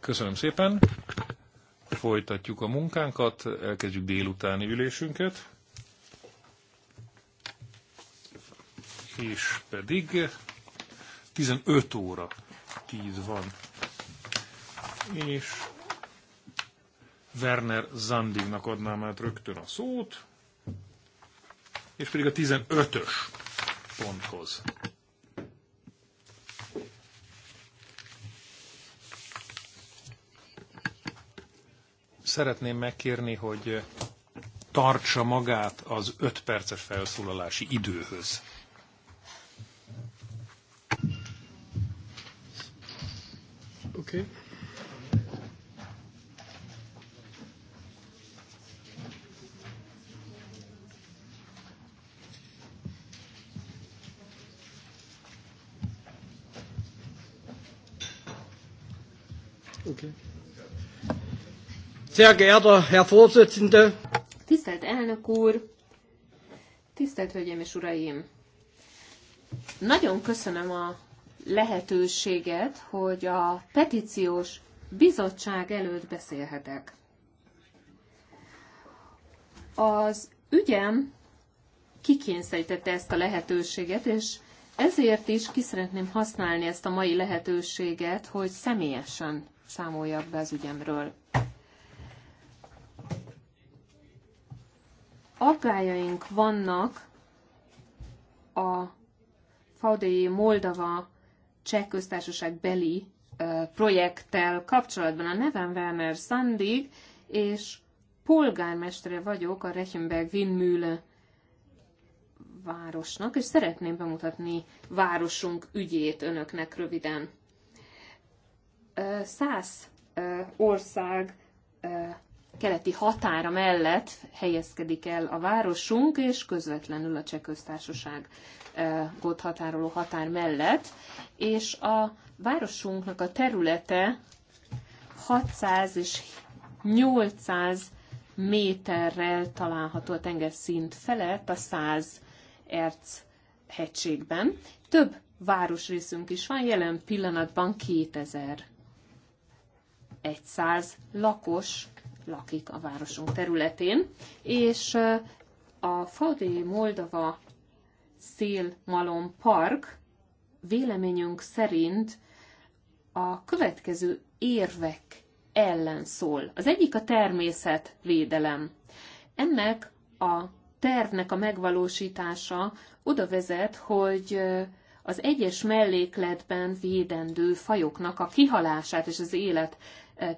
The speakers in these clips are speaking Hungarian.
Köszönöm szépen. Folytatjuk a munkánkat, elkezdjük délutáni ülésünket. És pedig 15 óra 10 van. És Werner Zandignak adnám át rögtön a szót, és pedig a 15-ös ponthoz. szeretném megkérni, hogy tartsa magát az öt perces felszólalási időhöz. Okay. Sehr geehrter Herr Vorsitzende! Tisztelt elnök úr! Tisztelt hölgyeim és uraim! Nagyon köszönöm a lehetőséget, hogy a petíciós bizottság előtt beszélhetek. Az ügyem kikényszerítette ezt a lehetőséget, és ezért is ki szeretném használni ezt a mai lehetőséget, hogy személyesen számoljak be az ügyemről. aggájaink vannak a Faudéi Moldova, cseh köztársaság beli projekttel kapcsolatban. A nevem Werner Sandig, és polgármestere vagyok a Rechenberg Windmühle városnak, és szeretném bemutatni városunk ügyét önöknek röviden. Száz ország keleti határa mellett helyezkedik el a városunk, és közvetlenül a cseh köztársaság gót határoló határ mellett, és a városunknak a területe 600 és 800 méterrel található a tengerszint felett a 100 erc hegységben. Több városrészünk is van, jelen pillanatban 2100 lakos lakik a városunk területén, és a Faudi Moldova Szélmalom Park véleményünk szerint a következő érvek ellen szól. Az egyik a természetvédelem. Ennek a tervnek a megvalósítása oda vezet, hogy az egyes mellékletben védendő fajoknak a kihalását és az élet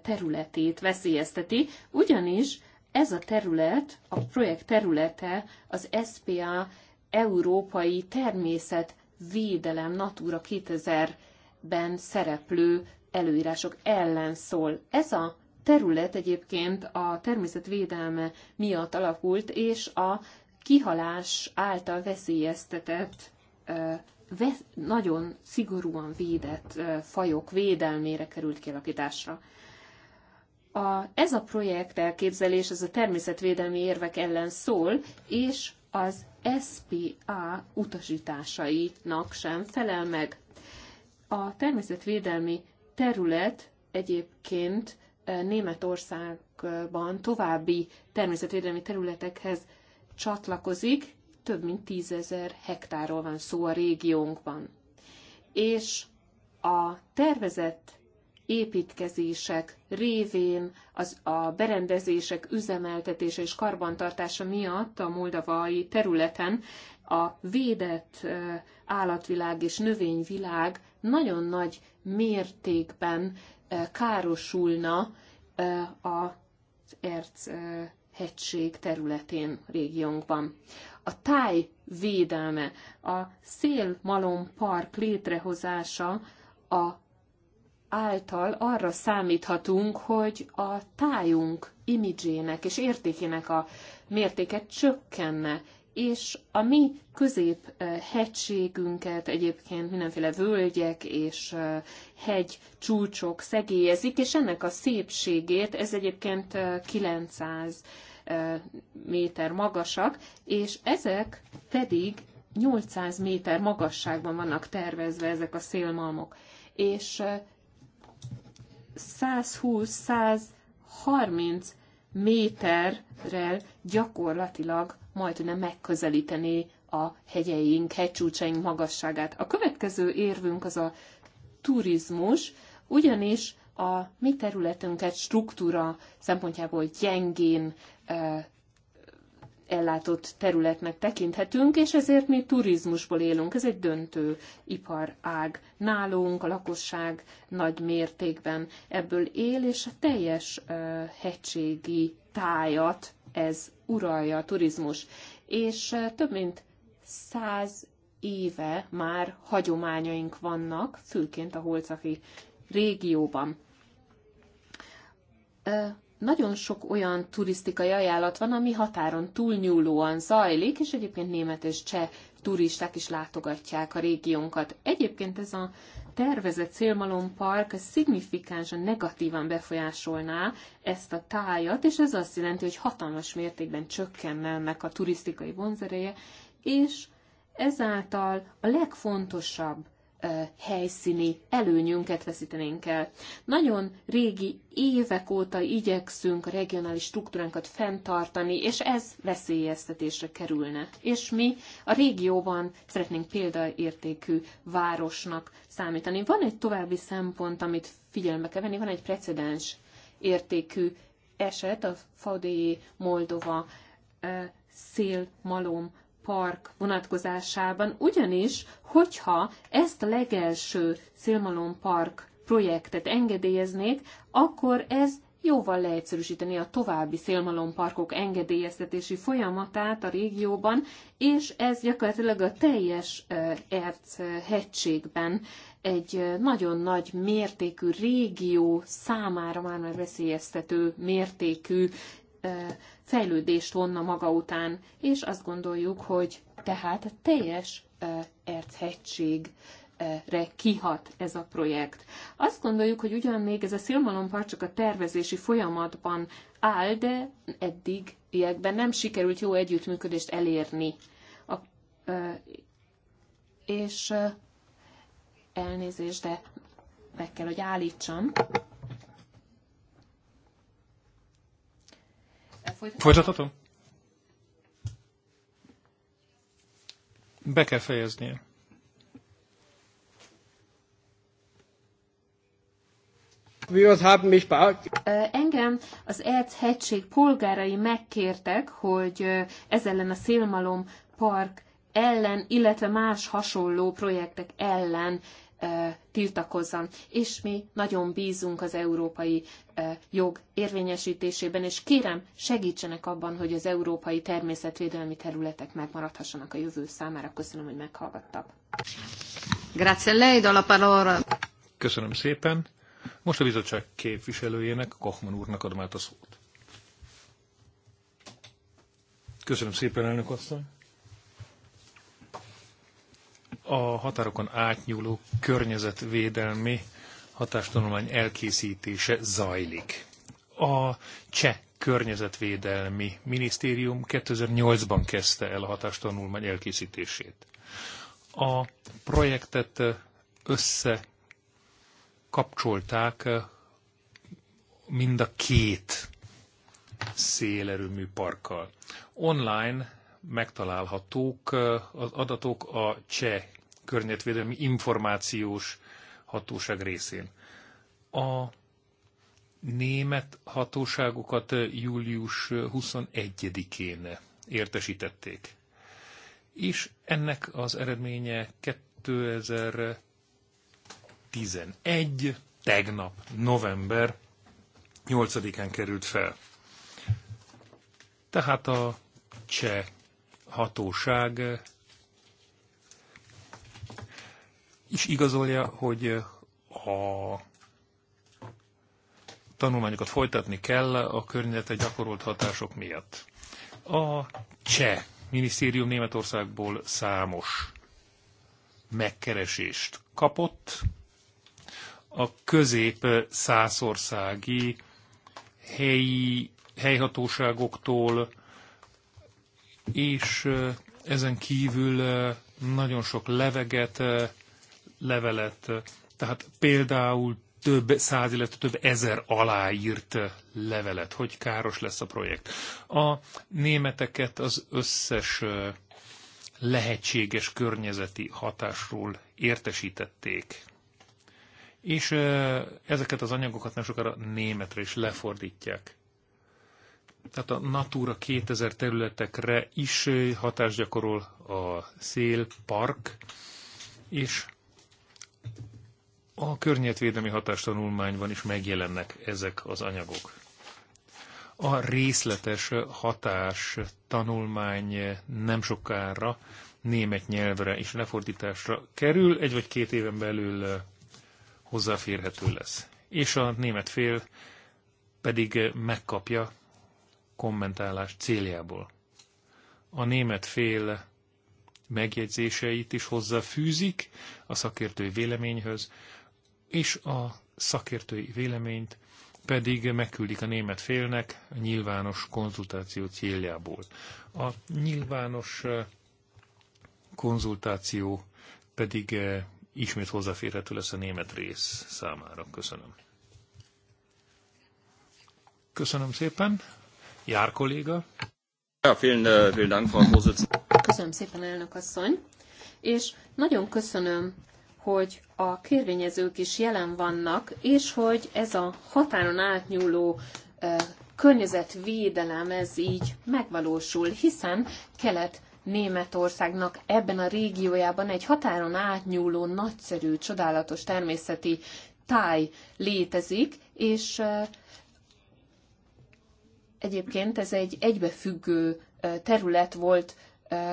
területét veszélyezteti, ugyanis ez a terület, a projekt területe az SPA Európai Természetvédelem Natura 2000-ben szereplő előírások ellen szól. Ez a terület egyébként a természetvédelme miatt alakult, és a kihalás által veszélyeztetett, nagyon szigorúan védett fajok védelmére került kialakításra a, ez a projekt elképzelés, ez a természetvédelmi érvek ellen szól, és az SPA utasításainak sem felel meg. A természetvédelmi terület egyébként Németországban további természetvédelmi területekhez csatlakozik, több mint tízezer hektáról van szó a régiónkban. És a tervezett építkezések révén az a berendezések üzemeltetése és karbantartása miatt a moldavai területen a védett állatvilág és növényvilág nagyon nagy mértékben károsulna az Erc hegység területén, régiónkban. A táj védelme, a szélmalom park létrehozása a által arra számíthatunk, hogy a tájunk imidzsének és értékének a mértéke csökkenne, és a mi közép hegységünket egyébként mindenféle völgyek és hegy csúcsok szegélyezik, és ennek a szépségét, ez egyébként 900 méter magasak, és ezek pedig 800 méter magasságban vannak tervezve ezek a szélmalmok. És 120-130 méterrel gyakorlatilag majdnem megközelíteni a hegyeink, hegycsúcsaink magasságát. A következő érvünk az a turizmus, ugyanis a mi területünket struktúra szempontjából gyengén eh, ellátott területnek tekinthetünk, és ezért mi turizmusból élünk. Ez egy döntő iparág nálunk, a lakosság nagy mértékben ebből él, és a teljes uh, hegységi tájat ez uralja a turizmus. És uh, több mint száz éve már hagyományaink vannak, főként a holcaki régióban. Uh, nagyon sok olyan turisztikai ajánlat van, ami határon túlnyúlóan zajlik, és egyébként német és cseh turisták is látogatják a régiónkat. Egyébként ez a tervezett szélmalompark szignifikánsan negatívan befolyásolná ezt a tájat, és ez azt jelenti, hogy hatalmas mértékben csökkenne ennek a turisztikai vonzereje, és ezáltal a legfontosabb helyszíni előnyünket veszítenénk el. Nagyon régi évek óta igyekszünk a regionális struktúránkat fenntartani, és ez veszélyeztetésre kerülne. És mi a régióban szeretnénk példaértékű városnak számítani. Van egy további szempont, amit figyelme kell venni, van egy precedens értékű eset, a Faudéi Moldova szélmalom park vonatkozásában, ugyanis, hogyha ezt a legelső Szilmalom park projektet engedélyeznék, akkor ez jóval leegyszerűsíteni a további szélmalomparkok engedélyeztetési folyamatát a régióban, és ez gyakorlatilag a teljes Erc hegységben egy nagyon nagy mértékű régió számára már már veszélyeztető mértékű fejlődést vonna maga után, és azt gondoljuk, hogy tehát a teljes erchegység re kihat ez a projekt. Azt gondoljuk, hogy ugyan még ez a szilmalompar csak a tervezési folyamatban áll, de eddig ilyekben nem sikerült jó együttműködést elérni. A, és elnézést, de meg kell, hogy állítsam. Folytathatom? Be kell fejeznie. Engem az ELC hegység polgárai megkértek, hogy ez ellen a Szélmalom Park ellen, illetve más hasonló projektek ellen tiltakozzon. És mi nagyon bízunk az európai jog érvényesítésében, és kérem, segítsenek abban, hogy az európai természetvédelmi területek megmaradhassanak a jövő számára. Köszönöm, hogy meghallgattak. Grazie lei, do parola. Köszönöm szépen. Most a bizottság képviselőjének, Kochman úrnak adom át a szót. Köszönöm szépen, elnök asszony a határokon átnyúló környezetvédelmi hatástanulmány elkészítése zajlik. A cseh környezetvédelmi minisztérium 2008-ban kezdte el a hatástanulmány elkészítését. A projektet összekapcsolták mind a két szélerőmű parkkal. Online megtalálhatók az adatok a cseh környezetvédelmi információs hatóság részén. A német hatóságokat eh, július 21-én eh, eh, értesítették. És ennek az eredménye 2011, tegnap, november 8-án került fel. Tehát a cseh hatóság is igazolja, hogy eh, a tanulmányokat folytatni kell a környezetre gyakorolt hatások miatt. A cseh minisztérium Németországból számos megkeresést kapott. A közép eh, százországi helyi helyhatóságoktól, és eh, ezen kívül nagyon sok leveget levelet, tehát például több száz, illetve több ezer aláírt levelet, hogy káros lesz a projekt. A németeket az összes lehetséges környezeti hatásról értesítették. És ezeket az anyagokat nem sokára németre is lefordítják. Tehát a Natura 2000 területekre is hatás gyakorol a szélpark, és a környezetvédelmi hatástanulmányban is megjelennek ezek az anyagok. A részletes hatás tanulmány nem sokára német nyelvre és lefordításra kerül, egy vagy két éven belül hozzáférhető lesz. És a német fél pedig megkapja kommentálás céljából. A német fél megjegyzéseit is hozzáfűzik a szakértői véleményhöz, és a szakértői véleményt pedig megküldik a német félnek a nyilvános konzultáció céljából. A nyilvános eh, konzultáció pedig eh, ismét hozzáférhető lesz a német rész számára. Köszönöm. Köszönöm szépen. Jár kolléga. Ja, vielen, eh, vielen Dank, Frau Köszönöm szépen, elnök asszony. És nagyon köszönöm hogy a kérvényezők is jelen vannak, és hogy ez a határon átnyúló környezetvédelem ez így megvalósul, hiszen kelet Németországnak ebben a régiójában egy határon átnyúló, nagyszerű, csodálatos természeti táj létezik, és egyébként ez egy egybefüggő terület volt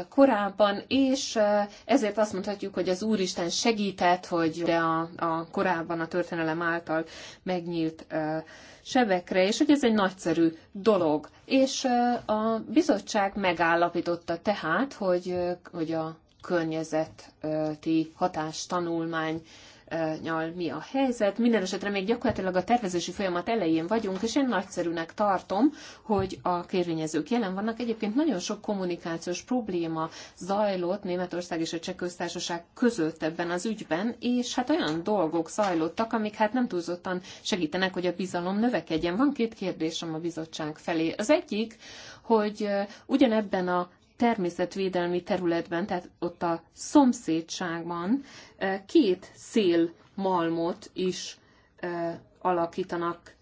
korábban, és ezért azt mondhatjuk, hogy az Úristen segített, hogy de a, a korábban a történelem által megnyílt sebekre, és hogy ez egy nagyszerű dolog. És a bizottság megállapította tehát, hogy, hogy a környezeti hatástanulmány nyal mi a helyzet. Minden esetre még gyakorlatilag a tervezési folyamat elején vagyunk, és én nagyszerűnek tartom, hogy a kérvényezők jelen vannak. Egyébként nagyon sok kommunikációs probléma zajlott Németország és a Cseh Köztársaság között ebben az ügyben, és hát olyan dolgok zajlottak, amik hát nem túlzottan segítenek, hogy a bizalom növekedjen. Van két kérdésem a bizottság felé. Az egyik, hogy ugyanebben a természetvédelmi területben, tehát ott a szomszédságban két szélmalmot is alakítanak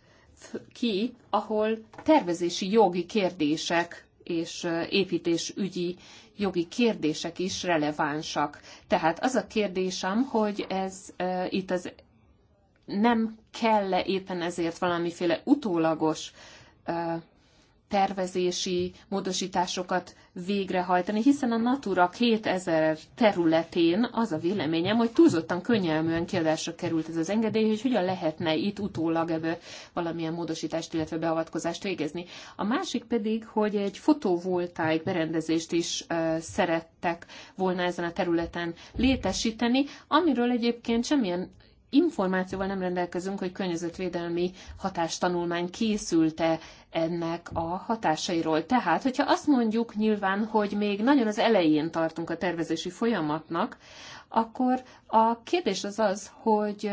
ki, ahol tervezési jogi kérdések és építésügyi jogi kérdések is relevánsak. Tehát az a kérdésem, hogy ez itt az nem kell -e éppen ezért valamiféle utólagos tervezési módosításokat végrehajtani, hiszen a Natura 2000 területén az a véleményem, hogy túlzottan könnyelműen kiadásra került ez az engedély, hogy hogyan lehetne itt utólag ebbe valamilyen módosítást, illetve beavatkozást végezni. A másik pedig, hogy egy fotovoltaik berendezést is uh, szerettek volna ezen a területen létesíteni, amiről egyébként semmilyen információval nem rendelkezünk, hogy környezetvédelmi hatástanulmány készült-e ennek a hatásairól. Tehát, hogyha azt mondjuk nyilván, hogy még nagyon az elején tartunk a tervezési folyamatnak, akkor a kérdés az az, hogy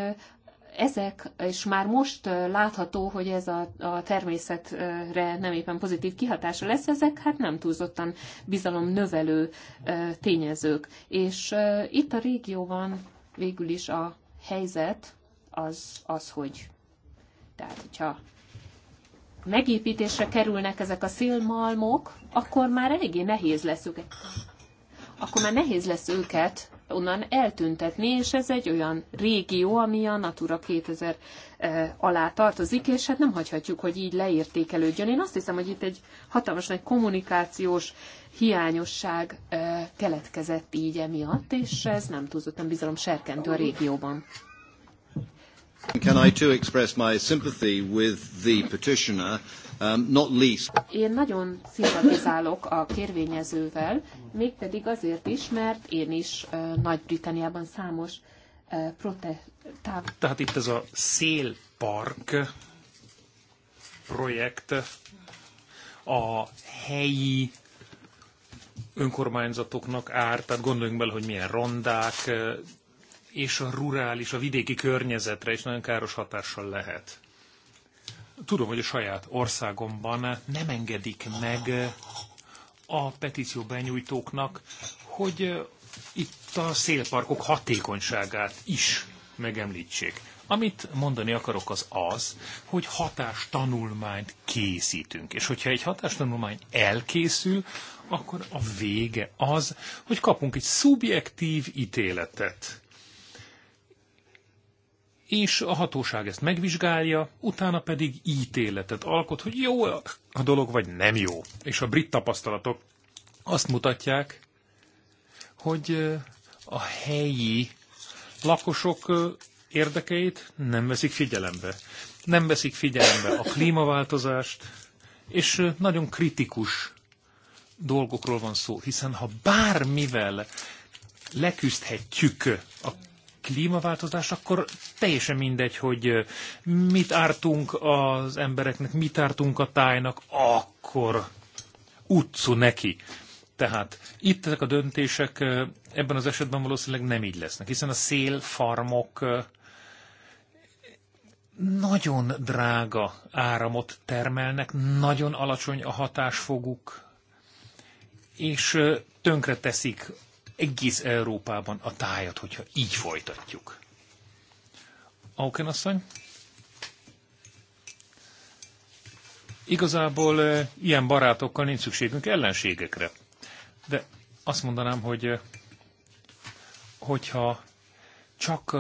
ezek, és már most látható, hogy ez a, a természetre nem éppen pozitív kihatása lesz, ezek hát nem túlzottan bizalom növelő tényezők. És itt a régióban végül is a helyzet az az, hogy tehát, hogyha megépítésre kerülnek ezek a szélmalmok, akkor már eléggé nehéz lesz őket akkor már nehéz lesz őket onnan eltüntetni, és ez egy olyan régió, ami a Natura 2000 e, alá tartozik, és hát nem hagyhatjuk, hogy így leértékelődjön. Én azt hiszem, hogy itt egy hatalmas nagy kommunikációs hiányosság e, keletkezett így emiatt, és ez nem túlzottan bizalom serkentő a régióban. Can I too express my sympathy with the petitioner, um, not least? Én nagyon szimpatizálok a kérvényezővel, mégpedig azért is, mert én is uh, Nagy-Britanniában számos uh, protestáv... Tehát itt ez a szélpark projekt a helyi önkormányzatoknak árt, tehát gondoljunk bele, hogy milyen rondák, és a rurális, a vidéki környezetre is nagyon káros hatással lehet. Tudom, hogy a saját országomban nem engedik meg a petíció benyújtóknak, hogy itt a szélparkok hatékonyságát is megemlítsék. Amit mondani akarok az az, hogy hatástanulmányt készítünk. És hogyha egy hatástanulmány elkészül, akkor a vége az, hogy kapunk egy szubjektív ítéletet és a hatóság ezt megvizsgálja, utána pedig ítéletet alkot, hogy jó a dolog, vagy nem jó. És a brit tapasztalatok azt mutatják, hogy a helyi lakosok érdekeit nem veszik figyelembe. Nem veszik figyelembe a klímaváltozást, és nagyon kritikus dolgokról van szó, hiszen ha bármivel leküzdhetjük a klímaváltozás, akkor teljesen mindegy, hogy mit ártunk az embereknek, mit ártunk a tájnak, akkor utcu neki. Tehát itt ezek a döntések ebben az esetben valószínűleg nem így lesznek, hiszen a szélfarmok nagyon drága áramot termelnek, nagyon alacsony a hatásfoguk, és tönkre teszik egész Európában a tájat, hogyha így folytatjuk. Auken asszony? Igazából ilyen barátokkal nincs szükségünk ellenségekre. De azt mondanám, hogy hogyha csak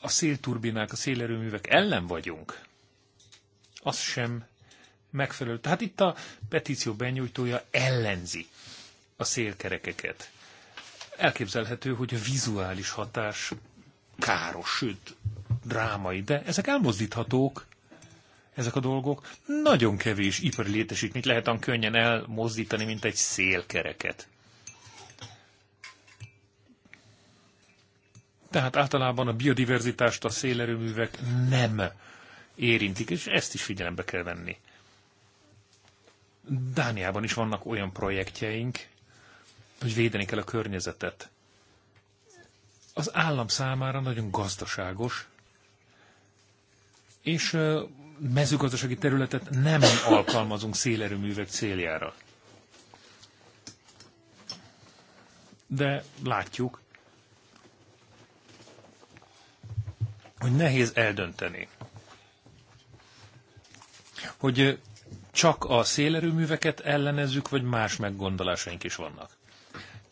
a szélturbinák, a szélerőművek ellen vagyunk, az sem megfelelő. Tehát itt a petíció benyújtója ellenzi a szélkerekeket elképzelhető, hogy a vizuális hatás káros, sőt, drámai, de ezek elmozdíthatók, ezek a dolgok. Nagyon kevés ipari létesítményt lehet olyan könnyen elmozdítani, mint egy szélkereket. Tehát általában a biodiverzitást a szélerőművek nem érintik, és ezt is figyelembe kell venni. Dániában is vannak olyan projektjeink, hogy védeni kell a környezetet. Az állam számára nagyon gazdaságos, és mezőgazdasági területet nem alkalmazunk szélerőművek céljára. De látjuk, hogy nehéz eldönteni, hogy csak a szélerőműveket ellenezzük, vagy más meggondolásaink is vannak.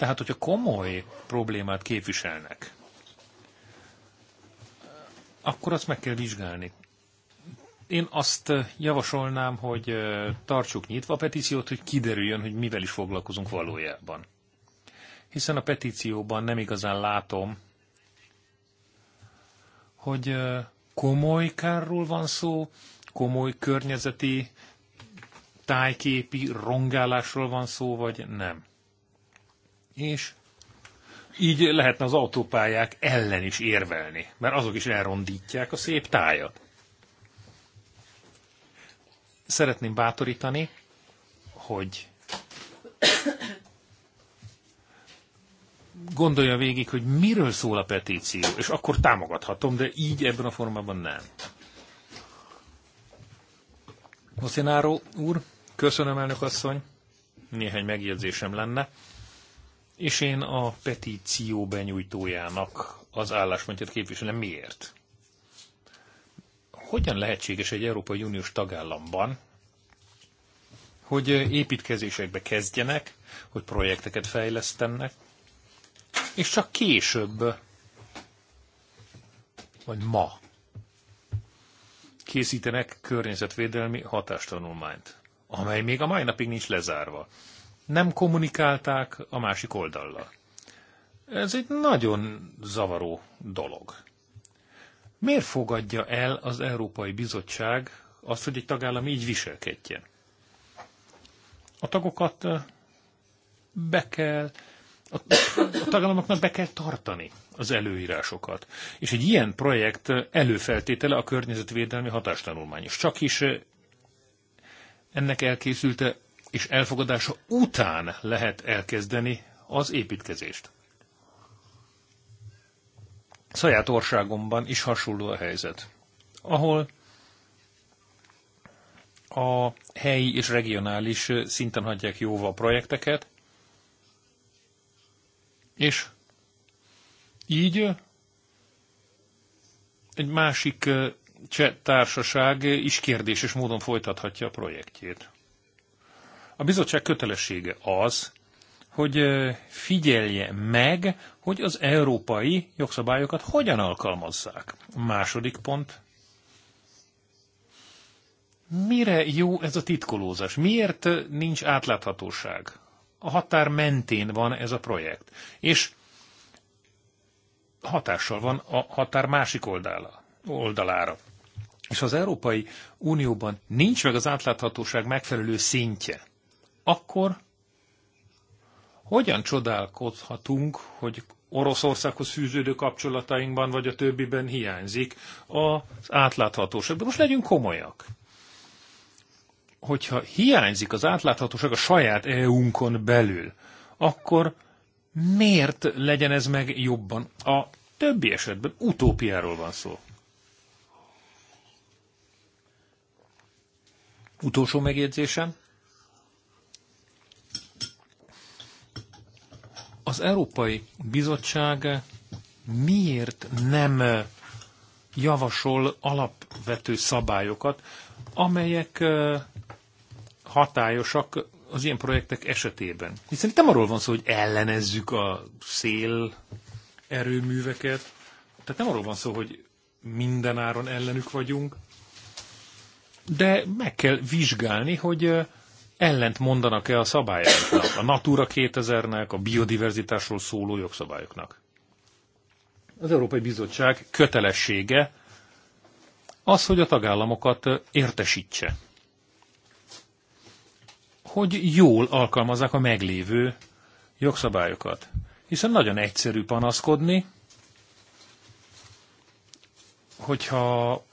Tehát, hogyha komoly problémát képviselnek, akkor azt meg kell vizsgálni. Én azt eh, javasolnám, hogy eh, tartsuk nyitva a petíciót, hogy kiderüljön, hogy mivel is foglalkozunk valójában. Hiszen a petícióban nem igazán látom, hogy eh, komoly kárról van szó, komoly környezeti tájképi rongálásról van szó, vagy nem és így lehetne az autópályák ellen is érvelni, mert azok is elrondítják a szép tájat. Szeretném bátorítani, hogy gondolja végig, hogy miről szól a petíció, és akkor támogathatom, de így ebben a formában nem. Hosszináró úr, köszönöm elnök asszony, néhány megjegyzésem lenne és én a petíció benyújtójának az álláspontját képviselem. Miért? Hogyan lehetséges egy Európai Uniós tagállamban, hogy építkezésekbe kezdjenek, hogy projekteket fejlesztenek, és csak később, vagy ma készítenek környezetvédelmi hatástanulmányt, amely még a mai napig nincs lezárva nem kommunikálták a másik oldallal. Ez egy nagyon zavaró dolog. Miért fogadja el az Európai Bizottság azt, hogy egy tagállam így viselkedjen? A tagokat be kell, a, tagállamoknak be kell tartani az előírásokat. És egy ilyen projekt előfeltétele a környezetvédelmi hatástanulmány. És csak is ennek elkészülte és elfogadása után lehet elkezdeni az építkezést. Saját országomban is hasonló a helyzet, ahol a helyi és regionális szinten hagyják jóva a projekteket, és így egy másik eh, cseh társaság is kérdéses módon folytathatja a projektjét. A bizottság kötelessége az, hogy figyelje meg, hogy az európai jogszabályokat hogyan alkalmazzák. Második pont. Mire jó ez a titkolózás? Miért nincs átláthatóság? A határ mentén van ez a projekt. És hatással van a határ másik oldala, oldalára. És az Európai Unióban nincs meg az átláthatóság megfelelő szintje akkor hogyan csodálkozhatunk, hogy Oroszországhoz fűződő kapcsolatainkban vagy a többiben hiányzik az átláthatóság. De most legyünk komolyak. Hogyha hiányzik az átláthatóság a saját EU-nkon belül, akkor miért legyen ez meg jobban? A többi esetben utópiáról van szó. Utolsó megjegyzésem. Az Európai Bizottság miért nem javasol alapvető szabályokat, amelyek hatályosak az ilyen projektek esetében. Hiszen itt nem arról van szó, hogy ellenezzük a szél erőműveket, tehát nem arról van szó, hogy mindenáron ellenük vagyunk, de meg kell vizsgálni, hogy ellent mondanak-e a szabályoknak, a Natura 2000-nek, a biodiverzitásról szóló jogszabályoknak. Az Európai Bizottság kötelessége az, hogy a tagállamokat értesítse, hogy jól alkalmazzák a meglévő jogszabályokat. Hiszen nagyon egyszerű panaszkodni, hogyha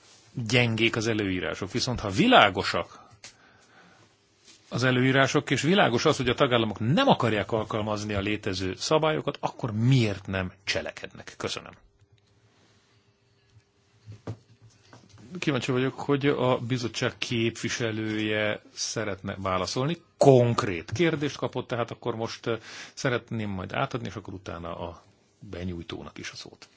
gyengék az előírások. Viszont ha világosak az előírások, és világos az, hogy a tagállamok nem akarják alkalmazni a létező szabályokat, akkor miért nem cselekednek? Köszönöm. Kíváncsi vagyok, hogy a bizottság képviselője szeretne válaszolni. Konkrét kérdést kapott, tehát akkor most eh, szeretném majd átadni, és akkor utána a benyújtónak is a szót.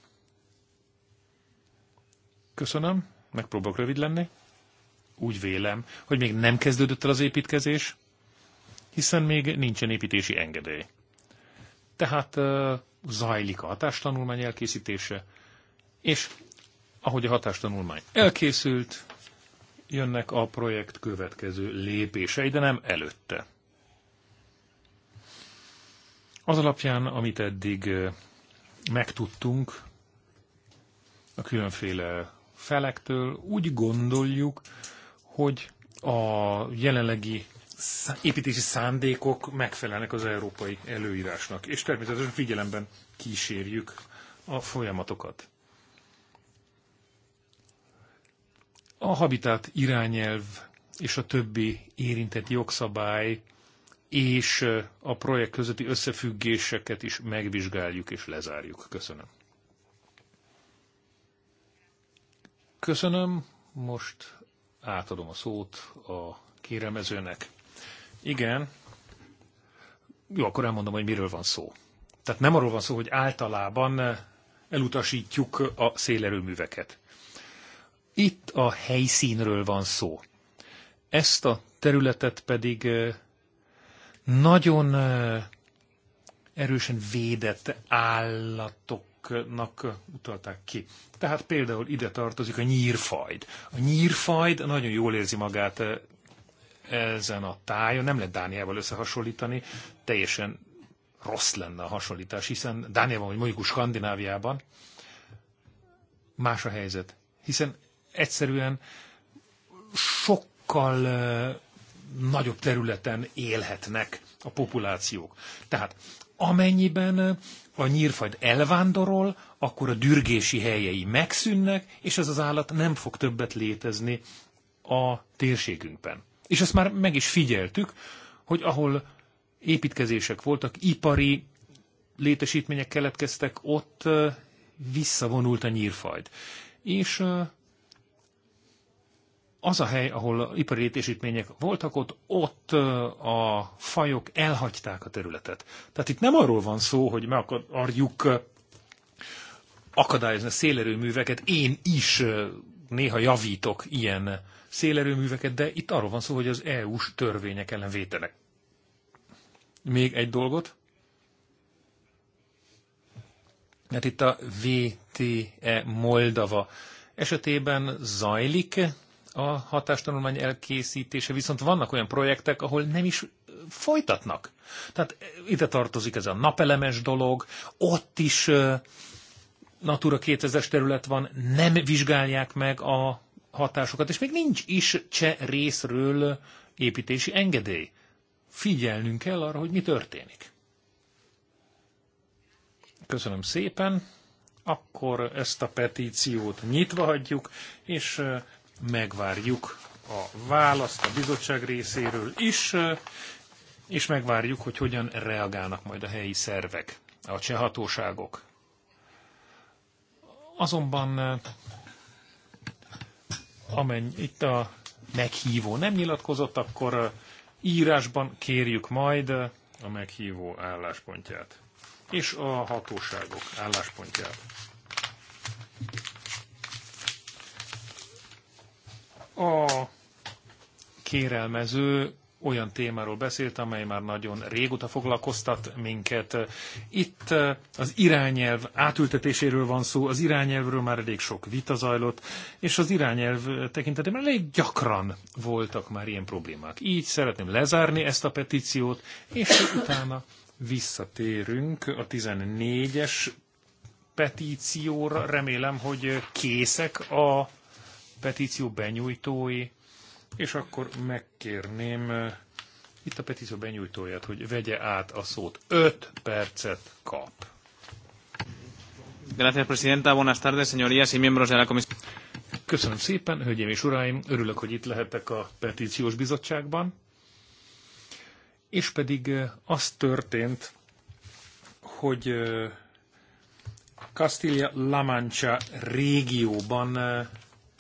Köszönöm, megpróbálok rövid lenni úgy vélem, hogy még nem kezdődött el az építkezés, hiszen még nincsen építési engedély. Tehát zajlik a hatástanulmány elkészítése, és ahogy a hatástanulmány elkészült, jönnek a projekt következő lépései, de nem előtte. Az alapján, amit eddig megtudtunk a különféle felektől, úgy gondoljuk, hogy a jelenlegi építési szándékok megfelelnek az európai előírásnak, és természetesen figyelemben kísérjük a folyamatokat. A habitat irányelv és a többi érintett jogszabály és a projekt közötti összefüggéseket is megvizsgáljuk és lezárjuk. Köszönöm. Köszönöm. Most átadom a szót a kérelmezőnek. Igen, jó, akkor elmondom, hogy miről van szó. Tehát nem arról van szó, hogy általában elutasítjuk a szélerőműveket. Itt a helyszínről van szó. Ezt a területet pedig eh, nagyon eh, erősen védett állatok fajoknak utalták ki. Tehát például ide tartozik a nyírfajd. A nyírfajd nagyon jól érzi magát eh, ezen a tájon, nem lehet Dániával összehasonlítani, teljesen rossz lenne a hasonlítás, hiszen Dániában, vagy mondjuk Skandináviában más a helyzet. Hiszen egyszerűen sokkal eh, nagyobb területen élhetnek a populációk. Tehát amennyiben eh, a nyírfajd elvándorol, akkor a dürgési helyei megszűnnek, és ez az állat nem fog többet létezni a térségünkben. És ezt már meg is figyeltük, hogy ahol építkezések voltak, ipari létesítmények keletkeztek, ott visszavonult a nyírfajd. És az a hely, ahol ipari létesítmények voltak, ott, ott a fajok elhagyták a területet. Tehát itt nem arról van szó, hogy meg akarjuk akadályozni a szélerőműveket. Én is néha javítok ilyen szélerőműveket, de itt arról van szó, hogy az EU-s törvények ellen vételek. Még egy dolgot. Mert itt a VTE Moldava esetében zajlik a hatástanulmány elkészítése viszont vannak olyan projektek, ahol nem is folytatnak. Tehát ide tartozik ez a napelemes dolog, ott is Natura 2000-es terület van, nem vizsgálják meg a hatásokat, és még nincs is cse részről építési engedély. Figyelnünk kell arra, hogy mi történik. Köszönöm szépen. Akkor ezt a petíciót nyitva hagyjuk, és megvárjuk a választ a bizottság részéről is, és megvárjuk, hogy hogyan reagálnak majd a helyi szervek, a cseh hatóságok. Azonban amennyi itt a meghívó nem nyilatkozott, akkor írásban kérjük majd a meghívó álláspontját és a hatóságok álláspontját. A kérelmező olyan témáról beszélt, amely már nagyon régóta foglalkoztat minket. Itt az irányelv átültetéséről van szó, az irányelvről már elég sok vita zajlott, és az irányelv tekintetében elég gyakran voltak már ilyen problémák. Így szeretném lezárni ezt a petíciót, és utána visszatérünk a 14-es petícióra. Remélem, hogy készek a petíció benyújtói, és akkor megkérném eh, itt a petíció benyújtóját, hogy vegye át a szót. 5 percet kap. Gracias, presidenta. Buenas tardes, señorías y miembros de la comisión. Köszönöm szépen, hölgyeim és uraim, örülök, hogy itt lehetek a petíciós bizottságban. És pedig eh, az történt, hogy eh, Castilla-La Mancha régióban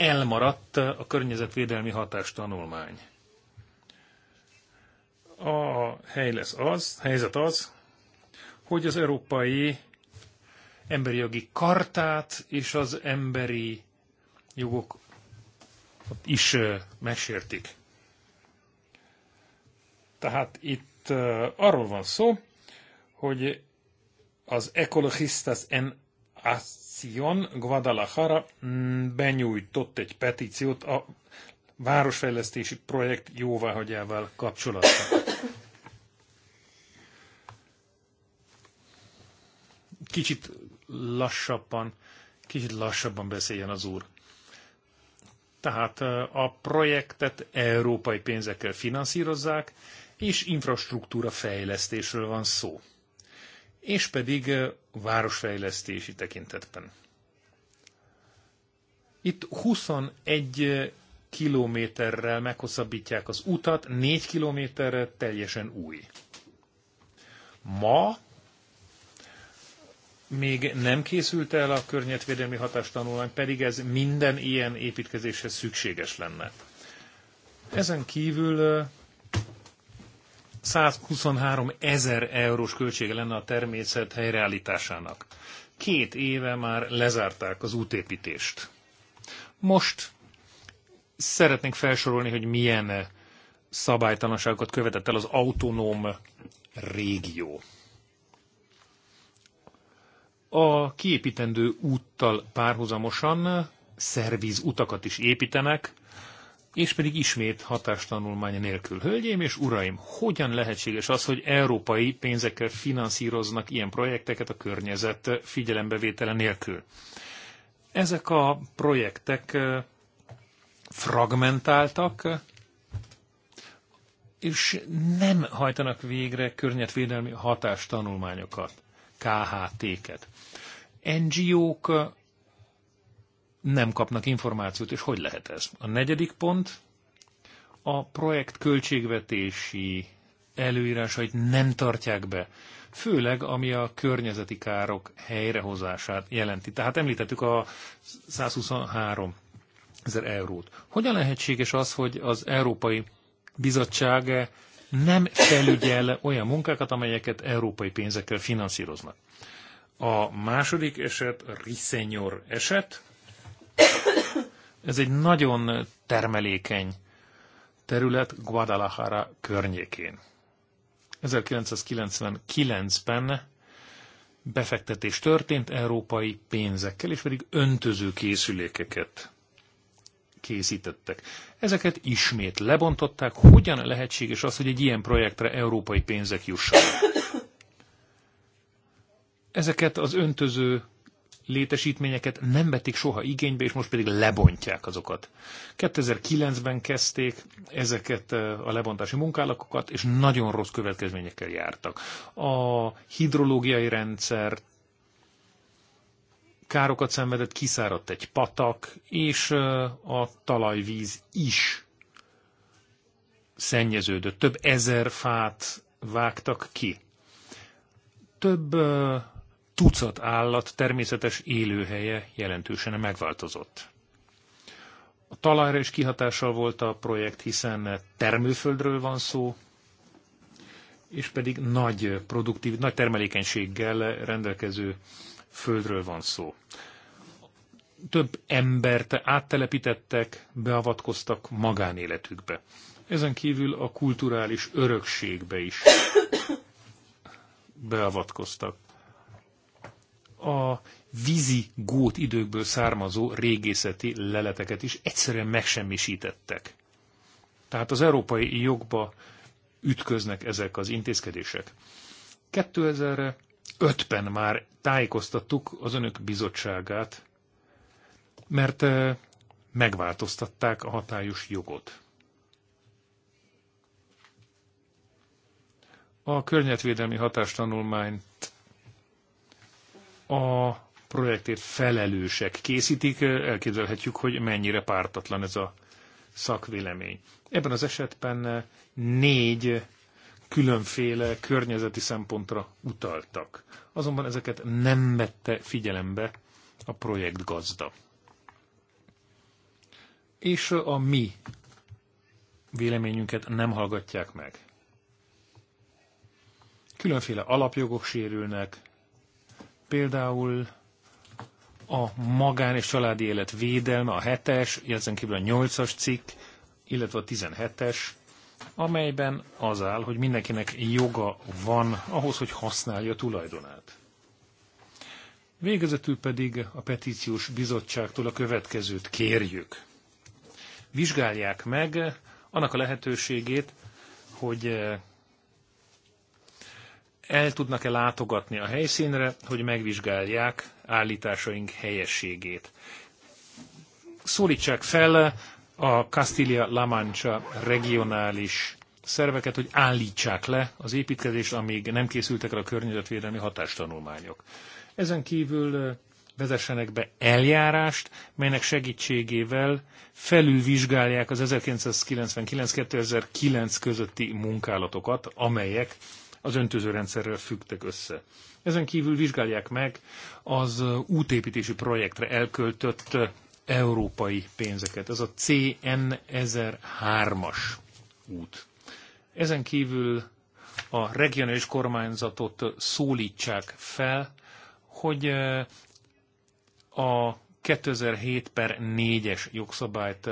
elmaradt a környezetvédelmi hatástanulmány. A hely lesz az, helyzet az, hogy az európai emberi jogi kartát és az emberi jogok is megsértik. Tehát itt arról van szó, hogy az Ecologistas en Fundación Guadalajara mm, benyújtott egy petíciót a városfejlesztési projekt jóváhagyával kapcsolatban. Kicsit lassabban, kicsit lassabban beszéljen az úr. Tehát a projektet európai pénzekkel finanszírozzák, és infrastruktúra fejlesztésről van szó és pedig városfejlesztési tekintetben. Itt 21 kilométerrel meghosszabbítják az utat, 4 kilométerre teljesen új. Ma még nem készült el a környezetvédelmi hatástanulmány, pedig ez minden ilyen építkezéshez szükséges lenne. Ezen kívül 123 ezer eurós költsége lenne a természet helyreállításának. Két éve már lezárták az útépítést. Most szeretnénk felsorolni, hogy milyen szabálytalanságokat követett el az autonóm régió. A kiépítendő úttal párhuzamosan szervíz utakat is építenek, és pedig ismét hatástanulmány nélkül. Hölgyeim és uraim, hogyan lehetséges az, hogy európai pénzekkel finanszíroznak ilyen projekteket a környezet figyelembevétele nélkül? Ezek a projektek fragmentáltak, és nem hajtanak végre környezetvédelmi hatástanulmányokat, KHT-ket. NGO-k nem kapnak információt, és hogy lehet ez? A negyedik pont, a projekt költségvetési előírásait nem tartják be, főleg ami a környezeti károk helyrehozását jelenti. Tehát említettük a 123 ezer eurót. Hogyan lehetséges az, hogy az Európai Bizottság nem felügyel olyan munkákat, amelyeket európai pénzekkel finanszíroznak? A második eset, a eset, ez egy nagyon termelékeny terület Guadalajara környékén. 1999-ben befektetés történt európai pénzekkel, és pedig öntöző készülékeket készítettek. Ezeket ismét lebontották, hogyan lehetséges az, hogy egy ilyen projektre európai pénzek jussanak. Ezeket az öntöző létesítményeket nem vették soha igénybe, és most pedig lebontják azokat. 2009-ben kezdték ezeket a lebontási munkálatokat, és nagyon rossz következményekkel jártak. A hidrológiai rendszer károkat szenvedett, kiszáradt egy patak, és a talajvíz is szennyeződött. Több ezer fát vágtak ki. Több tucat állat természetes élőhelye jelentősen megváltozott. A talajra is kihatással volt a projekt, hiszen termőföldről van szó, és pedig nagy produktív, nagy termelékenységgel rendelkező földről van szó. Több embert áttelepítettek, beavatkoztak magánéletükbe. Ezen kívül a kulturális örökségbe is beavatkoztak a vízi gót időkből származó régészeti leleteket is egyszerűen megsemmisítettek. Tehát az európai jogba ütköznek ezek az intézkedések. 2005-ben már tájékoztattuk az önök bizottságát, mert eh, megváltoztatták a hatályos jogot. A környezetvédelmi hatástanulmányt a projektért felelősek készítik, elképzelhetjük, hogy mennyire pártatlan ez a szakvélemény. Ebben az esetben négy különféle környezeti szempontra utaltak. Azonban ezeket nem vette figyelembe a projekt gazda. És a mi véleményünket nem hallgatják meg. Különféle alapjogok sérülnek, Például a magán és családi élet védelme, a 7-es, ezen kívül a 8-as cikk, illetve a 17-es, amelyben az áll, hogy mindenkinek joga van ahhoz, hogy használja tulajdonát. Végezetül pedig a petíciós bizottságtól a következőt kérjük. Vizsgálják meg annak a lehetőségét, hogy eh, el tudnak-e látogatni a helyszínre, hogy megvizsgálják állításaink helyességét. Szólítsák fel a Castilla-La Mancha regionális szerveket, hogy állítsák le az építkezést, amíg nem készültek el a környezetvédelmi hatástanulmányok. Ezen kívül vezessenek be eljárást, melynek segítségével felülvizsgálják az 1999-2009 közötti munkálatokat, amelyek az öntözőrendszerrel függtek össze. Ezen kívül vizsgálják meg az útépítési projektre elköltött európai pénzeket. Ez a CN1003-as út. Ezen kívül a regionális kormányzatot szólítsák fel, hogy eh, a 2007 per 4-es jogszabályt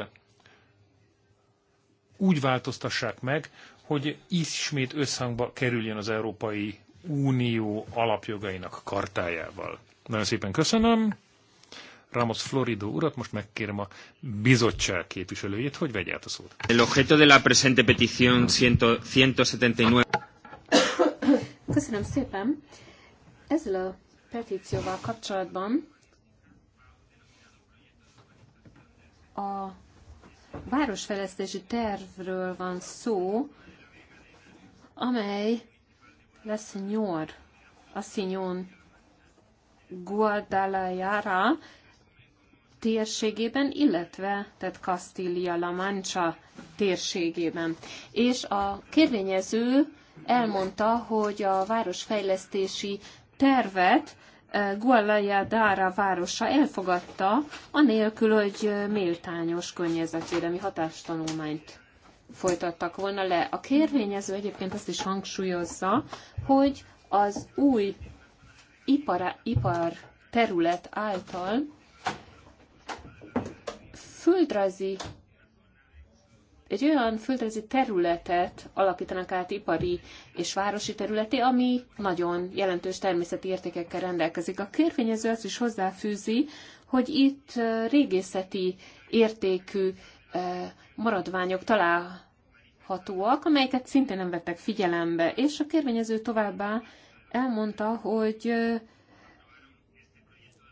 úgy változtassák meg, hogy ismét összhangba kerüljön az Európai Unió alapjogainak kartájával. Nagyon szépen köszönöm. Ramos Florido urat, most megkérem a bizottság képviselőjét, hogy vegye át a szót. El objeto de la presente petición 179. Köszönöm szépen. Ezzel a petícióval kapcsolatban a városfejlesztési tervről van szó, amely La Señor, a Signon Guadalajara térségében, illetve tehát Castilla La Mancha térségében. És a kérvényező elmondta, hogy a városfejlesztési tervet eh, Guadalajara városa elfogadta, anélkül, hogy méltányos környezetvédelmi hatástanulmányt folytattak volna le. A kérvényező egyébként azt is hangsúlyozza, hogy az új ipar, ipar terület által földrajzi egy olyan földrajzi területet alakítanak át ipari és városi területé, ami nagyon jelentős természeti értékekkel rendelkezik. A kérvényező azt is hozzáfűzi, hogy itt régészeti értékű maradványok találhatóak, amelyeket szintén nem vettek figyelembe. És a kérvényező továbbá elmondta, hogy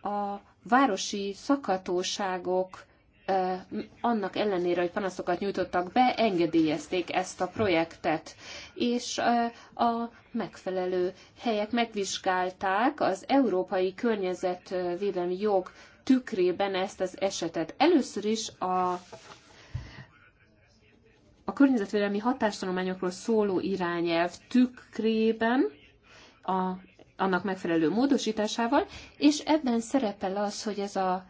a városi szakatóságok annak ellenére, hogy panaszokat nyújtottak be, engedélyezték ezt a projektet, és a megfelelő helyek megvizsgálták az európai környezetvédelmi jog tükrében ezt az esetet. Először is a a környezetvédelmi hatástanulmányokról szóló irányelv tükrében a, annak megfelelő módosításával, és ebben szerepel az, hogy ez a,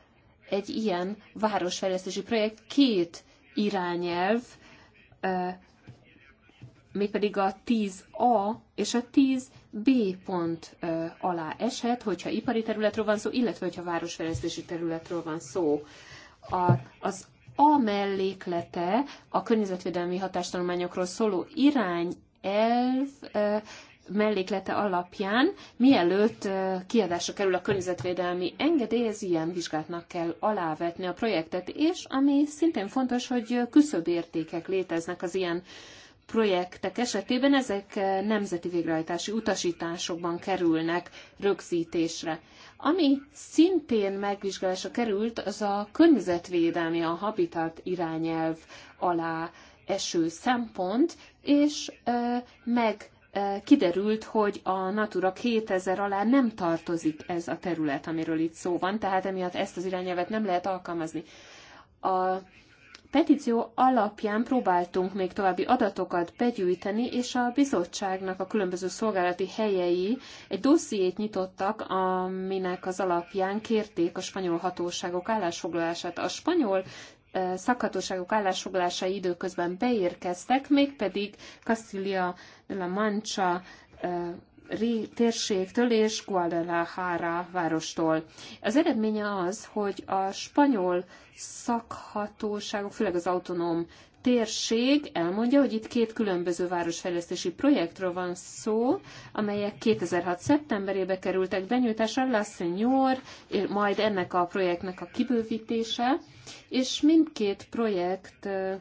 egy ilyen városfejlesztési projekt két irányelv, e, mégpedig a 10A és a 10B pont e, alá eshet, hogyha ipari területről van szó, illetve hogyha városfejlesztési területről van szó. A, az a melléklete a környezetvédelmi hatástanulmányokról szóló irányelv melléklete alapján, mielőtt kiadásra kerül a környezetvédelmi engedély, ez ilyen vizsgálatnak kell alávetni a projektet, és ami szintén fontos, hogy küszöbértékek léteznek az ilyen projektek esetében ezek nemzeti végrehajtási utasításokban kerülnek rögzítésre. Ami szintén megvizsgálásra került, az a környezetvédelmi, a habitat irányelv alá eső szempont, és meg kiderült, hogy a Natura 2000 alá nem tartozik ez a terület, amiről itt szó van, tehát emiatt ezt az irányelvet nem lehet alkalmazni. A petíció alapján próbáltunk még további adatokat begyűjteni, és a bizottságnak a különböző szolgálati helyei egy dossziét nyitottak, aminek az alapján kérték a spanyol hatóságok állásfoglalását. A spanyol szakhatóságok állásfoglalásai időközben beérkeztek, mégpedig Castilla de la Mancha térségtől és Guadalajara várostól. Az eredménye az, hogy a spanyol szakhatóságok, főleg az autonóm térség elmondja, hogy itt két különböző városfejlesztési projektről van szó, amelyek 2006. szeptemberébe kerültek benyújtásra, La Señor, eh, majd ennek a projektnek a kibővítése, és mindkét projekt eh,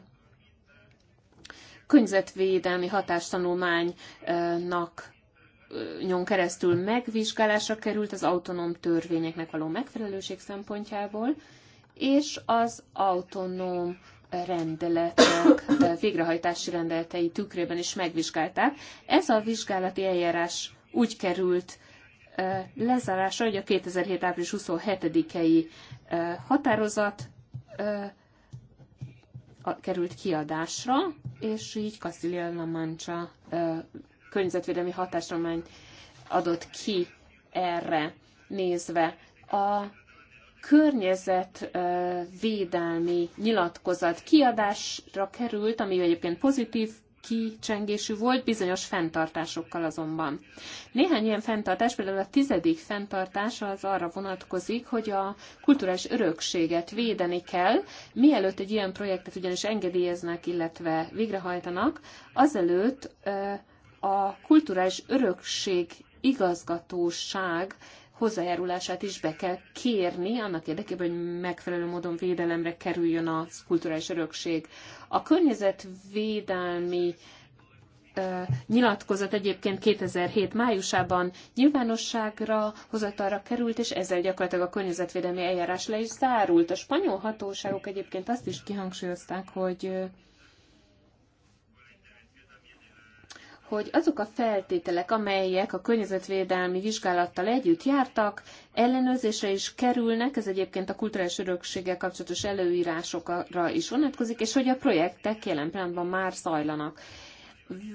környezetvédelmi hatástanulmánynak nyon keresztül megvizsgálásra került az autonóm törvényeknek való megfelelőség szempontjából, és az autonóm rendeletek végrehajtási rendeletei tükrében is megvizsgálták. Ez a vizsgálati eljárás úgy került lezárásra, hogy a 2007. április 27-i határozat került kiadásra, és így Castilla-La Mancha környezetvédelmi hatásomány adott ki erre nézve. A környezetvédelmi nyilatkozat kiadásra került, ami egyébként pozitív kicsengésű volt, bizonyos fenntartásokkal azonban. Néhány ilyen fenntartás, például a tizedik fenntartás az arra vonatkozik, hogy a kulturális örökséget védeni kell, mielőtt egy ilyen projektet ugyanis engedélyeznek, illetve végrehajtanak, azelőtt a kulturális örökség igazgatóság hozzájárulását is be kell kérni, annak érdekében, hogy megfelelő módon védelemre kerüljön a kulturális örökség. A környezetvédelmi nyilatkozat egyébként 2007 májusában nyilvánosságra hozatalra került, és ezzel gyakorlatilag a környezetvédelmi eljárás le is zárult. A spanyol hatóságok egyébként azt is kihangsúlyozták, hogy hogy azok a feltételek, amelyek a környezetvédelmi vizsgálattal együtt jártak, ellenőrzésre is kerülnek, ez egyébként a kulturális örökséggel kapcsolatos előírásokra is vonatkozik, és hogy a projektek jelen pillanatban már zajlanak.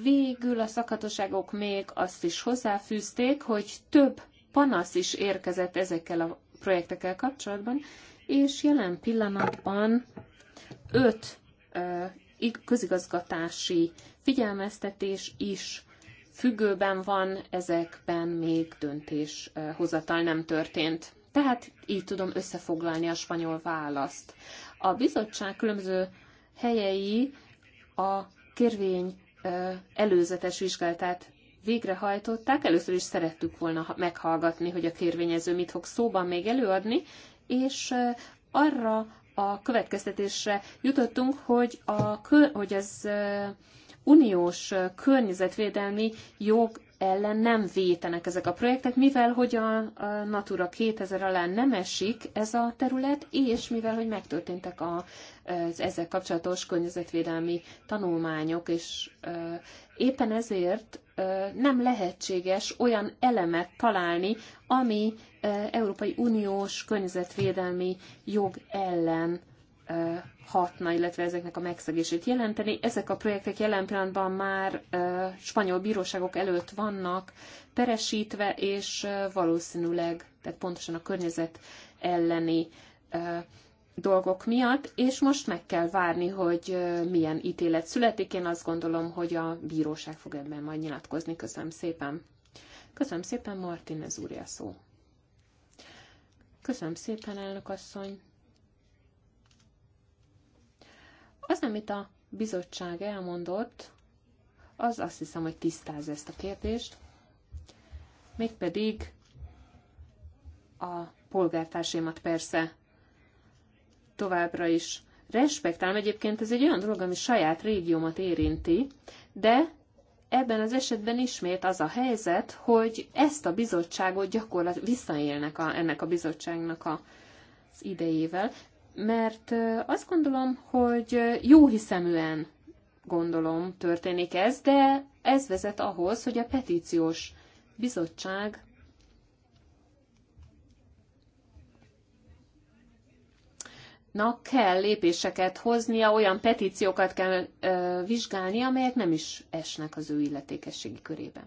Végül a szakhatóságok még azt is hozzáfűzték, hogy több panasz is érkezett ezekkel a projektekkel kapcsolatban, és jelen pillanatban öt közigazgatási figyelmeztetés is függőben van, ezekben még döntéshozatal nem történt. Tehát így tudom összefoglalni a spanyol választ. A bizottság különböző helyei a kérvény előzetes vizsgálatát végrehajtották. Először is szerettük volna meghallgatni, hogy a kérvényező mit fog szóban még előadni, és arra a következtetésre jutottunk, hogy, a, hogy az uniós környezetvédelmi jog ellen nem vétenek ezek a projektek, mivel hogy a, Natura 2000 alá nem esik ez a terület, és mivel hogy megtörténtek az ezzel kapcsolatos környezetvédelmi tanulmányok, és éppen ezért nem lehetséges olyan elemet találni, ami Európai Uniós környezetvédelmi jog ellen hatna, illetve ezeknek a megszegését jelenteni. Ezek a projektek jelen pillanatban már spanyol bíróságok előtt vannak peresítve, és valószínűleg, tehát pontosan a környezet elleni dolgok miatt, és most meg kell várni, hogy milyen ítélet születik. Én azt gondolom, hogy a bíróság fog ebben majd nyilatkozni. Köszönöm szépen. Köszönöm szépen, Martin, ez úr szó. Köszönöm szépen, elnök asszony. Az, amit a bizottság elmondott, az azt hiszem, hogy tisztáz ezt a kérdést, mégpedig a polgártársaimat persze továbbra is respektálom. Egyébként ez egy olyan dolog, ami saját régiómat érinti, de ebben az esetben ismét az a helyzet, hogy ezt a bizottságot gyakorlatilag visszaélnek a, ennek a bizottságnak a, az idejével, mert azt gondolom, hogy jó hiszeműen gondolom történik ez, de ez vezet ahhoz, hogy a petíciós bizottság na kell lépéseket hoznia, olyan petíciókat kell ö, vizsgálni, amelyek nem is esnek az ő illetékességi körébe.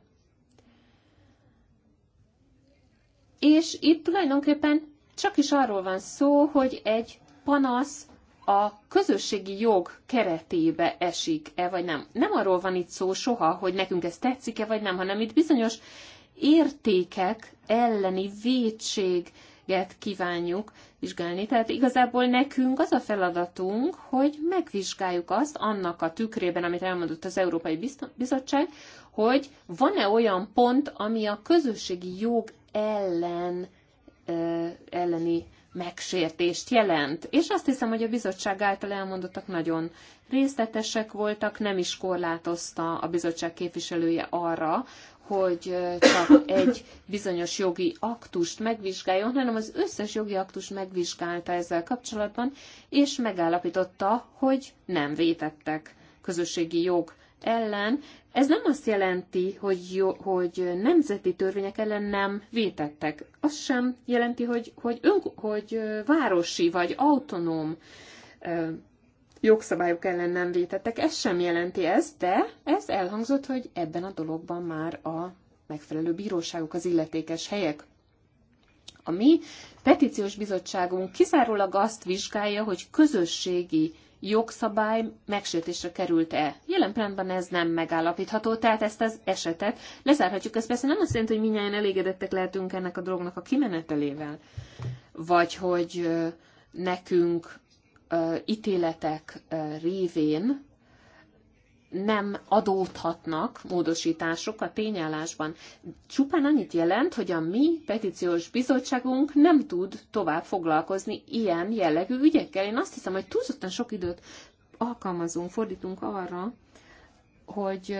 És itt tulajdonképpen csak is arról van szó, hogy egy panasz a közösségi jog keretébe esik-e, vagy nem. Nem arról van itt szó soha, hogy nekünk ez tetszik-e, vagy nem, hanem itt bizonyos értékek elleni vétséget kívánjuk vizsgálni. Tehát igazából nekünk az a feladatunk, hogy megvizsgáljuk azt annak a tükrében, amit elmondott az Európai Bizottság, hogy van-e olyan pont, ami a közösségi jog ellen, elleni megsértést jelent. És azt hiszem, hogy a bizottság által elmondottak nagyon részletesek voltak, nem is korlátozta a bizottság képviselője arra, hogy csak egy bizonyos jogi aktust megvizsgáljon, hanem az összes jogi aktust megvizsgálta ezzel kapcsolatban, és megállapította, hogy nem vétettek közösségi jog ellen, ez nem azt jelenti, hogy, jó, hogy nemzeti törvények ellen nem vétettek. Azt sem jelenti, hogy, hogy, ön, hogy városi vagy autonóm jogszabályok ellen nem vétettek. Ez sem jelenti ezt, de ez elhangzott, hogy ebben a dologban már a megfelelő bíróságok, az illetékes helyek. A mi petíciós bizottságunk kizárólag azt vizsgálja, hogy közösségi jogszabály megsértésre került-e. Jelen pillanatban ez nem megállapítható, tehát ezt az esetet lezárhatjuk. Ez persze nem azt jelenti, hogy minnyáján elégedettek lehetünk ennek a drognak a kimenetelével, vagy hogy nekünk ítéletek révén nem adódhatnak módosítások a tényállásban. Csupán annyit jelent, hogy a mi petíciós bizottságunk nem tud tovább foglalkozni ilyen jellegű ügyekkel. Én azt hiszem, hogy túlzottan sok időt alkalmazunk, fordítunk arra, hogy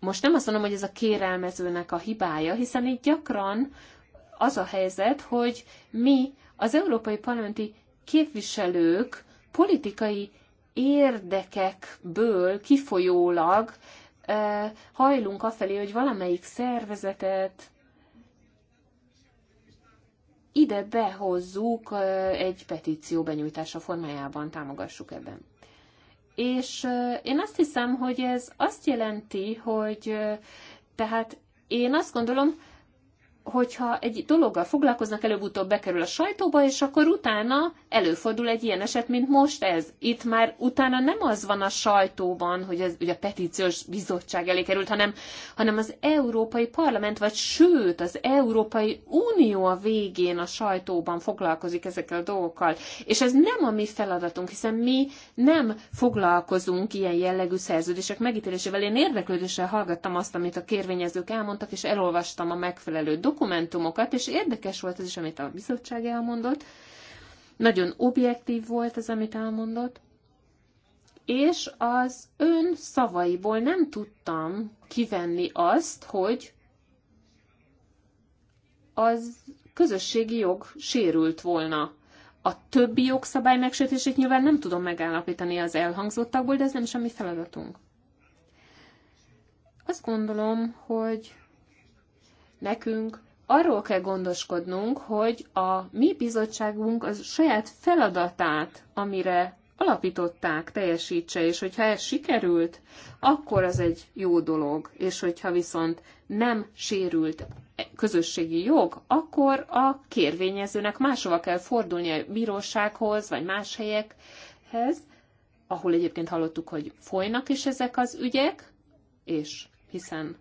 most nem azt mondom, hogy ez a kérelmezőnek a hibája, hiszen itt gyakran az a helyzet, hogy mi az európai parlamenti képviselők politikai érdekekből kifolyólag hajlunk afelé, hogy valamelyik szervezetet ide behozzuk egy petíció benyújtása formájában, támogassuk ebben. És én azt hiszem, hogy ez azt jelenti, hogy tehát én azt gondolom, hogyha egy dologgal foglalkoznak, előbb-utóbb bekerül a sajtóba, és akkor utána előfordul egy ilyen eset, mint most ez. Itt már utána nem az van a sajtóban, hogy ez ugye a petíciós bizottság elé került, hanem, hanem az Európai Parlament, vagy sőt, az Európai Unió a végén a sajtóban foglalkozik ezekkel a dolgokkal. És ez nem a mi feladatunk, hiszen mi nem foglalkozunk ilyen jellegű szerződések megítélésével. Én érdeklődéssel hallgattam azt, amit a kérvényezők elmondtak, és elolvastam a megfelelő dokumentumot, dokumentumokat, és érdekes volt az is, amit a bizottság elmondott, nagyon objektív volt az, amit elmondott, és az ön szavaiból nem tudtam kivenni azt, hogy az közösségi jog sérült volna. A többi jogszabály megsértését nyilván nem tudom megállapítani az elhangzottakból, de ez nem is a mi feladatunk. Azt gondolom, hogy nekünk arról kell gondoskodnunk, hogy a mi bizottságunk az saját feladatát, amire alapították, teljesítse, és hogyha ez sikerült, akkor az egy jó dolog, és hogyha viszont nem sérült közösségi jog, akkor a kérvényezőnek máshova kell fordulni a bírósághoz, vagy más helyekhez, ahol egyébként hallottuk, hogy folynak is ezek az ügyek, és hiszen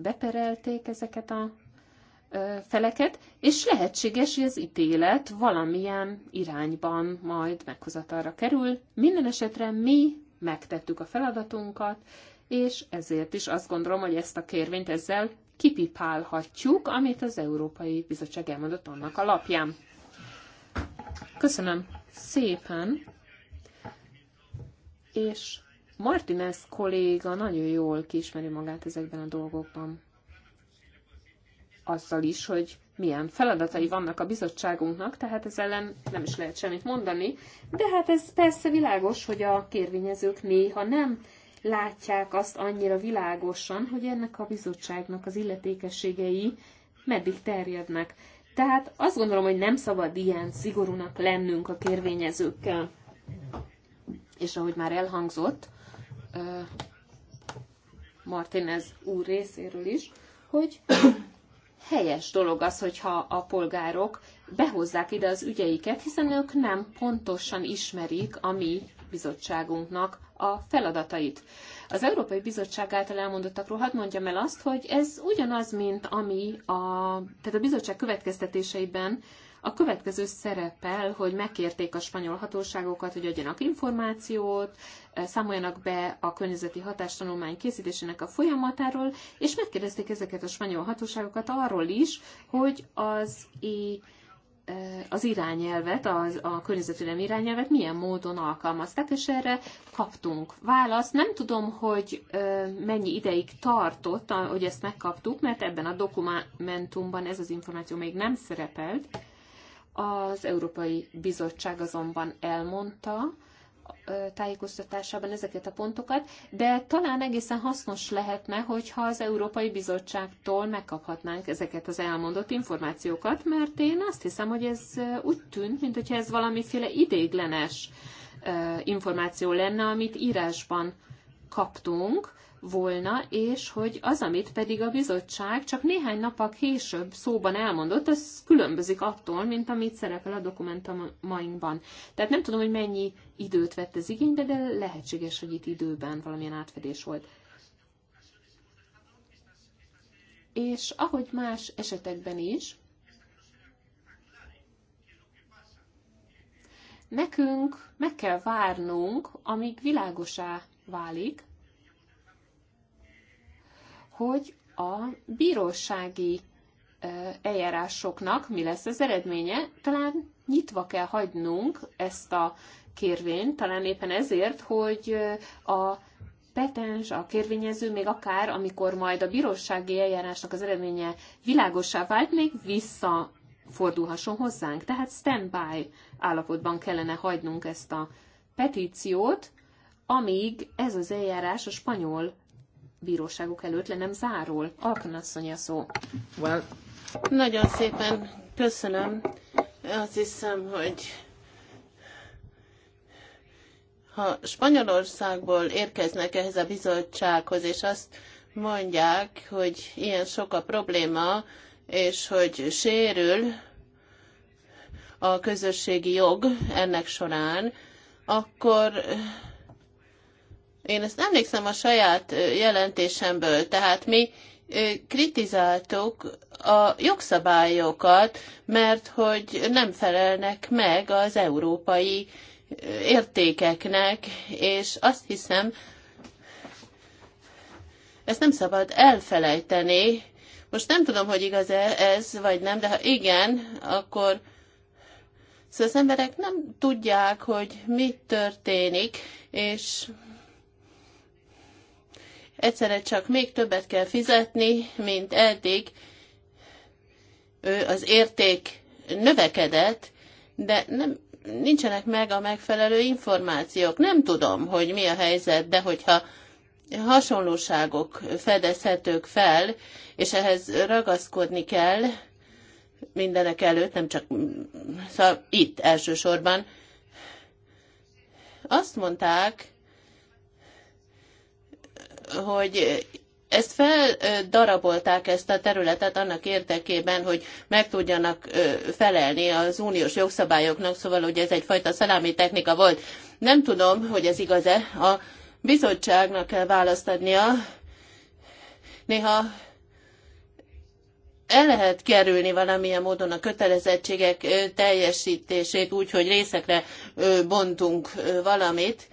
beperelték ezeket a feleket, és lehetséges, hogy az ítélet valamilyen irányban majd meghozatalra kerül. Minden esetre mi megtettük a feladatunkat, és ezért is azt gondolom, hogy ezt a kérvényt ezzel kipipálhatjuk, amit az Európai Bizottság elmondott annak alapján. Köszönöm szépen, és Martinez kolléga nagyon jól kiismeri magát ezekben a dolgokban. Azzal is, hogy milyen feladatai vannak a bizottságunknak, tehát ez ellen nem is lehet semmit mondani, de hát ez persze világos, hogy a kérvényezők néha nem látják azt annyira világosan, hogy ennek a bizottságnak az illetékességei meddig terjednek. Tehát azt gondolom, hogy nem szabad ilyen szigorúnak lennünk a kérvényezőkkel. És ahogy már elhangzott, Martinez úr részéről is, hogy helyes dolog az, hogyha a polgárok behozzák ide az ügyeiket, hiszen ők nem pontosan ismerik a mi bizottságunknak a feladatait. Az Európai Bizottság által elmondottakról hadd mondjam el azt, hogy ez ugyanaz, mint ami a, tehát a bizottság következtetéseiben a következő szerepel, hogy megkérték a spanyol hatóságokat, hogy adjanak információt, eh, számoljanak be a környezeti hatástanulmány készítésének a folyamatáról, és megkérdezték ezeket a spanyol hatóságokat arról is, hogy az i eh, az irányelvet, az, a környezetvédelmi irányelvet milyen módon alkalmazták, és erre kaptunk választ. Nem tudom, hogy eh, mennyi ideig tartott, hogy ezt megkaptuk, mert ebben a dokumentumban ez az információ még nem szerepelt. Az Európai Bizottság azonban elmondta, tájékoztatásában ezeket a pontokat, de talán egészen hasznos lehetne, hogyha az Európai Bizottságtól megkaphatnánk ezeket az elmondott információkat, mert én azt hiszem, hogy ez úgy tűnt, mint hogyha ez valamiféle idéglenes információ lenne, amit írásban kaptunk, volna, és hogy az, amit pedig a bizottság csak néhány nappal később szóban elmondott, az különbözik attól, mint amit szerepel a dokumentumainkban. Tehát nem tudom, hogy mennyi időt vett ez igénybe, de lehetséges, hogy itt időben valamilyen átfedés volt. És ahogy más esetekben is, nekünk meg kell várnunk, amíg világosá válik, hogy a bírósági eljárásoknak mi lesz az eredménye. Talán nyitva kell hagynunk ezt a kérvényt, talán éppen ezért, hogy a petens, a kérvényező még akár, amikor majd a bírósági eljárásnak az eredménye világosá vált, még visszafordulhasson hozzánk. Tehát standby állapotban kellene hagynunk ezt a petíciót, amíg ez az eljárás a spanyol bíróságok előtt le nem záról Alkanasszony a szó. Well. Nagyon szépen köszönöm. Azt hiszem, hogy ha Spanyolországból érkeznek ehhez a bizottsághoz, és azt mondják, hogy ilyen sok a probléma, és hogy sérül a közösségi jog ennek során, akkor én ezt emlékszem a saját jelentésemből, tehát mi kritizáltuk a jogszabályokat, mert hogy nem felelnek meg az európai értékeknek, és azt hiszem, ezt nem szabad elfelejteni. Most nem tudom, hogy igaz-e ez, vagy nem, de ha igen, akkor szóval az emberek nem tudják, hogy mi történik, és egyszerre csak még többet kell fizetni, mint eddig. Az érték növekedett, de nem, nincsenek meg a megfelelő információk. Nem tudom, hogy mi a helyzet, de hogyha hasonlóságok fedezhetők fel, és ehhez ragaszkodni kell mindenek előtt, nem csak szóval itt elsősorban. Azt mondták, hogy ezt feldarabolták ezt a területet annak érdekében, hogy meg tudjanak felelni az uniós jogszabályoknak, szóval hogy ez egyfajta szalámi technika volt. Nem tudom, hogy ez igaz-e. A bizottságnak kell választ adnia. Néha el lehet kerülni valamilyen módon a kötelezettségek teljesítését úgy, hogy részekre bontunk valamit,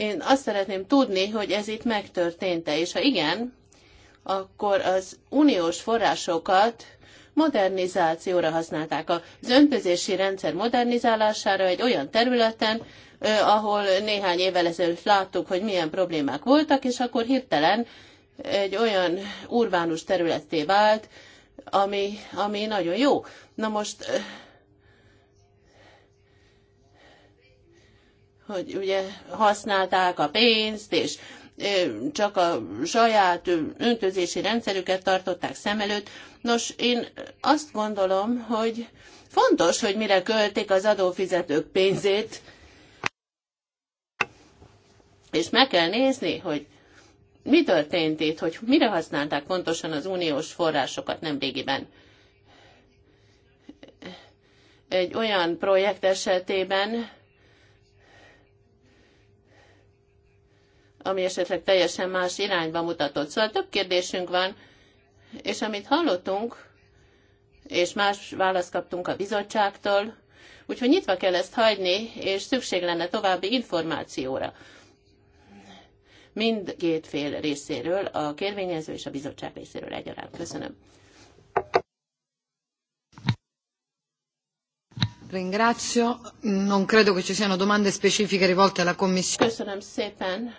én azt szeretném tudni, hogy ez itt megtörtént-e, és ha igen, akkor az uniós forrásokat modernizációra használták. Az öntözési rendszer modernizálására egy olyan területen, ahol néhány évvel ezelőtt láttuk, hogy milyen problémák voltak, és akkor hirtelen egy olyan urbánus területté vált, ami, ami nagyon jó. Na most hogy ugye használták a pénzt, és csak a saját öntözési rendszerüket tartották szem előtt. Nos, én azt gondolom, hogy fontos, hogy mire költik az adófizetők pénzét, és meg kell nézni, hogy mi történt itt, hogy mire használták pontosan az uniós forrásokat nemrégiben. Egy olyan projekt esetében, ami esetleg teljesen más irányba mutatott. Szóval több kérdésünk van, és amit hallottunk, és más választ kaptunk a bizottságtól, úgyhogy nyitva kell ezt hagyni, és szükség lenne további információra mindkét fél részéről, a kérvényező és a bizottság részéről egyaránt. Köszönöm. Ringrazio. Non credo che ci siano domande specifiche rivolte alla Commissione. Köszönöm szépen.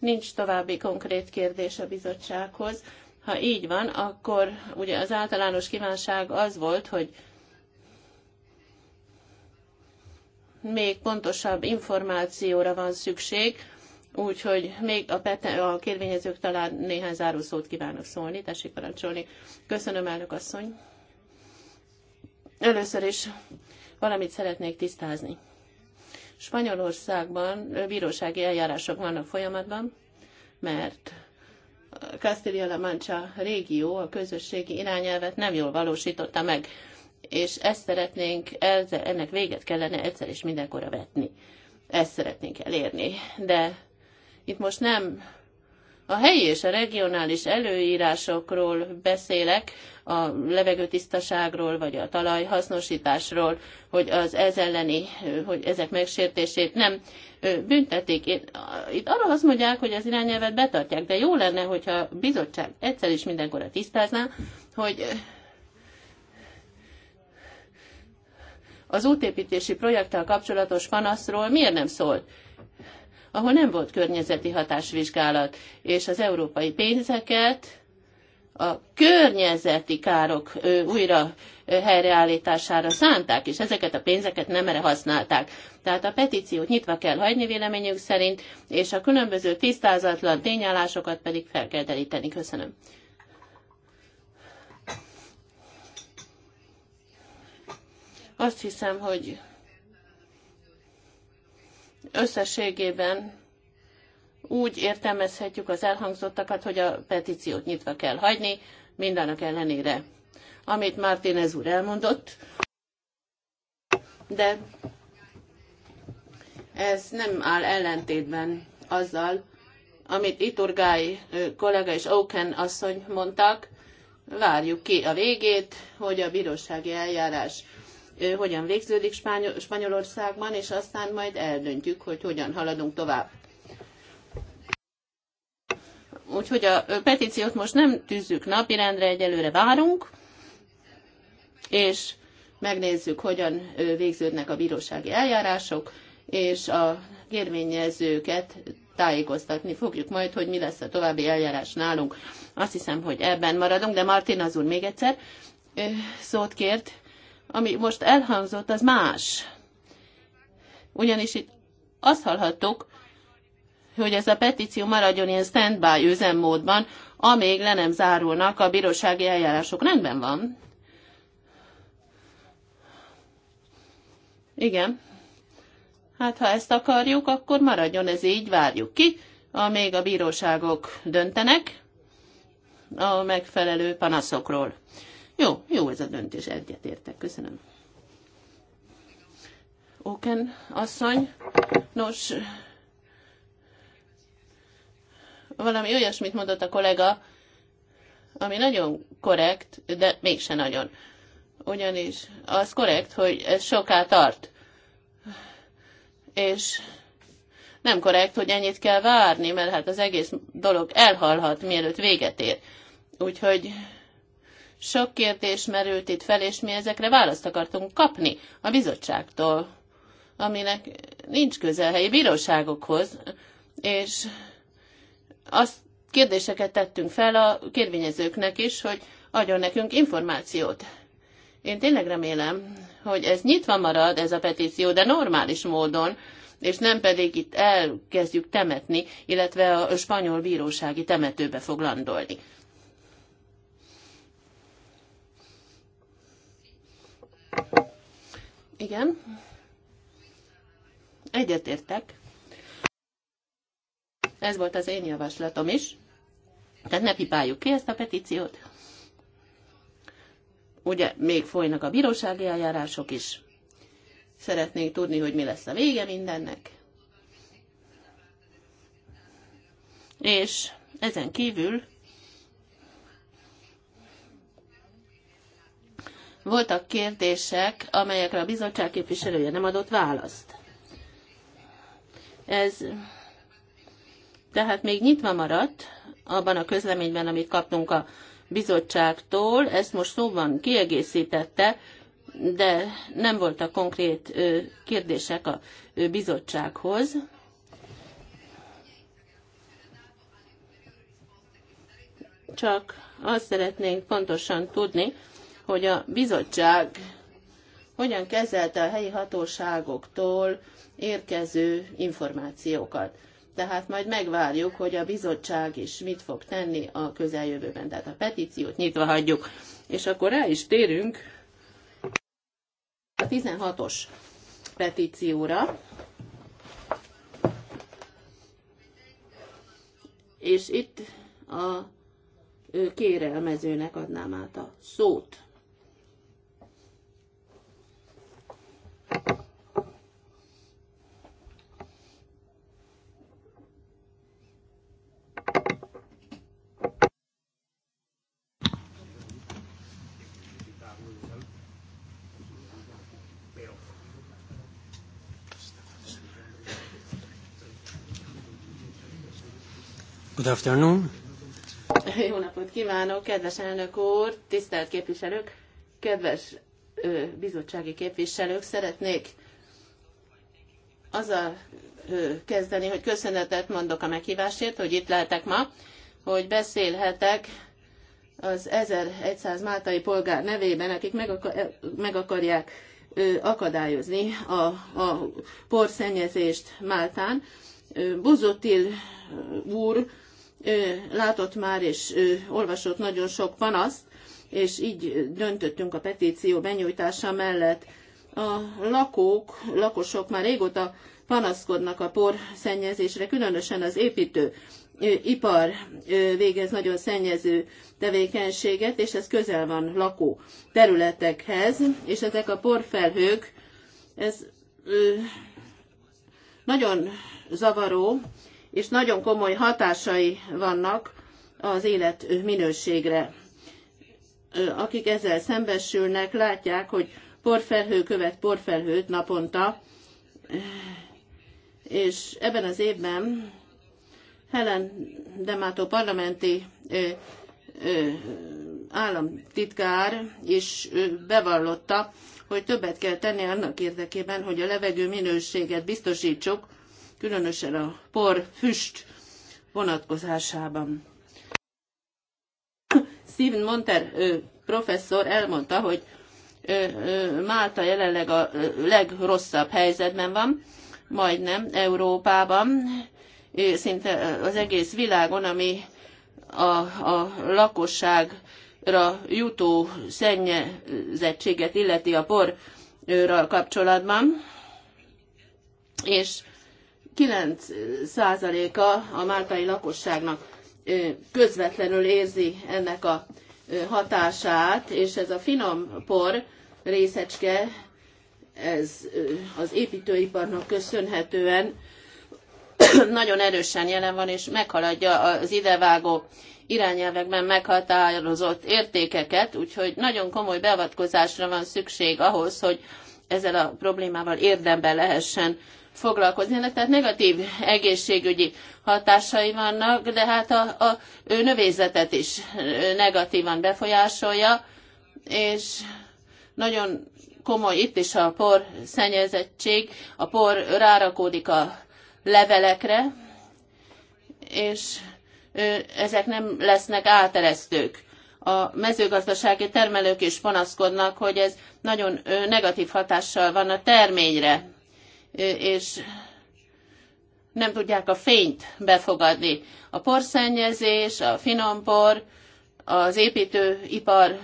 Nincs további konkrét kérdés a bizottsághoz. Ha így van, akkor ugye az általános kívánság az volt, hogy még pontosabb információra van szükség, úgyhogy még a, pete, a kérvényezők talán néhány zárószót kívánok szólni, tessék parancsolni. Köszönöm, elnök asszony. Először is valamit szeretnék tisztázni. Spanyolországban bírósági eljárások vannak folyamatban, mert Castilla-La Mancha régió a közösségi irányelvet nem jól valósította meg, és ezt szeretnénk, ennek véget kellene egyszer és mindenkorra vetni. Ezt szeretnénk elérni. De itt most nem a helyi és a regionális előírásokról beszélek, a levegőtisztaságról, vagy a talajhasznosításról, hogy az ez elleni, hogy ezek megsértését nem büntetik. Itt arra azt mondják, hogy az irányelvet betartják, de jó lenne, hogyha a bizottság egyszer is mindenkorra tisztázná, hogy az útépítési projekttel kapcsolatos panaszról miért nem szólt ahol nem volt környezeti hatásvizsgálat, és az európai pénzeket a környezeti károk újra helyreállítására szánták, és ezeket a pénzeket nem erre használták. Tehát a petíciót nyitva kell hagyni véleményük szerint, és a különböző tisztázatlan tényállásokat pedig fel kell deríteni. Köszönöm. Azt hiszem, hogy Összességében úgy értelmezhetjük az elhangzottakat, hogy a petíciót nyitva kell hagyni, mindannak ellenére, amit Martínez úr elmondott, de ez nem áll ellentétben azzal, amit Iturgay kollega és Oken asszony mondtak, várjuk ki a végét, hogy a bírósági eljárás hogyan végződik Spanyolországban, és aztán majd eldöntjük, hogy hogyan haladunk tovább. Úgyhogy a petíciót most nem tűzzük napirendre, egyelőre várunk, és megnézzük, hogyan végződnek a bírósági eljárások, és a kérvényezőket tájékoztatni fogjuk majd, hogy mi lesz a további eljárás nálunk. Azt hiszem, hogy ebben maradunk, de Martin az úr még egyszer szót kért ami most elhangzott, az más. Ugyanis itt azt hallhattuk, hogy ez a petíció maradjon ilyen stand-by üzemmódban, amíg le nem zárulnak a bírósági eljárások. Rendben van. Igen. Hát ha ezt akarjuk, akkor maradjon ez így, várjuk ki, amíg a bíróságok döntenek a megfelelő panaszokról. Jó, jó ez a döntés, egyetértek, köszönöm. Oken asszony, nos, valami olyasmit mondott a kollega, ami nagyon korrekt, de mégse nagyon. Ugyanis az korrekt, hogy ez soká tart. És nem korrekt, hogy ennyit kell várni, mert hát az egész dolog elhalhat, mielőtt véget ér. Úgyhogy sok kérdés merült itt fel, és mi ezekre választ akartunk kapni a bizottságtól, aminek nincs közelhelyi bíróságokhoz, és azt kérdéseket tettünk fel a kérvényezőknek is, hogy adjon nekünk információt. Én tényleg remélem, hogy ez nyitva marad, ez a petíció, de normális módon, és nem pedig itt elkezdjük temetni, illetve a spanyol bírósági temetőbe fog landolni. Igen. Egyetértek. Ez volt az én javaslatom is. Tehát ne pipáljuk ki ezt a petíciót. Ugye még folynak a bírósági eljárások is. Szeretnénk tudni, hogy mi lesz a vége mindennek. És ezen kívül voltak kérdések, amelyekre a bizottság képviselője nem adott választ. Ez tehát még nyitva maradt abban a közleményben, amit kaptunk a bizottságtól, ezt most szóban kiegészítette, de nem voltak konkrét kérdések a bizottsághoz. Csak azt szeretnénk pontosan tudni, hogy a bizottság hogyan kezelte a helyi hatóságoktól érkező információkat. Tehát majd megvárjuk, hogy a bizottság is mit fog tenni a közeljövőben. Tehát a petíciót nyitva hagyjuk. És akkor rá is térünk a 16-os petícióra. És itt a kérelmezőnek adnám át a szót. Good afternoon. Jó napot kívánok, kedves elnök úr, tisztelt képviselők, kedves ö, bizottsági képviselők, szeretnék azzal ö, kezdeni, hogy köszönetet mondok a meghívásért, hogy itt lehetek ma, hogy beszélhetek az 1100 máltai polgár nevében, akik meg, akar, e, meg akarják ö, akadályozni a, a porszennyezést Máltán. Buzotil úr látott már és olvasott nagyon sok panaszt, és így döntöttünk a petíció benyújtása mellett. A lakók, lakosok már régóta panaszkodnak a por szennyezésre, különösen az építő ipar végez nagyon szennyező tevékenységet, és ez közel van lakó területekhez, és ezek a porfelhők, ez nagyon zavaró, és nagyon komoly hatásai vannak az élet minőségre. Akik ezzel szembesülnek, látják, hogy porfelhő követ porfelhőt naponta, és ebben az évben Helen Demato parlamenti államtitkár is bevallotta, hogy többet kell tenni annak érdekében, hogy a levegő minőséget biztosítsuk, különösen a por füst vonatkozásában. Steven Monter professzor elmondta, hogy Málta jelenleg a legrosszabb helyzetben van, majdnem Európában, szinte az egész világon, ami a, a lakosságra jutó szennyezettséget illeti a porral kapcsolatban. És 9%-a a máltai lakosságnak közvetlenül érzi ennek a hatását, és ez a finom por részecske, ez az építőiparnak köszönhetően nagyon erősen jelen van, és meghaladja az idevágó irányelvekben meghatározott értékeket, úgyhogy nagyon komoly beavatkozásra van szükség ahhoz, hogy ezzel a problémával érdemben lehessen foglalkozni. Ennek tehát negatív egészségügyi hatásai vannak, de hát a, a növényzetet is negatívan befolyásolja, és nagyon komoly itt is a por szennyezettség, a por rárakódik a levelekre, és ezek nem lesznek áteresztők. A mezőgazdasági termelők is panaszkodnak, hogy ez nagyon negatív hatással van a terményre és nem tudják a fényt befogadni. A porszennyezés, a finompor, az építőipar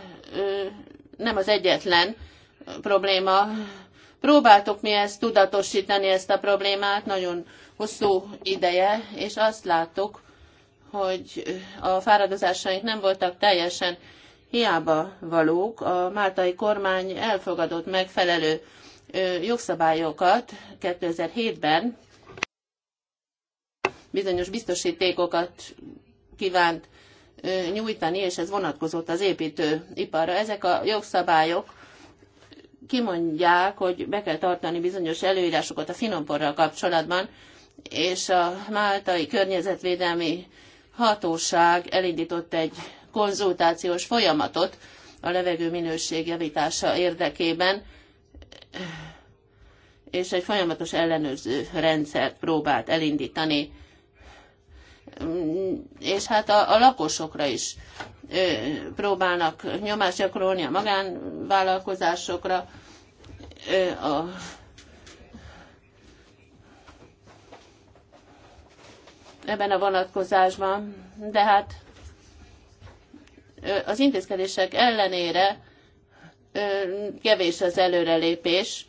nem az egyetlen probléma. Próbáltuk mi ezt tudatosítani, ezt a problémát, nagyon hosszú ideje, és azt láttuk, hogy a fáradozásaink nem voltak teljesen hiába valók. A máltai kormány elfogadott megfelelő jogszabályokat 2007-ben bizonyos biztosítékokat kívánt nyújtani, és ez vonatkozott az építőiparra. Ezek a jogszabályok kimondják, hogy be kell tartani bizonyos előírásokat a finomporral kapcsolatban, és a Máltai Környezetvédelmi Hatóság elindított egy konzultációs folyamatot a levegő minőség javítása érdekében, és egy folyamatos ellenőrző rendszert próbált elindítani, és hát a, a lakosokra is ö, próbálnak nyomást gyakorolni a magánvállalkozásokra, ö, a ebben a vonatkozásban, de hát az intézkedések ellenére kevés az előrelépés,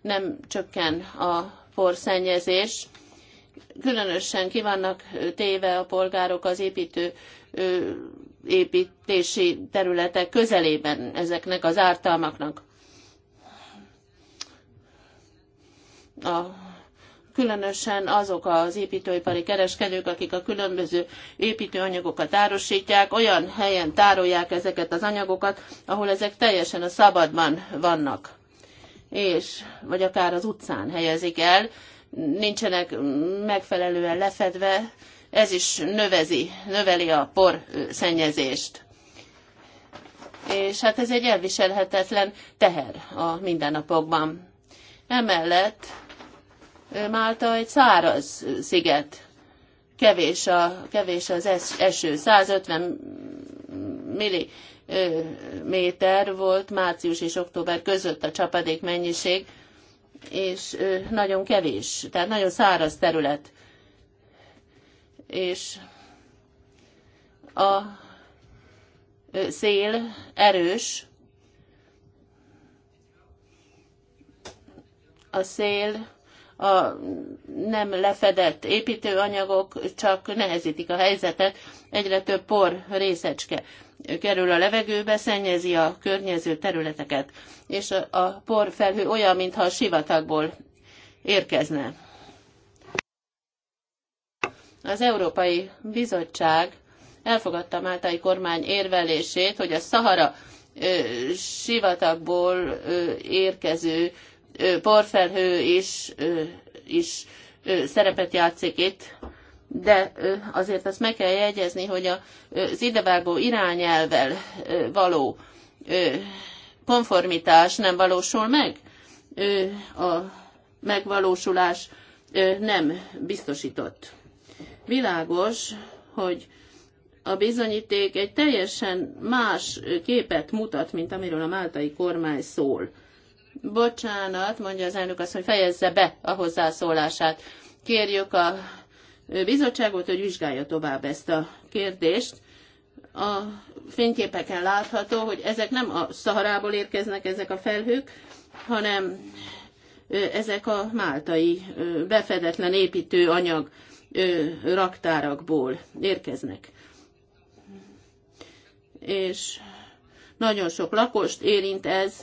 nem csökken a porszennyezés, különösen ki vannak téve a polgárok az építő építési területek közelében ezeknek az ártalmaknak. A különösen azok az építőipari kereskedők, akik a különböző építőanyagokat árusítják, olyan helyen tárolják ezeket az anyagokat, ahol ezek teljesen a szabadban vannak, és vagy akár az utcán helyezik el, nincsenek megfelelően lefedve, ez is növezi, növeli a por szennyezést. És hát ez egy elviselhetetlen teher a mindennapokban. Emellett Málta egy száraz sziget. Kevés, a, kevés az es, eső. 150 milliméter volt március és október között a csapadék mennyiség, és nagyon kevés, tehát nagyon száraz terület. És a szél erős, a szél a nem lefedett építőanyagok csak nehezítik a helyzetet, egyre több por részecske kerül a levegőbe, szennyezi a környező területeket, és a por felhő olyan, mintha a sivatagból érkezne. Az Európai Bizottság elfogadta Máltai kormány érvelését, hogy a Szahara ö, sivatagból ö, érkező porfelhő is, is szerepet játszik itt, de azért azt meg kell jegyezni, hogy az idevágó irányelvel való konformitás nem valósul meg, a megvalósulás nem biztosított. Világos, hogy a bizonyíték egy teljesen más képet mutat, mint amiről a máltai kormány szól. Bocsánat, mondja az elnök azt, hogy fejezze be a hozzászólását. Kérjük a bizottságot, hogy vizsgálja tovább ezt a kérdést. A fényképeken látható, hogy ezek nem a szaharából érkeznek ezek a felhők, hanem ezek a máltai befedetlen építőanyag raktárakból érkeznek. És nagyon sok lakost érint ez,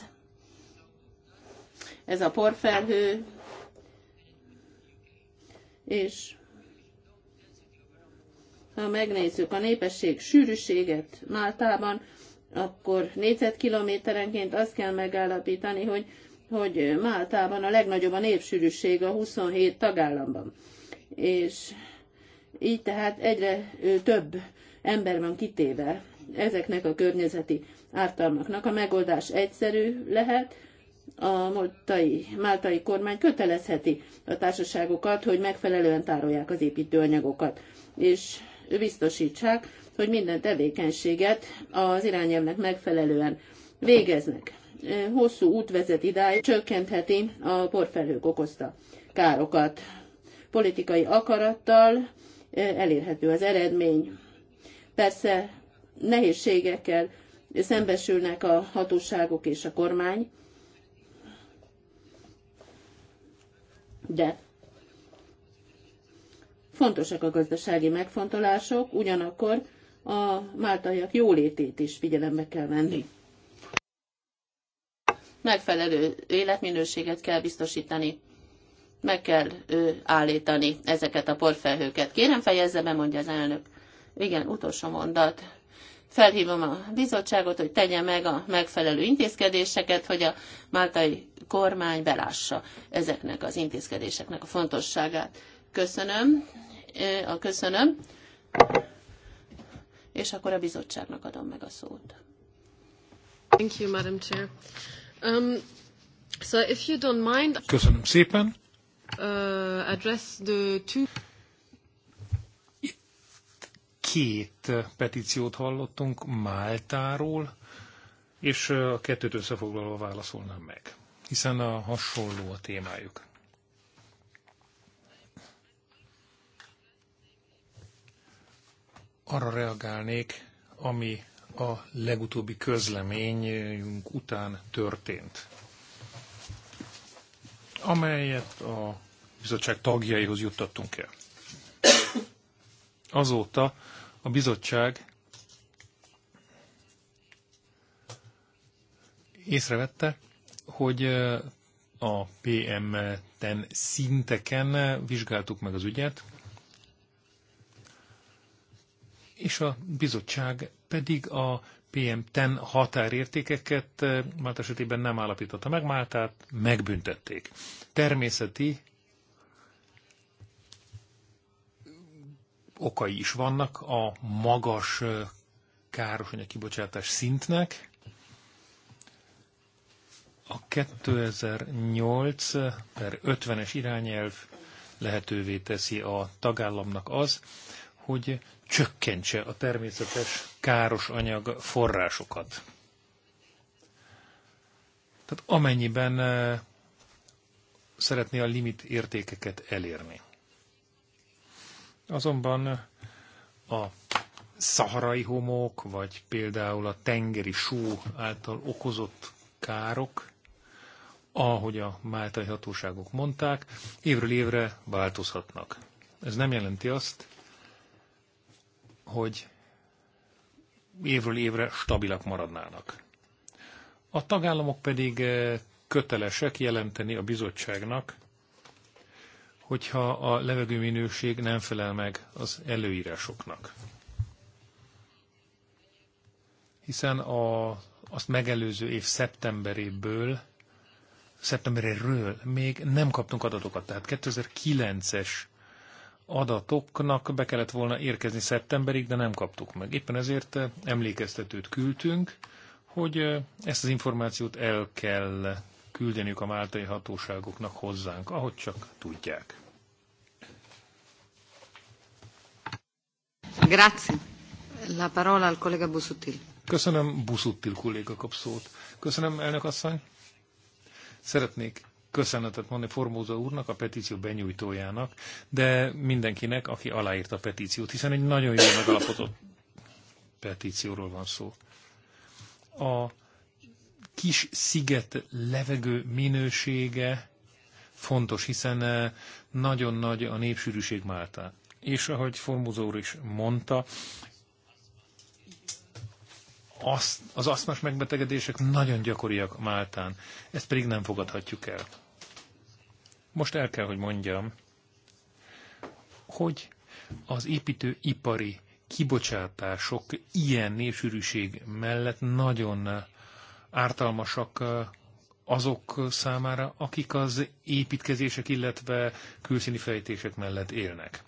ez a porfelhő, és ha megnézzük a népesség sűrűséget Máltában, akkor négyzetkilométerenként azt kell megállapítani, hogy, hogy Máltában a legnagyobb a népsűrűség a 27 tagállamban. És így tehát egyre több ember van kitéve ezeknek a környezeti ártalmaknak. A megoldás egyszerű lehet, a maltai, máltai kormány kötelezheti a társaságokat, hogy megfelelően tárolják az építőanyagokat, és biztosítsák, hogy minden tevékenységet az irányelvnek megfelelően végeznek. Hosszú út vezet idáig, csökkentheti a porfelhők okozta károkat. Politikai akarattal eh, elérhető az eredmény. Persze nehézségekkel szembesülnek a hatóságok és a kormány, de fontosak a gazdasági megfontolások, ugyanakkor a máltaiak jólétét is figyelembe kell venni. Megfelelő életminőséget kell biztosítani, meg kell ő, állítani ezeket a porfelhőket. Kérem fejezze be, mondja az elnök. Igen, utolsó mondat. Felhívom a bizottságot, hogy tegye meg a megfelelő intézkedéseket, hogy a máltai kormány belássa ezeknek az intézkedéseknek a fontosságát. Köszönöm. A köszönöm. És akkor a bizottságnak adom meg a szót. Thank you, Madam Chair. Um, so if you don't mind... Köszönöm szépen. Uh, address the two... Két petíciót hallottunk Máltáról, és uh, a kettőt összefoglalva válaszolnám meg hiszen a hasonló a témájuk. Arra reagálnék, ami a legutóbbi közleményünk után történt, amelyet a bizottság tagjaihoz juttattunk el. Azóta a bizottság észrevette, hogy a PM-ten szinteken vizsgáltuk meg az ügyet, és a bizottság pedig a PM10 határértékeket Málta esetében nem állapította meg, Máltát megbüntették. Természeti okai is vannak a magas károsanyag kibocsátás szintnek, a 2008 per 50-es irányelv lehetővé teszi a tagállamnak az, hogy csökkentse a természetes káros anyag forrásokat. Tehát amennyiben eh, szeretné a limit értékeket elérni. Azonban eh, a szaharai homok, vagy például a tengeri só által okozott károk ahogy a máltai hatóságok mondták, évről évre változhatnak. Ez nem jelenti azt, hogy évről évre stabilak maradnának. A tagállamok pedig eh, kötelesek jelenteni a bizottságnak, hogyha a levegőminőség nem felel meg az előírásoknak. Hiszen a, azt megelőző év szeptemberéből szeptemberéről még nem kaptunk adatokat, tehát 2009-es adatoknak be kellett volna érkezni szeptemberig, de nem kaptuk meg. Éppen ezért eh, emlékeztetőt küldtünk, hogy eh, ezt az információt el kell küldeniük a máltai hatóságoknak hozzánk, ahogy csak tudják. Grazie. La parola al collega Busuttil. Köszönöm, Busuttil kolléga kap szót. Köszönöm, elnök asszony. Szeretnék köszönetet mondani Formóza úrnak, a petíció benyújtójának, de mindenkinek, aki aláírta a petíciót, hiszen egy nagyon jól megalapozott petícióról van szó. A kis sziget levegő minősége fontos, hiszen eh, nagyon nagy a népsűrűség Máltán. És ahogy Formóza úr is mondta, az, az asztmas megbetegedések nagyon gyakoriak Máltán. Ezt pedig nem fogadhatjuk el. Most el kell, hogy mondjam, hogy az építőipari kibocsátások ilyen népsűrűség mellett nagyon ártalmasak azok számára, akik az építkezések, illetve külszíni fejtések mellett élnek.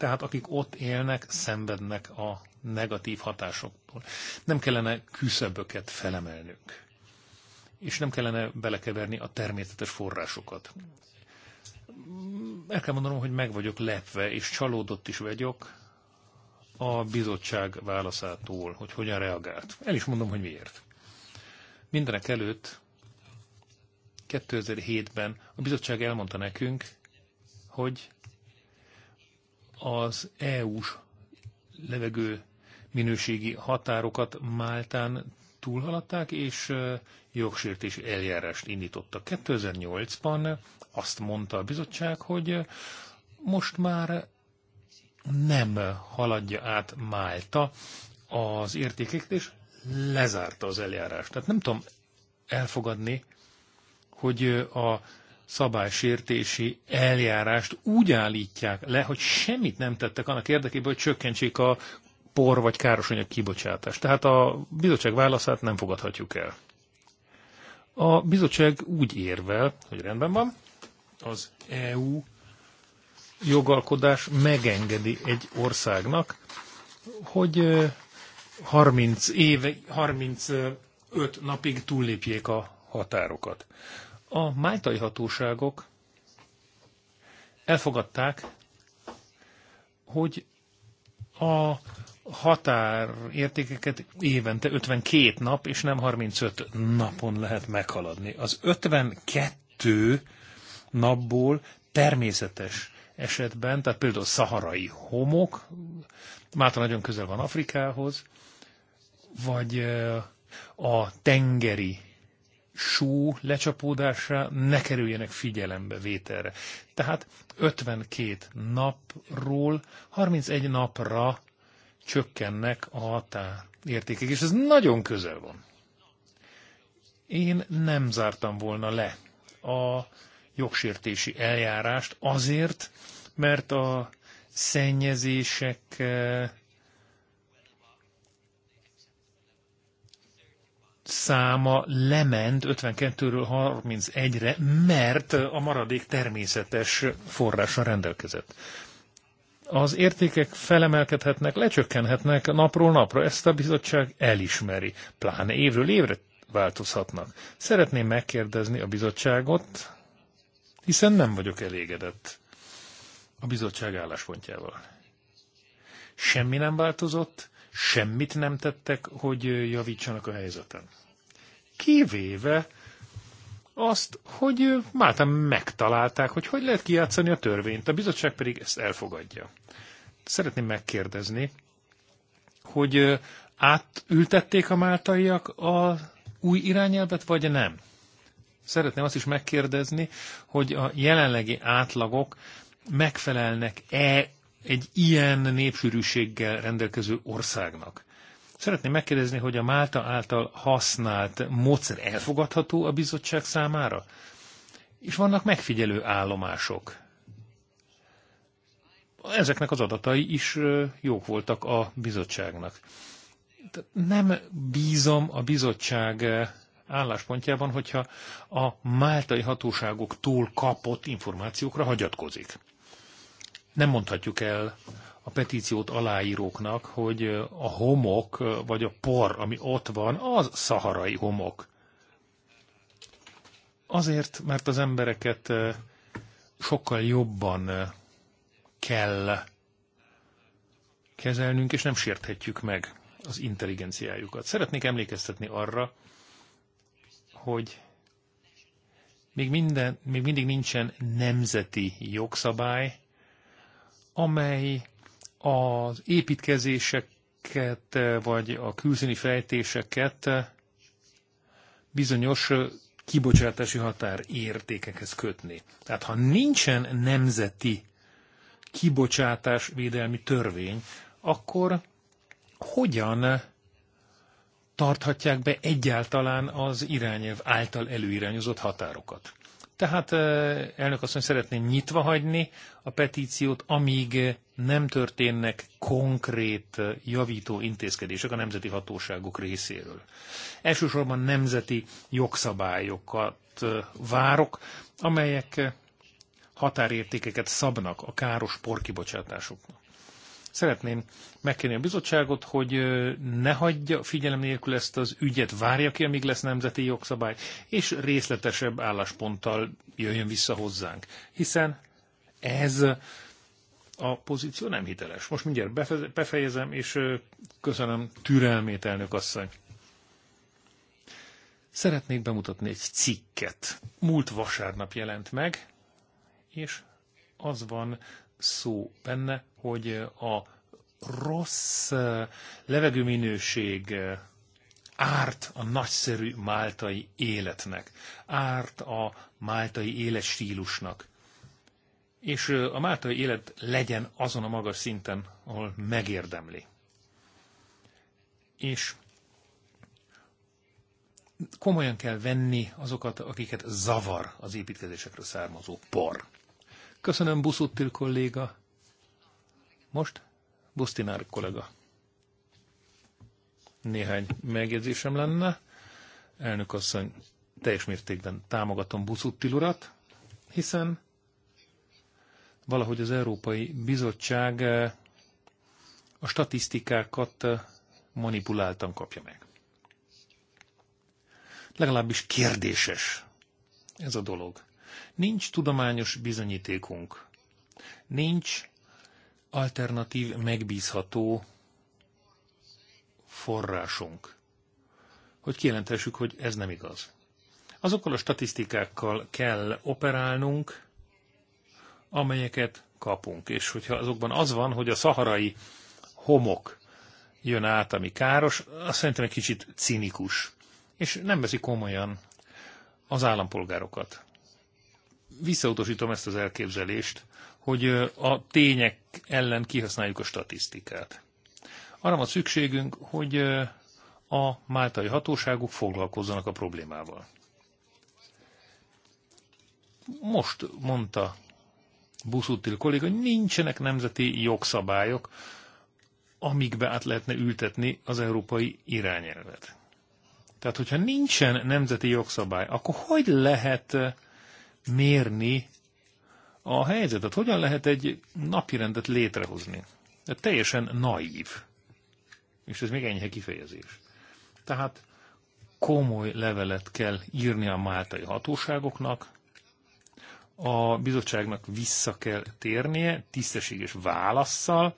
Tehát akik ott élnek, szenvednek a negatív hatásoktól. Nem kellene küszöböket felemelnünk. És nem kellene belekeverni a természetes forrásokat. El kell mondanom, hogy meg vagyok lepve, és csalódott is vagyok a bizottság válaszától, hogy hogyan reagált. El is mondom, hogy miért. Mindenek előtt 2007-ben a bizottság elmondta nekünk, hogy az EU-s levegő minőségi határokat Máltán túlhaladták, és jogsértés eljárást indítottak. 2008-ban azt mondta a bizottság, hogy most már nem haladja át Málta az értékeket, és lezárta az eljárást. Tehát nem tudom elfogadni, hogy a szabálysértési eljárást úgy állítják le, hogy semmit nem tettek annak érdekében, hogy csökkentsék a por vagy károsanyag kibocsátást. Tehát a bizottság válaszát nem fogadhatjuk el. A bizottság úgy érvel, hogy rendben van, az EU jogalkodás megengedi egy országnak, hogy 30 éve, 35 napig túllépjék a határokat. A májtai hatóságok elfogadták, hogy a határértékeket évente 52 nap, és nem 35 napon lehet meghaladni. Az 52 napból természetes esetben, tehát például szaharai homok, Máta nagyon közel van Afrikához, vagy eh, a tengeri só lecsapódásra ne kerüljenek figyelembe vételre. Tehát 52 napról 31 napra csökkennek a határértékek, és ez nagyon közel van. Én nem zártam volna le a jogsértési eljárást azért, mert a szennyezések eh, száma lement 52-ről 31-re, mert a maradék természetes forrása rendelkezett. Az értékek felemelkedhetnek, lecsökkenhetnek napról napra, ezt a bizottság elismeri, pláne évről évre változhatnak. Szeretném megkérdezni a bizottságot, hiszen nem vagyok elégedett a bizottság álláspontjával. Semmi nem változott, semmit nem tettek, hogy javítsanak a helyzeten kivéve azt, hogy Máltán megtalálták, hogy hogy lehet kijátszani a törvényt, a bizottság pedig ezt elfogadja. Szeretném megkérdezni, hogy átültették a máltaiak a új irányelvet, vagy nem? Szeretném azt is megkérdezni, hogy a jelenlegi átlagok megfelelnek-e egy ilyen népsűrűséggel rendelkező országnak. Szeretném megkérdezni, hogy a Málta által használt módszer elfogadható a bizottság számára? És vannak megfigyelő állomások. Ezeknek az adatai is jók voltak a bizottságnak. Nem bízom a bizottság álláspontjában, hogyha a máltai hatóságoktól kapott információkra hagyatkozik. Nem mondhatjuk el, a petíciót aláíróknak, hogy a homok, vagy a por, ami ott van, az szaharai homok. Azért, mert az embereket eh, sokkal jobban eh, kell kezelnünk, és nem sérthetjük meg az intelligenciájukat. Szeretnék emlékeztetni arra, hogy még, minden, még mindig nincsen nemzeti jogszabály, amely az építkezéseket, eh, vagy a külszíni fejtéseket eh, bizonyos eh, kibocsátási határ értékekhez kötni. Tehát ha nincsen nemzeti kibocsátásvédelmi törvény, akkor hogyan tarthatják be egyáltalán az irányelv által előirányozott határokat? Tehát elnök mondja, szeretném nyitva hagyni a petíciót, amíg nem történnek konkrét javító intézkedések a nemzeti hatóságok részéről. Elsősorban nemzeti jogszabályokat várok, amelyek határértékeket szabnak a káros porkibocsátásoknak. Szeretném megkérni a bizottságot, hogy ne hagyja figyelem nélkül ezt az ügyet, várja ki, amíg lesz nemzeti jogszabály, és részletesebb állásponttal jöjjön vissza hozzánk. Hiszen ez a pozíció nem hiteles. Most mindjárt befejezem, és köszönöm türelmét, elnök asszony. Szeretnék bemutatni egy cikket. Múlt vasárnap jelent meg, és az van szó benne, hogy a rossz levegőminőség árt a nagyszerű máltai életnek, árt a máltai életstílusnak. És a máltai élet legyen azon a magas szinten, ahol megérdemli. És komolyan kell venni azokat, akiket zavar az építkezésekről származó por. Köszönöm, Buszuttil kolléga. Most Busztinár kollega. Néhány megjegyzésem lenne. Elnök asszony, teljes mértékben támogatom Buszuttil urat, hiszen valahogy az Európai Bizottság eh, a statisztikákat eh, manipuláltan kapja meg. Legalábbis kérdéses ez a dolog. Nincs tudományos bizonyítékunk. Nincs alternatív, megbízható forrásunk, hogy kijelentessük, hogy ez nem igaz. Azokkal a statisztikákkal kell operálnunk, amelyeket kapunk. És hogyha azokban az van, hogy a szaharai homok jön át, ami káros, azt szerintem egy kicsit cinikus. És nem veszi komolyan az állampolgárokat visszautasítom ezt az elképzelést, hogy a tények ellen kihasználjuk a statisztikát. Arra van szükségünk, hogy a máltai hatóságok foglalkozzanak a problémával. Most mondta Buszutil kolléga, hogy nincsenek nemzeti jogszabályok, amikbe át lehetne ültetni az európai irányelvet. Tehát, hogyha nincsen nemzeti jogszabály, akkor hogy lehet mérni a helyzetet? Hogyan lehet egy napirendet létrehozni? De teljesen naív. És ez még enyhe kifejezés. Tehát komoly levelet kell írni a máltai hatóságoknak, a bizottságnak vissza kell térnie tisztességes válaszsal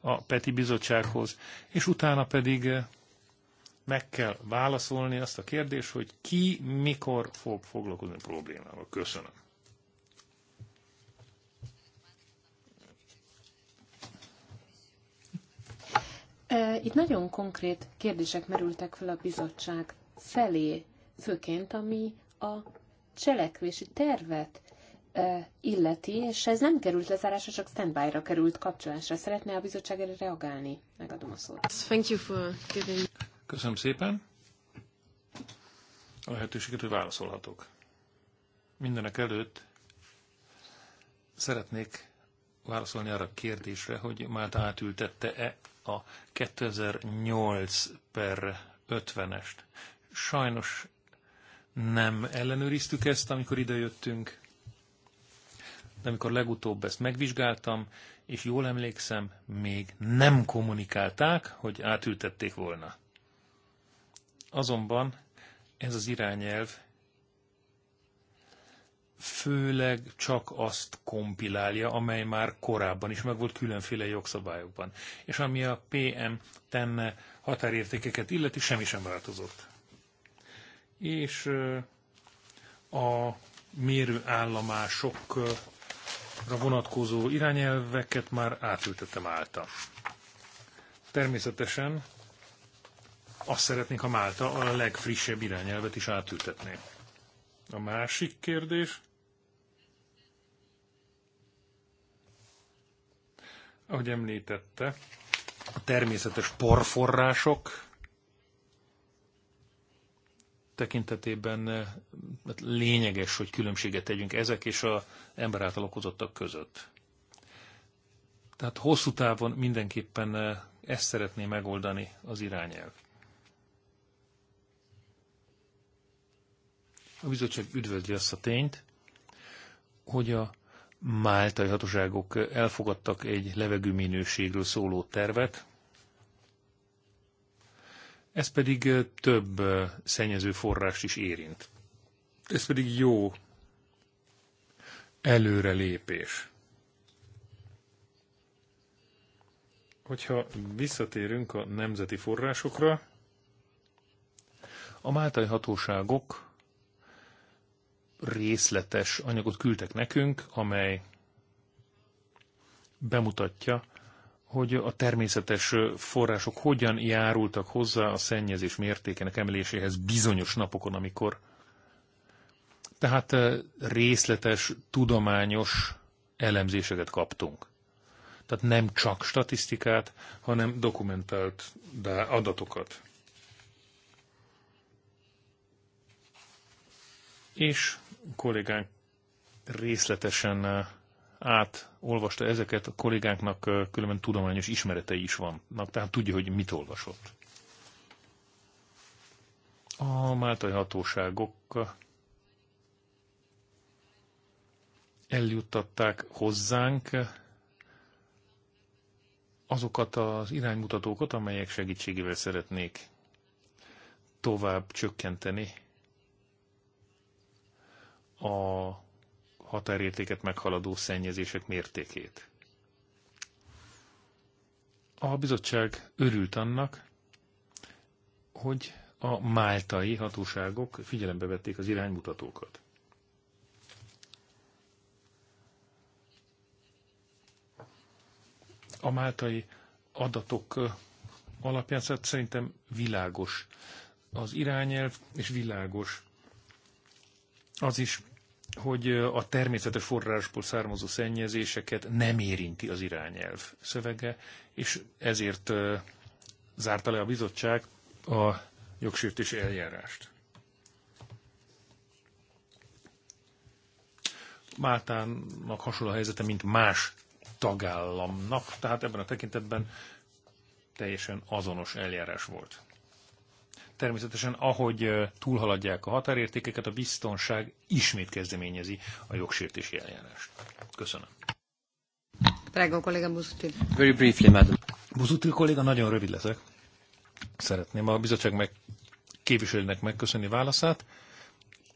a Peti bizottsághoz, és utána pedig meg kell válaszolni azt a kérdést, hogy ki mikor fog foglalkozni a problémával. Köszönöm. Itt nagyon konkrét kérdések merültek fel a bizottság felé, főként ami a cselekvési tervet illeti, és ez nem került lezárásra, csak standby-ra került kapcsolásra. Szeretné a bizottság erre reagálni? Megadom a szót. Thank you for giving... Köszönöm szépen a lehetőséget, hogy válaszolhatok. Mindenek előtt szeretnék válaszolni arra a kérdésre, hogy Málta átültette-e a 2008 per 50-est. Sajnos nem ellenőriztük ezt, amikor idejöttünk, de amikor legutóbb ezt megvizsgáltam, és jól emlékszem, még nem kommunikálták, hogy átültették volna. Azonban ez az irányelv főleg csak azt kompilálja, amely már korábban is megvolt különféle jogszabályokban. És ami a pm tenne határértékeket illeti, semmi sem változott. És a mérőállomásokra vonatkozó irányelveket már átültettem által. Természetesen azt szeretnénk, ha Málta a legfrissebb irányelvet is átültetné. A másik kérdés, ahogy említette, a természetes porforrások tekintetében hát lényeges, hogy különbséget tegyünk ezek és az ember által okozottak között. Tehát hosszú távon mindenképpen eh, ezt szeretné megoldani az irányelv. A bizottság üdvözli azt a tényt, hogy a máltai hatóságok elfogadtak egy levegőminőségről szóló tervet, ez pedig több szennyező forrást is érint. Ez pedig jó előrelépés. Hogyha visszatérünk a nemzeti forrásokra, a máltai hatóságok részletes anyagot küldtek nekünk, amely bemutatja, hogy a természetes források hogyan járultak hozzá a szennyezés mértékének emeléséhez bizonyos napokon, amikor. Tehát eh, részletes, tudományos elemzéseket kaptunk. Tehát nem csak statisztikát, hanem dokumentált adatokat. És kollégánk részletesen uh, átolvasta ezeket, a kollégánknak uh, különben tudományos ismeretei is vannak, tehát tudja, hogy mit olvasott. A máltai hatóságok uh, eljuttatták hozzánk azokat az iránymutatókat, amelyek segítségével szeretnék tovább csökkenteni a határértéket meghaladó szennyezések mértékét. A bizottság örült annak, hogy a máltai hatóságok figyelembe vették az iránymutatókat. A máltai adatok alapján szerintem világos az irányelv, és világos az is, hogy a természetes forrásból származó szennyezéseket nem érinti az irányelv szövege, és ezért zárta le a bizottság a jogsértési eljárást. Máltának hasonló a helyzete, mint más tagállamnak, tehát ebben a tekintetben teljesen azonos eljárás volt. Természetesen, ahogy túlhaladják a határértékeket, a biztonság ismét kezdeményezi a jogsértési eljárást. Köszönöm. Prego, kolléga Buzutil. Very briefly, madam. Buzutil kolléga, nagyon rövid leszek. Szeretném a bizottság meg képviselőnek megköszönni válaszát,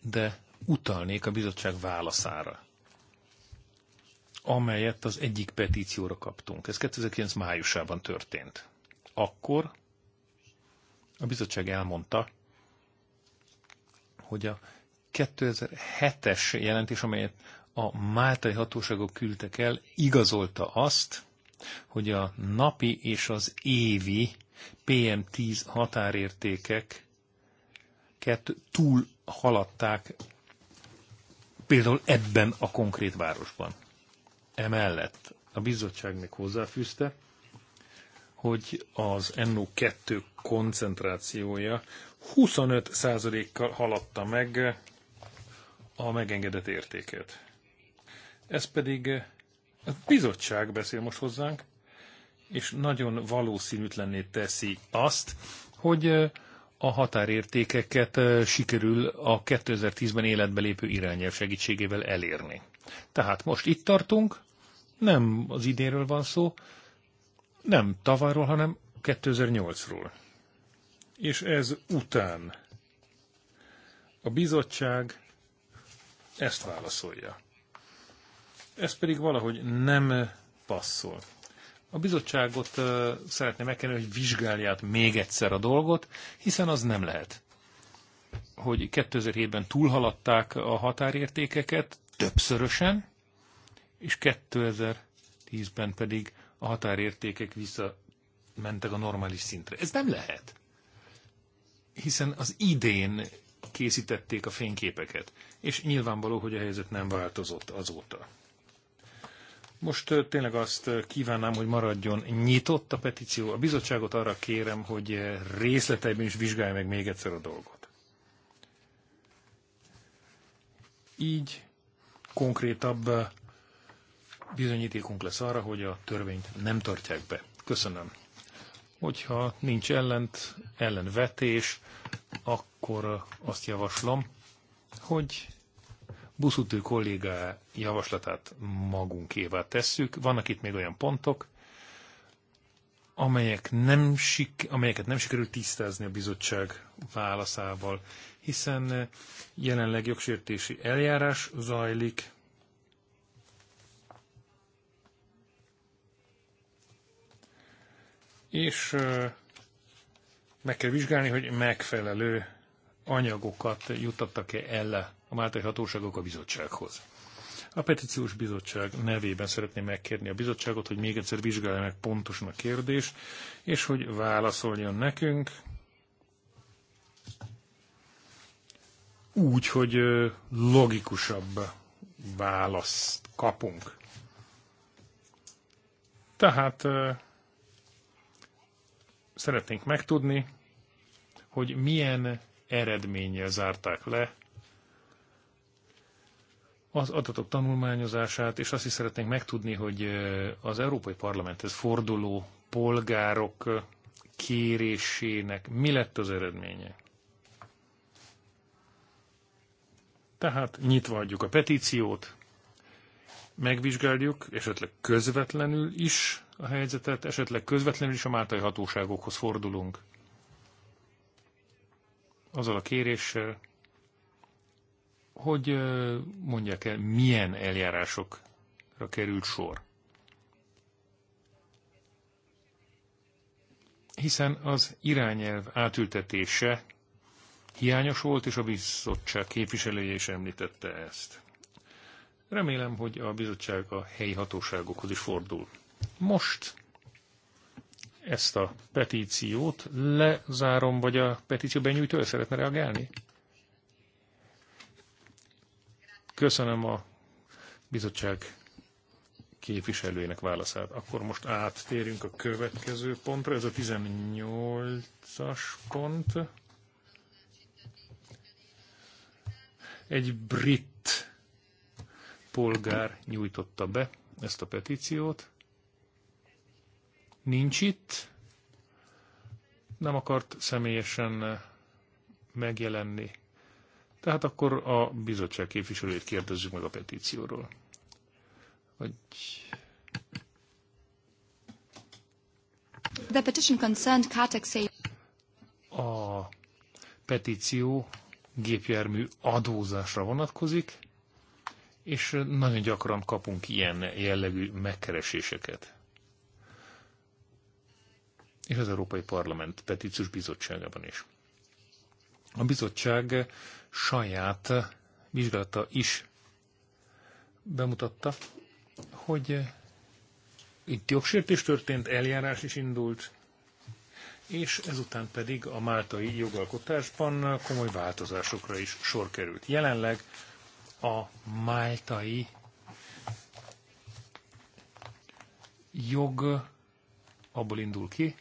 de utalnék a bizottság válaszára, amelyet az egyik petícióra kaptunk. Ez 2009 májusában történt. Akkor a bizottság elmondta, hogy a 2007-es jelentés, amelyet a máltai hatóságok küldtek el, igazolta azt, hogy a napi és az évi PM10 határértékek túl haladták például ebben a konkrét városban. Emellett a bizottság még hozzáfűzte, hogy az NO2 koncentrációja 25%-kal haladta meg a megengedett értéket. Ez pedig a bizottság beszél most hozzánk, és nagyon valószínűtlenné teszi azt, hogy a határértékeket sikerül a 2010-ben életbe lépő irányelv segítségével elérni. Tehát most itt tartunk, nem az idéről van szó, nem tavalyról, hanem 2008-ról. És ez után a bizottság ezt válaszolja. Ez pedig valahogy nem passzol. A bizottságot uh, szeretném megkérni, hogy vizsgálját még egyszer a dolgot, hiszen az nem lehet. Hogy 2007-ben túlhaladták a határértékeket többszörösen, és 2010-ben pedig a határértékek visszamentek a normális szintre. Ez nem lehet, hiszen az idén készítették a fényképeket, és nyilvánvaló, hogy a helyzet nem változott azóta. Most tényleg azt kívánnám, hogy maradjon nyitott a petíció. A bizottságot arra kérem, hogy részleteiben is vizsgálja meg még egyszer a dolgot. Így konkrétabb bizonyítékunk lesz arra, hogy a törvényt nem tartják be. Köszönöm. Hogyha nincs ellent, ellenvetés, akkor azt javaslom, hogy buszutő kollégá javaslatát magunkévá tesszük. Vannak itt még olyan pontok, amelyek nem sik, amelyeket nem sikerült tisztázni a bizottság válaszával, hiszen jelenleg jogsértési eljárás zajlik, és meg kell vizsgálni, hogy megfelelő anyagokat juttattak-e el a máltai hatóságok a bizottsághoz. A petíciós bizottság nevében szeretném megkérni a bizottságot, hogy még egyszer vizsgálja meg pontosan a kérdést, és hogy válaszoljon nekünk úgy, hogy logikusabb választ kapunk. Tehát szeretnénk megtudni, hogy milyen eredménnyel zárták le az adatok tanulmányozását, és azt is szeretnénk megtudni, hogy az Európai Parlamenthez forduló polgárok kérésének mi lett az eredménye. Tehát nyitva adjuk a petíciót, megvizsgáljuk, esetleg közvetlenül is a helyzetet, esetleg közvetlenül is a máltai hatóságokhoz fordulunk. Azzal a kéréssel, hogy mondják el, milyen eljárásokra került sor. Hiszen az irányelv átültetése hiányos volt, és a bizottság képviselője is említette ezt. Remélem, hogy a bizottság a helyi hatóságokhoz is fordul. Most ezt a petíciót lezárom, vagy a petíció benyújtó szeretne reagálni? Köszönöm a bizottság képviselőjének válaszát. Akkor most áttérünk a következő pontra, ez a 18-as pont. Egy brit polgár nyújtotta be ezt a petíciót nincs itt, nem akart személyesen megjelenni. Tehát akkor a bizottság képviselőjét kérdezzük meg a petícióról. Vagy... The petition concerned A petíció gépjármű adózásra vonatkozik, és nagyon gyakran kapunk ilyen jellegű megkereséseket és az Európai Parlament Petíciós Bizottságában is. A bizottság saját vizsgálata is bemutatta, hogy itt jogsértés történt, eljárás is indult, és ezután pedig a máltai jogalkotásban komoly változásokra is sor került. Jelenleg a máltai jog abból indul ki,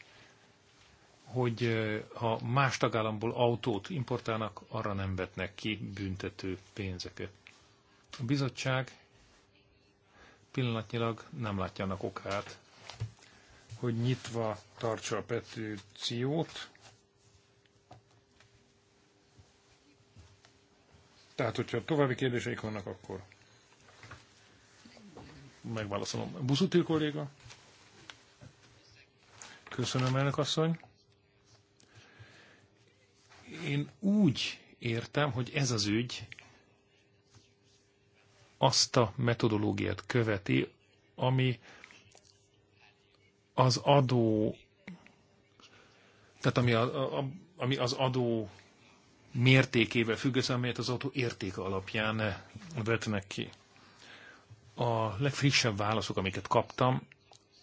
hogy ha más tagállamból autót importálnak, arra nem vetnek ki büntető pénzeket. A bizottság pillanatnyilag nem látja annak okát, hogy nyitva tartsa a petíciót, Tehát, hogyha további kérdéseik vannak, akkor megválaszolom. Buszutil kolléga? Köszönöm, elnök asszony. Én úgy értem, hogy ez az ügy azt a metodológiát követi, ami az adó, tehát ami, a, a, ami az adó mértékével függ össze, amelyet az adó értéke alapján vetnek ki. A legfrissebb válaszok, amiket kaptam,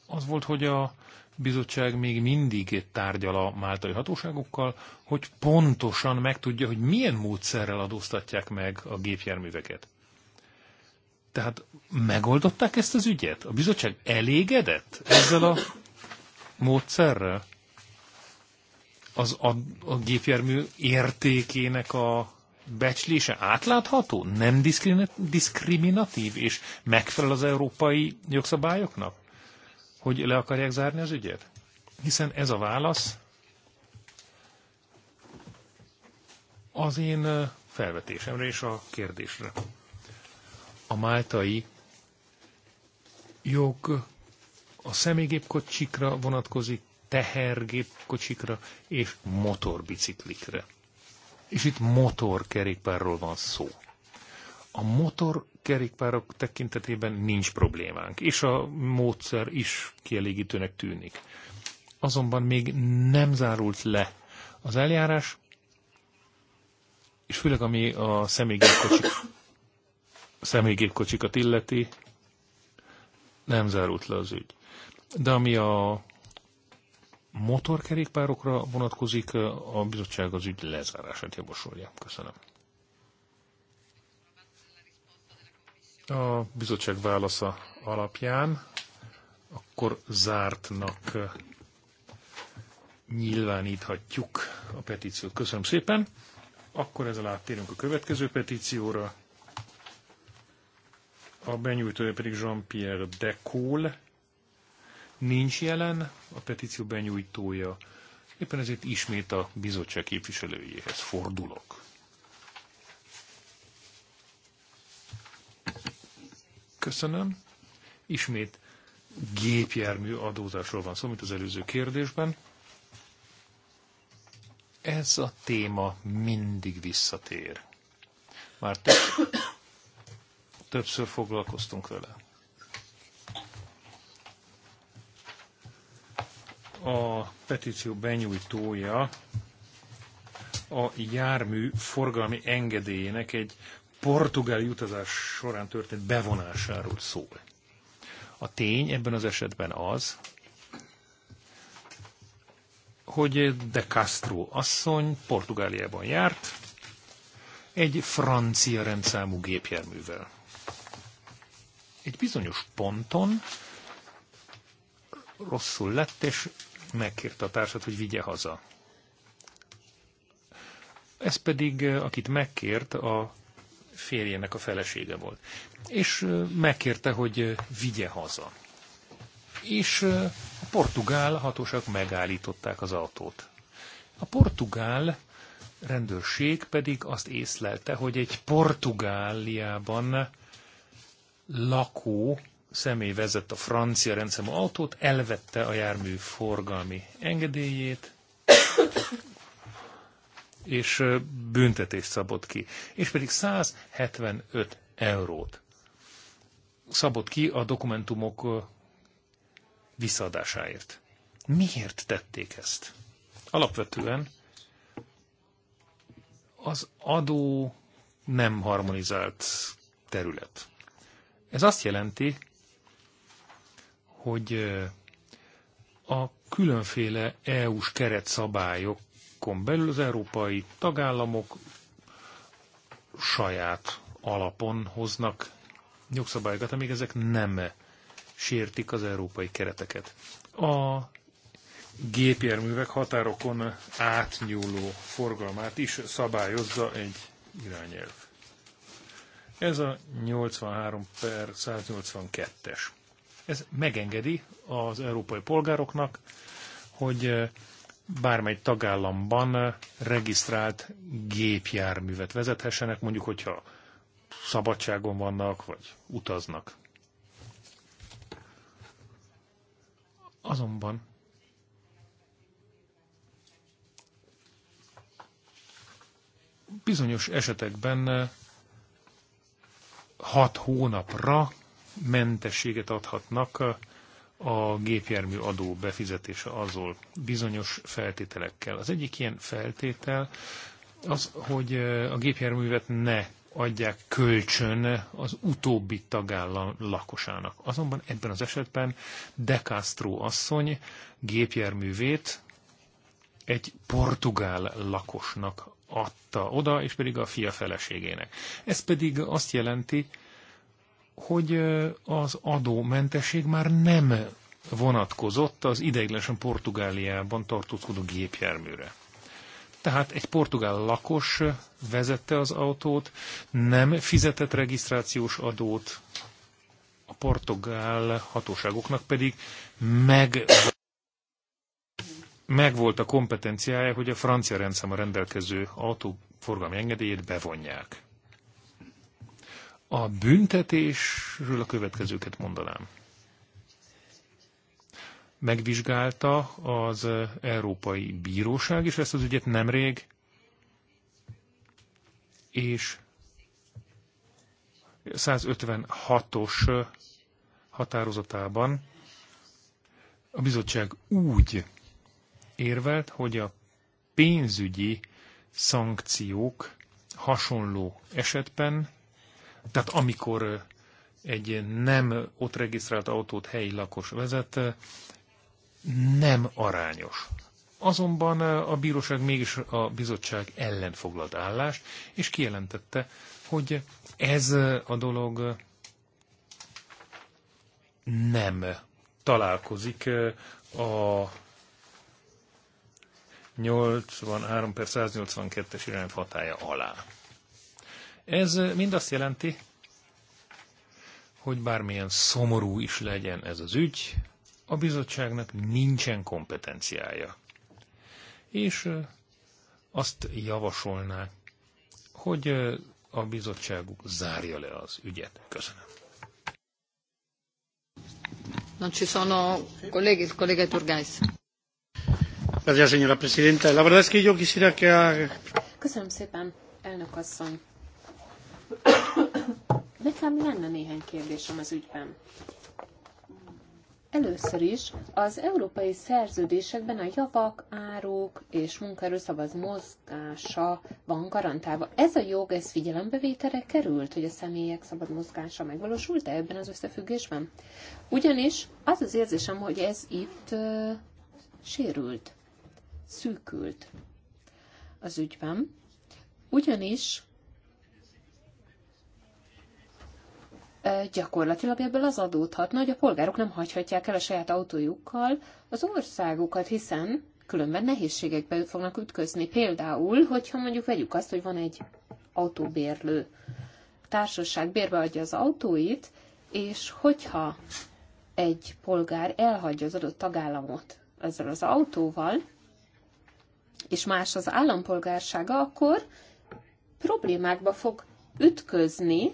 az volt, hogy a bizottság még mindig tárgyal a máltai hatóságokkal, hogy pontosan megtudja, hogy milyen módszerrel adóztatják meg a gépjárműveket. Tehát megoldották ezt az ügyet? A bizottság elégedett ezzel a módszerrel? Az a, a gépjármű értékének a becslése átlátható, nem diszkriminatív és megfelel az európai jogszabályoknak? hogy le akarják zárni az ügyet? Hiszen ez a válasz az én felvetésemre és a kérdésre. A máltai jog a személygépkocsikra vonatkozik, tehergépkocsikra és motorbiciklikre. És itt motorkerékpárról van szó. A motorkerékpárok tekintetében nincs problémánk, és a módszer is kielégítőnek tűnik. Azonban még nem zárult le az eljárás, és főleg ami a személygépkocsik, a személygépkocsikat illeti, nem zárult le az ügy. De ami a motorkerékpárokra vonatkozik, a bizottság az ügy lezárását javasolja. Köszönöm. A bizottság válasza alapján akkor zártnak nyilváníthatjuk a petíciót. Köszönöm szépen. Akkor ezzel áttérünk a következő petícióra. A benyújtója pedig Jean-Pierre Decoul, Nincs jelen a petíció benyújtója. Éppen ezért ismét a bizottság képviselőjéhez fordulok. Köszönöm. Ismét gépjármű adózásról van szó, mint az előző kérdésben. Ez a téma mindig visszatér. Már több, többször foglalkoztunk vele. A petíció benyújtója a jármű forgalmi engedélyének egy portugáli utazás során történt bevonásáról szól. A tény ebben az esetben az, hogy de Castro asszony Portugáliában járt egy francia rendszámú gépjárművel. Egy bizonyos ponton rosszul lett, és megkérte a társat, hogy vigye haza. Ez pedig, eh, akit megkért, a férjének a felesége volt. És megkérte, hogy vigye haza. És a portugál hatóság megállították az autót. A portugál rendőrség pedig azt észlelte, hogy egy Portugáliában lakó személy vezette a francia rendszerű autót, elvette a jármű forgalmi engedélyét, és büntetést szabott ki, és pedig 175 eurót szabott ki a dokumentumok visszaadásáért. Miért tették ezt? Alapvetően az adó nem harmonizált terület. Ez azt jelenti, hogy a különféle EU-s keretszabályok Econ belül az európai tagállamok saját alapon hoznak jogszabályokat, amíg ezek nem sértik az európai kereteket. A gépjárművek határokon átnyúló forgalmát is szabályozza egy irányelv. Ez a 83 per 182-es. Ez megengedi az európai polgároknak, hogy bármely tagállamban eh, regisztrált gépjárművet vezethessenek, mondjuk, hogyha szabadságon vannak, vagy utaznak. Azonban bizonyos esetekben eh, hat hónapra mentességet adhatnak eh, a gépjármű adó befizetése azol bizonyos feltételekkel. Az egyik ilyen feltétel az, hogy a gépjárművet ne adják kölcsön az utóbbi tagállam lakosának. Azonban ebben az esetben De Castro asszony gépjárművét egy portugál lakosnak adta oda, és pedig a fia feleségének. Ez pedig azt jelenti, hogy az adómentesség már nem vonatkozott az ideiglenesen Portugáliában tartózkodó gépjárműre. Tehát egy portugál lakos vezette az autót, nem fizetett regisztrációs adót, a portugál hatóságoknak pedig meg volt a kompetenciája, hogy a francia rendszámmal rendelkező autó forgalmi engedélyét bevonják. A büntetésről a következőket mondanám. Megvizsgálta az Európai Bíróság is ezt az ügyet nemrég, és 156-os határozatában a bizottság úgy érvelt, hogy a pénzügyi szankciók hasonló esetben tehát amikor egy nem ott regisztrált autót helyi lakos vezet, nem arányos. Azonban a bíróság mégis a bizottság ellen foglalt állást, és kijelentette, hogy ez a dolog nem találkozik a 83 per 182-es irányelv hatája alá. Ez mind azt jelenti, hogy bármilyen szomorú is legyen ez az ügy, a bizottságnak nincsen kompetenciája. És azt javasolná, hogy a bizottságuk zárja le az ügyet. Köszönöm. Non ci sono colleghi, collega Turgais. Grazie, signora Presidente. La verdad es che yo quisiera que... Köszönöm szépen, elnök asszony. Nekem lenne néhány kérdésem az ügyben. Először is az európai szerződésekben a javak, áruk és munkaerő szabad mozgása van garantálva. Ez a jog, ez figyelembevételre került, hogy a személyek szabad mozgása megvalósult-e ebben az összefüggésben? Ugyanis az az érzésem, hogy ez itt uh, sérült, szűkült az ügyben, ugyanis gyakorlatilag ebből az adódhatna, hogy a polgárok nem hagyhatják el a saját autójukkal az országukat, hiszen különben nehézségekbe fognak ütközni. Például, hogyha mondjuk vegyük azt, hogy van egy autóbérlő társaság, bérbe adja az autóit, és hogyha egy polgár elhagyja az adott tagállamot ezzel az autóval, és más az állampolgársága, akkor problémákba fog ütközni,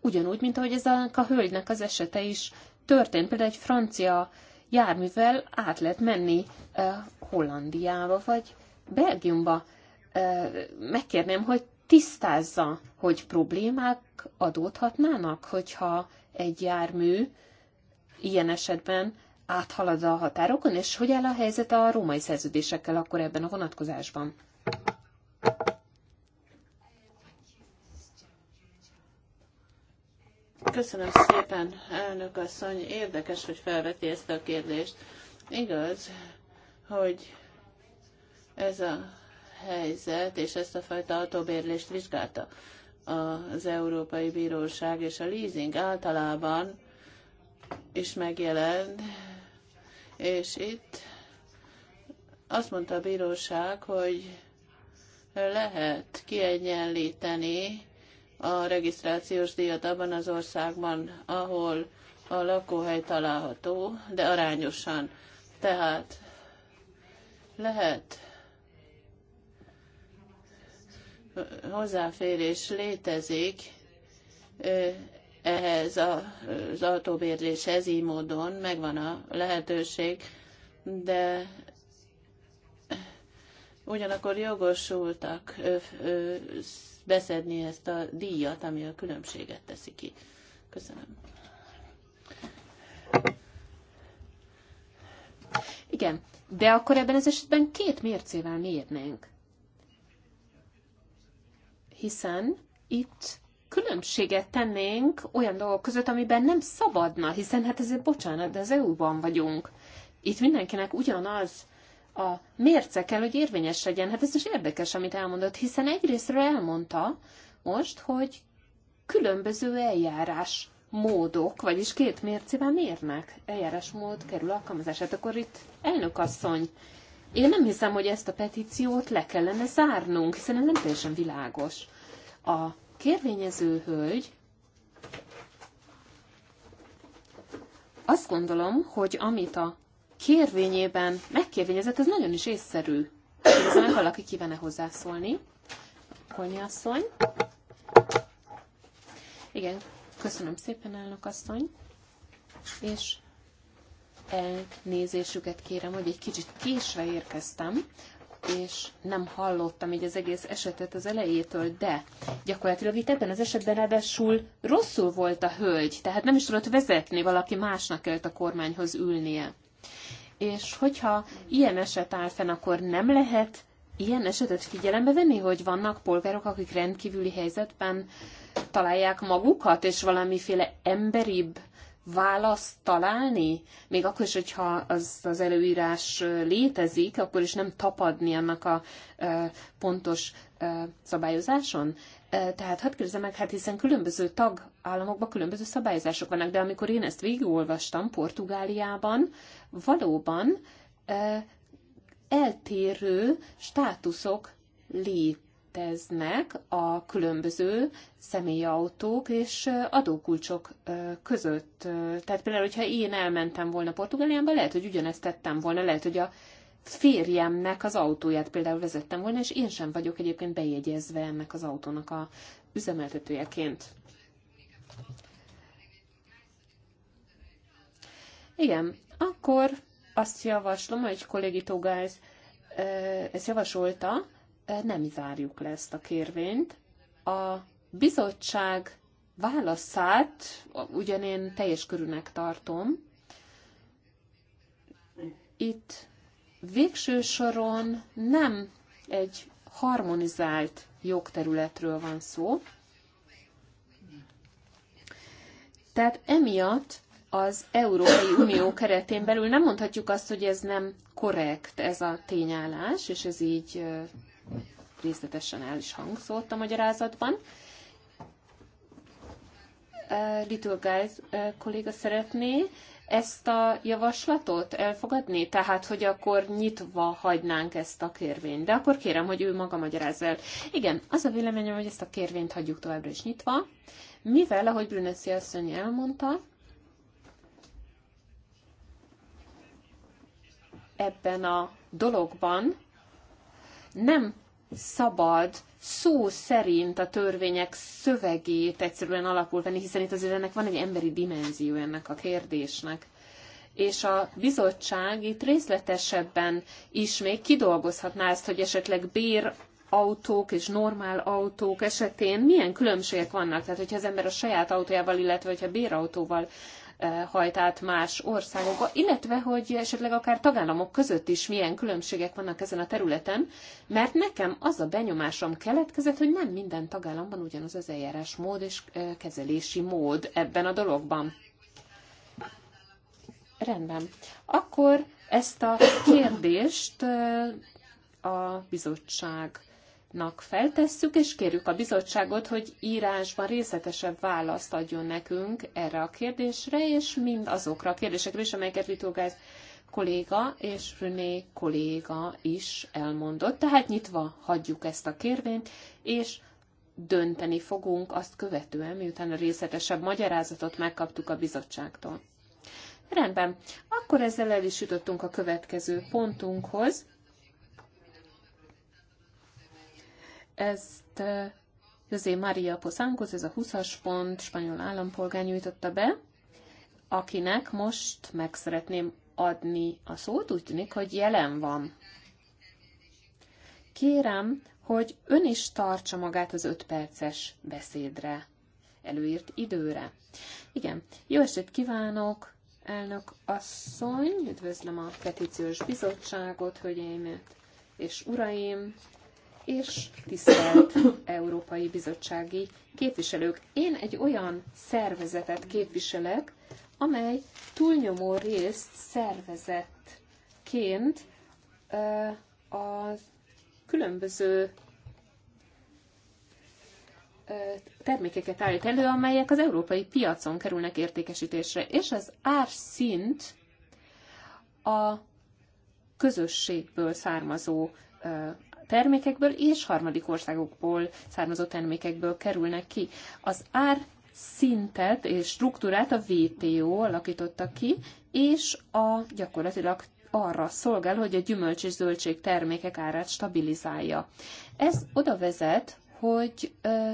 ugyanúgy, mint ahogy ez a, a hölgynek az esete is történt. Például egy francia járművel át lehet menni Hollandiába, vagy Belgiumba. Megkérném, hogy tisztázza, hogy problémák adódhatnának, hogyha egy jármű ilyen esetben áthalad a határokon, és hogy áll a helyzet a római szerződésekkel akkor ebben a vonatkozásban? Köszönöm szépen, elnök asszony. Érdekes, hogy felveti ezt a kérdést. Igaz, hogy ez a helyzet és ezt a fajta autóbérlést vizsgálta az Európai Bíróság, és a leasing általában is megjelent, és itt azt mondta a bíróság, hogy lehet kiegyenlíteni a regisztrációs díjat abban az országban, ahol a lakóhely található, de arányosan. Tehát lehet hozzáférés létezik ehhez az autóbérléshez így módon, megvan a lehetőség, de ugyanakkor jogosultak beszedni ezt a díjat, ami a különbséget teszi ki. Köszönöm. Igen, de akkor ebben az esetben két mércével mérnénk. Hiszen itt különbséget tennénk olyan dolgok között, amiben nem szabadna, hiszen hát ezért bocsánat, de az EU-ban vagyunk. Itt mindenkinek ugyanaz a mérce kell, hogy érvényes legyen. Hát ez is érdekes, amit elmondott, hiszen egyrésztről elmondta most, hogy különböző eljárás módok, vagyis két mércével mérnek eljárásmód kerül alkalmazását. Akkor itt elnökasszony, én nem hiszem, hogy ezt a petíciót le kellene zárnunk, hiszen ez nem teljesen világos. A kérvényező hölgy azt gondolom, hogy amit a kérvényében megkérvényezett, ez nagyon is észszerű. meg valaki kívánne hozzászólni. Kolnyi asszony. Igen, köszönöm szépen, elnök asszony. És elnézésüket kérem, hogy egy kicsit késve érkeztem, és nem hallottam így az egész esetet az elejétől, de gyakorlatilag itt ebben az esetben ráadásul rosszul volt a hölgy, tehát nem is tudott vezetni, valaki másnak kellett a kormányhoz ülnie. És hogyha ilyen eset áll fenn, akkor nem lehet ilyen esetet figyelembe venni, hogy vannak polgárok, akik rendkívüli helyzetben találják magukat, és valamiféle emberibb választ találni, még akkor is, hogyha az, az előírás létezik, akkor is nem tapadni annak a a pontos a szabályozáson. Tehát hadd kérdezem meg, hát hiszen különböző tagállamokban különböző szabályozások vannak, de amikor én ezt végigolvastam Portugáliában, valóban eltérő státuszok léteznek a különböző személyautók és adókulcsok között. Tehát például, hogyha én elmentem volna Portugáliába, lehet, hogy ugyanezt tettem volna, lehet, hogy a férjemnek az autóját például vezettem volna, és én sem vagyok egyébként bejegyezve ennek az autónak a üzemeltetőjeként. Igen, akkor azt javaslom, hogy kollégi guys ezt javasolta, nem zárjuk le ezt a kérvényt. A bizottság válaszát ugyanén teljes körűnek tartom. Itt végső soron nem egy harmonizált jogterületről van szó. Tehát emiatt az Európai Unió keretén belül nem mondhatjuk azt, hogy ez nem korrekt ez a tényállás, és ez így részletesen el is hangzott a magyarázatban. Little Guys kolléga szeretné ezt a javaslatot elfogadni? Tehát, hogy akkor nyitva hagynánk ezt a kérvényt. De akkor kérem, hogy ő maga magyarázza el. Igen, az a véleményem, hogy ezt a kérvényt hagyjuk továbbra is nyitva, mivel, ahogy Brüneszi asszony elmondta, ebben a dologban nem szabad szó szerint a törvények szövegét egyszerűen alapul venni, hiszen itt azért ennek van egy emberi dimenzió ennek a kérdésnek és a bizottság itt részletesebben is még kidolgozhatná ezt, hogy esetleg bér autók és normál autók esetén milyen különbségek vannak? Tehát, hogyha az ember a saját autójával, illetve hogyha bérautóval hajt át más országokba, illetve hogy esetleg akár tagállamok között is milyen különbségek vannak ezen a területen, mert nekem az a benyomásom keletkezett, hogy nem minden tagállamban ugyanaz az eljárás mód és kezelési mód ebben a dologban. Rendben. Akkor ezt a kérdést a bizottság nak feltesszük, és kérjük a bizottságot, hogy írásban részletesebb választ adjon nekünk erre a kérdésre, és mind azokra a kérdésekre is, amelyeket Vitógáz kolléga és René kolléga is elmondott. Tehát nyitva hagyjuk ezt a kérvényt, és dönteni fogunk azt követően, miután a részletesebb magyarázatot megkaptuk a bizottságtól. Rendben, akkor ezzel el is jutottunk a következő pontunkhoz, ezt José Maria Posánkoz, ez a 20-as pont, spanyol állampolgár nyújtotta be, akinek most meg szeretném adni a szót, úgy tűnik, hogy jelen van. Kérem, hogy ön is tartsa magát az öt perces beszédre, előírt időre. Igen, jó estét kívánok, elnök asszony, üdvözlöm a petíciós bizottságot, hölgyeimet és uraim, és tisztelt Európai Bizottsági képviselők. Én egy olyan szervezetet képviselek, amely túlnyomó részt szervezetként a különböző termékeket állít elő, amelyek az európai piacon kerülnek értékesítésre, és az árszint a közösségből származó termékekből és harmadik országokból származó termékekből kerülnek ki. Az ár szintet és struktúrát a WTO alakította ki, és a gyakorlatilag arra szolgál, hogy a gyümölcs és zöldség termékek árát stabilizálja. Ez oda vezet, hogy ö,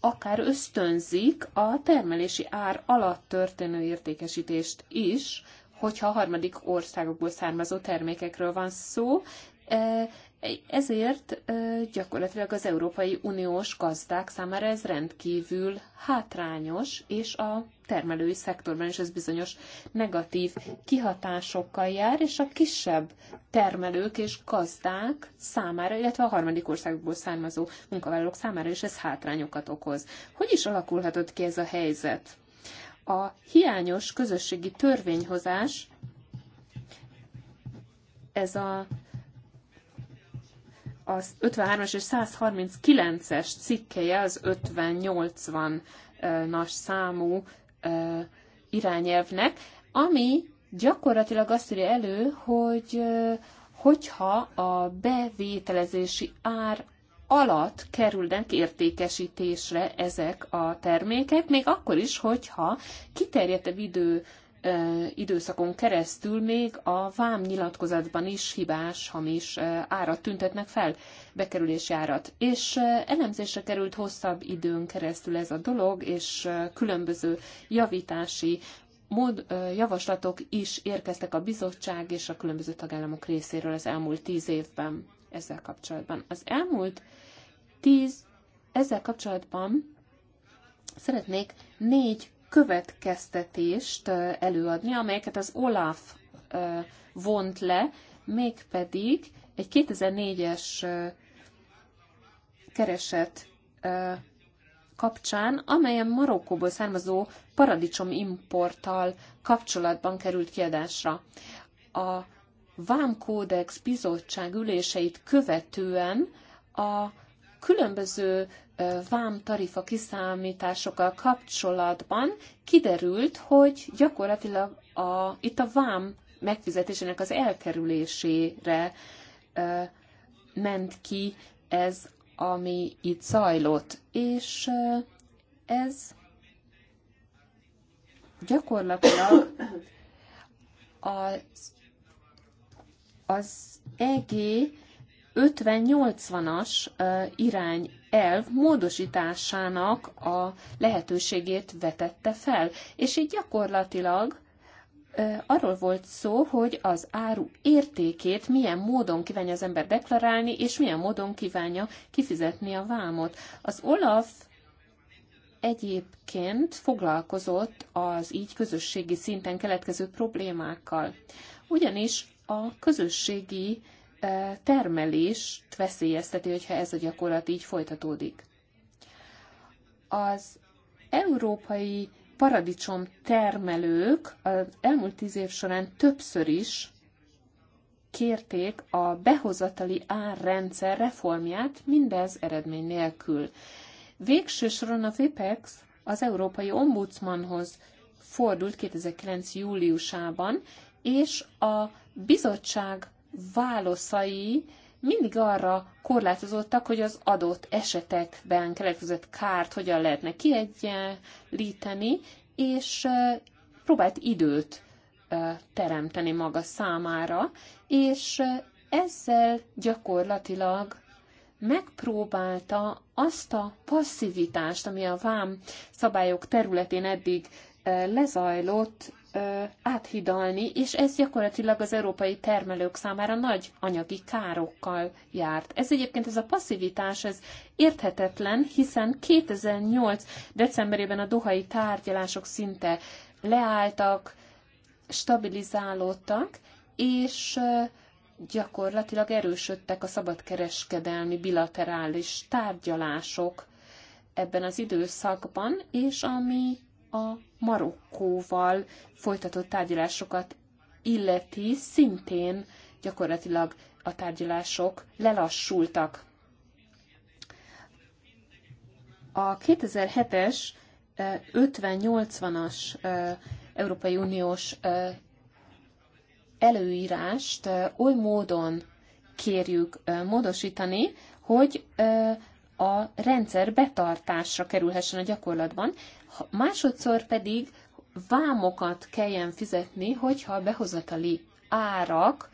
akár ösztönzik a termelési ár alatt történő értékesítést is, hogyha a harmadik országokból származó termékekről van szó, ezért gyakorlatilag az Európai Uniós gazdák számára ez rendkívül hátrányos, és a termelői szektorban is ez bizonyos negatív kihatásokkal jár, és a kisebb termelők és gazdák számára, illetve a harmadik országokból származó munkavállalók számára is ez hátrányokat okoz. Hogy is alakulhatott ki ez a helyzet? A hiányos közösségi törvényhozás ez a az 53-as és 139-es cikkeje az 50-80-as számú irányelvnek, ami gyakorlatilag azt írja elő, hogy hogyha a bevételezési ár alatt kerülnek értékesítésre ezek a termékek, még akkor is, hogyha kiterjedtebb idő időszakon keresztül még a vám nyilatkozatban is hibás, hamis árat tüntetnek fel, bekerülési árat. És elemzésre került hosszabb időn keresztül ez a dolog, és különböző javítási mód, javaslatok is érkeztek a bizottság és a különböző tagállamok részéről az elmúlt tíz évben ezzel kapcsolatban. Az elmúlt tíz ezzel kapcsolatban szeretnék négy következtetést előadni, amelyeket az Olaf vont le, mégpedig egy 2004-es kereset kapcsán, amelyen Marokkóból származó paradicsom importtal kapcsolatban került kiadásra. A Vámkódex bizottság üléseit követően a különböző vám tarifa kiszámításokkal kapcsolatban kiderült, hogy gyakorlatilag a, itt a vám megfizetésének az elkerülésére ö, ment ki ez, ami itt zajlott. És ö, ez gyakorlatilag az, az EG 50-80-as irány elv módosításának a lehetőségét vetette fel. És így gyakorlatilag arról volt szó, hogy az áru értékét milyen módon kívánja az ember deklarálni, és milyen módon kívánja kifizetni a vámot. Az Olaf egyébként foglalkozott az így közösségi szinten keletkező problémákkal. Ugyanis a közösségi termelést veszélyezteti, hogyha ez a gyakorlat így folytatódik. Az európai paradicsom termelők az elmúlt tíz év során többször is kérték a behozatali árrendszer reformját, mindez eredmény nélkül. Végső soron a VIPEX e az Európai Ombudsmanhoz fordult 2009. júliusában, és a bizottság válaszai mindig arra korlátozottak, hogy az adott esetekben keletkezett kárt hogyan lehetne kiegyenlíteni, és próbált időt teremteni maga számára, és ezzel gyakorlatilag megpróbálta azt a passzivitást, ami a vám szabályok területén eddig lezajlott, áthidalni, és ez gyakorlatilag az európai termelők számára nagy anyagi károkkal járt. Ez egyébként ez a passzivitás, ez érthetetlen, hiszen 2008. decemberében a dohai tárgyalások szinte leálltak, stabilizálódtak, és gyakorlatilag erősödtek a szabadkereskedelmi bilaterális tárgyalások ebben az időszakban, és ami a Marokkóval folytatott tárgyalásokat illeti, szintén gyakorlatilag a tárgyalások lelassultak. A 2007-es 50-80-as Európai Uniós előírást oly módon kérjük módosítani, hogy a rendszer betartásra kerülhessen a gyakorlatban, másodszor pedig vámokat kelljen fizetni, hogyha a behozatali árak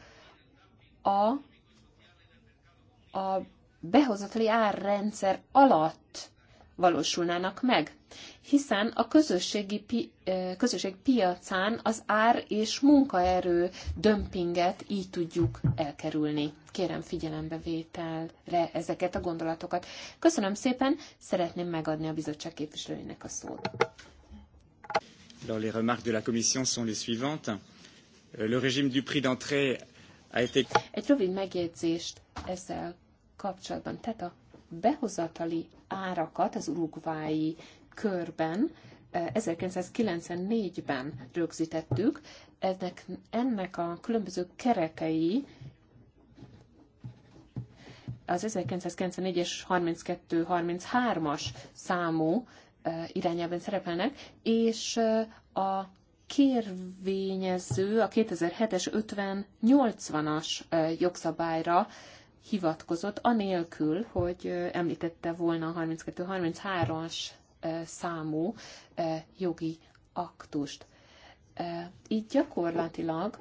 a, a behozatali árrendszer alatt valósulnának meg. Hiszen a közösségi pi, közösség piacán az ár és munkaerő dömpinget így tudjuk elkerülni. Kérem figyelembevételre ezeket a gondolatokat. Köszönöm szépen, szeretném megadni a bizottság képviselőinek a szót. Alors les remarques de la Commission sont les suivantes. Euh, le régime du prix d'entrée a été... Egy rövid megjegyzést ezzel kapcsolatban. Tehát a behozatali árakat az urugvái körben 1994-ben eh, rögzítettük. Ennek, ennek a különböző kerekei az 1994-es 32-33-as számú eh, irányában szerepelnek, és eh, a kérvényező a 2007-es 50-80-as jogszabályra hivatkozott, anélkül, hogy említette volna a 32-33-as számú jogi aktust. Így gyakorlatilag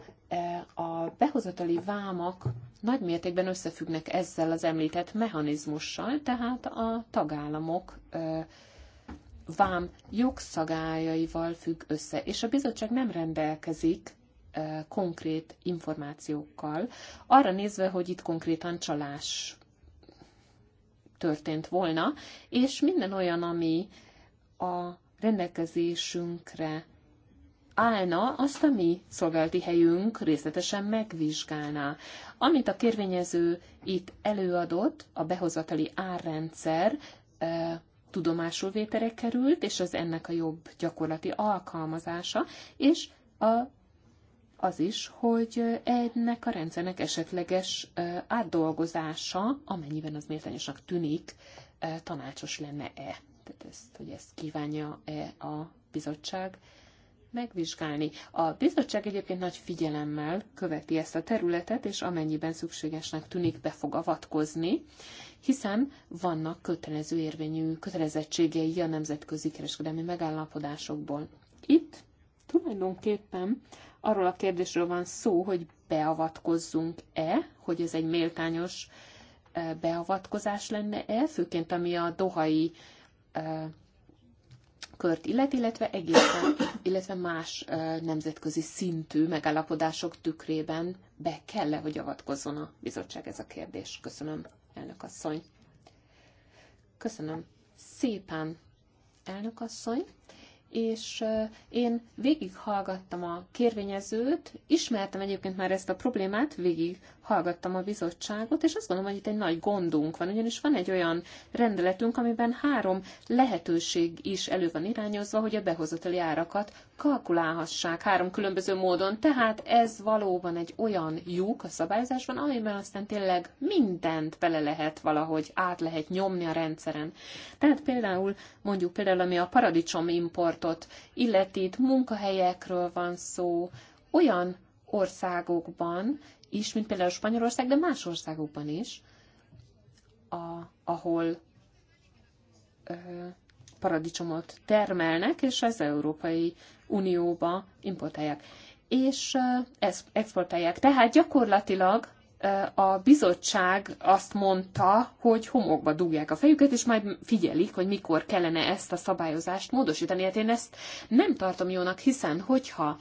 a behozatali vámak nagy mértékben összefüggnek ezzel az említett mechanizmussal, tehát a tagállamok vám jogszagályaival függ össze, és a bizottság nem rendelkezik konkrét információkkal, arra nézve, hogy itt konkrétan csalás történt volna, és minden olyan, ami a rendelkezésünkre állna, azt a mi szolgálati helyünk részletesen megvizsgálná. Amit a kérvényező itt előadott, a behozatali árrendszer tudomásul vétere került, és az ennek a jobb gyakorlati alkalmazása, és a az is, hogy ennek a rendszernek esetleges átdolgozása, amennyiben az méltányosnak tűnik, tanácsos lenne-e. Tehát ezt, hogy ezt kívánja-e a bizottság megvizsgálni. A bizottság egyébként nagy figyelemmel követi ezt a területet, és amennyiben szükségesnek tűnik, be fog avatkozni, hiszen vannak kötelező érvényű kötelezettségei a nemzetközi kereskedelmi megállapodásokból. Itt tulajdonképpen arról a kérdésről van szó, hogy beavatkozzunk-e, hogy ez egy méltányos beavatkozás lenne-e, főként ami a dohai kört illet, illetve egészen, illetve más nemzetközi szintű megállapodások tükrében be kell -e, hogy avatkozzon a bizottság ez a kérdés. Köszönöm, elnök asszony. Köszönöm szépen, elnök asszony és én végighallgattam a kérvényezőt, ismertem egyébként már ezt a problémát, végig hallgattam a bizottságot, és azt gondolom, hogy itt egy nagy gondunk van, ugyanis van egy olyan rendeletünk, amiben három lehetőség is elő van irányozva, hogy a behozatali árakat kalkulálhassák három különböző módon. Tehát ez valóban egy olyan lyuk a szabályozásban, amiben aztán tényleg mindent bele lehet valahogy, át lehet nyomni a rendszeren. Tehát például, mondjuk például, ami a paradicsom importot illeti, itt munkahelyekről van szó, olyan országokban, is, mint például Spanyolország, de más országokban is, a, ahol ö, paradicsomot termelnek, és az Európai Unióba importálják. És ezt exportálják. Tehát gyakorlatilag a bizottság azt mondta, hogy homokba dugják a fejüket, és majd figyelik, hogy mikor kellene ezt a szabályozást módosítani. Hát én ezt nem tartom jónak, hiszen hogyha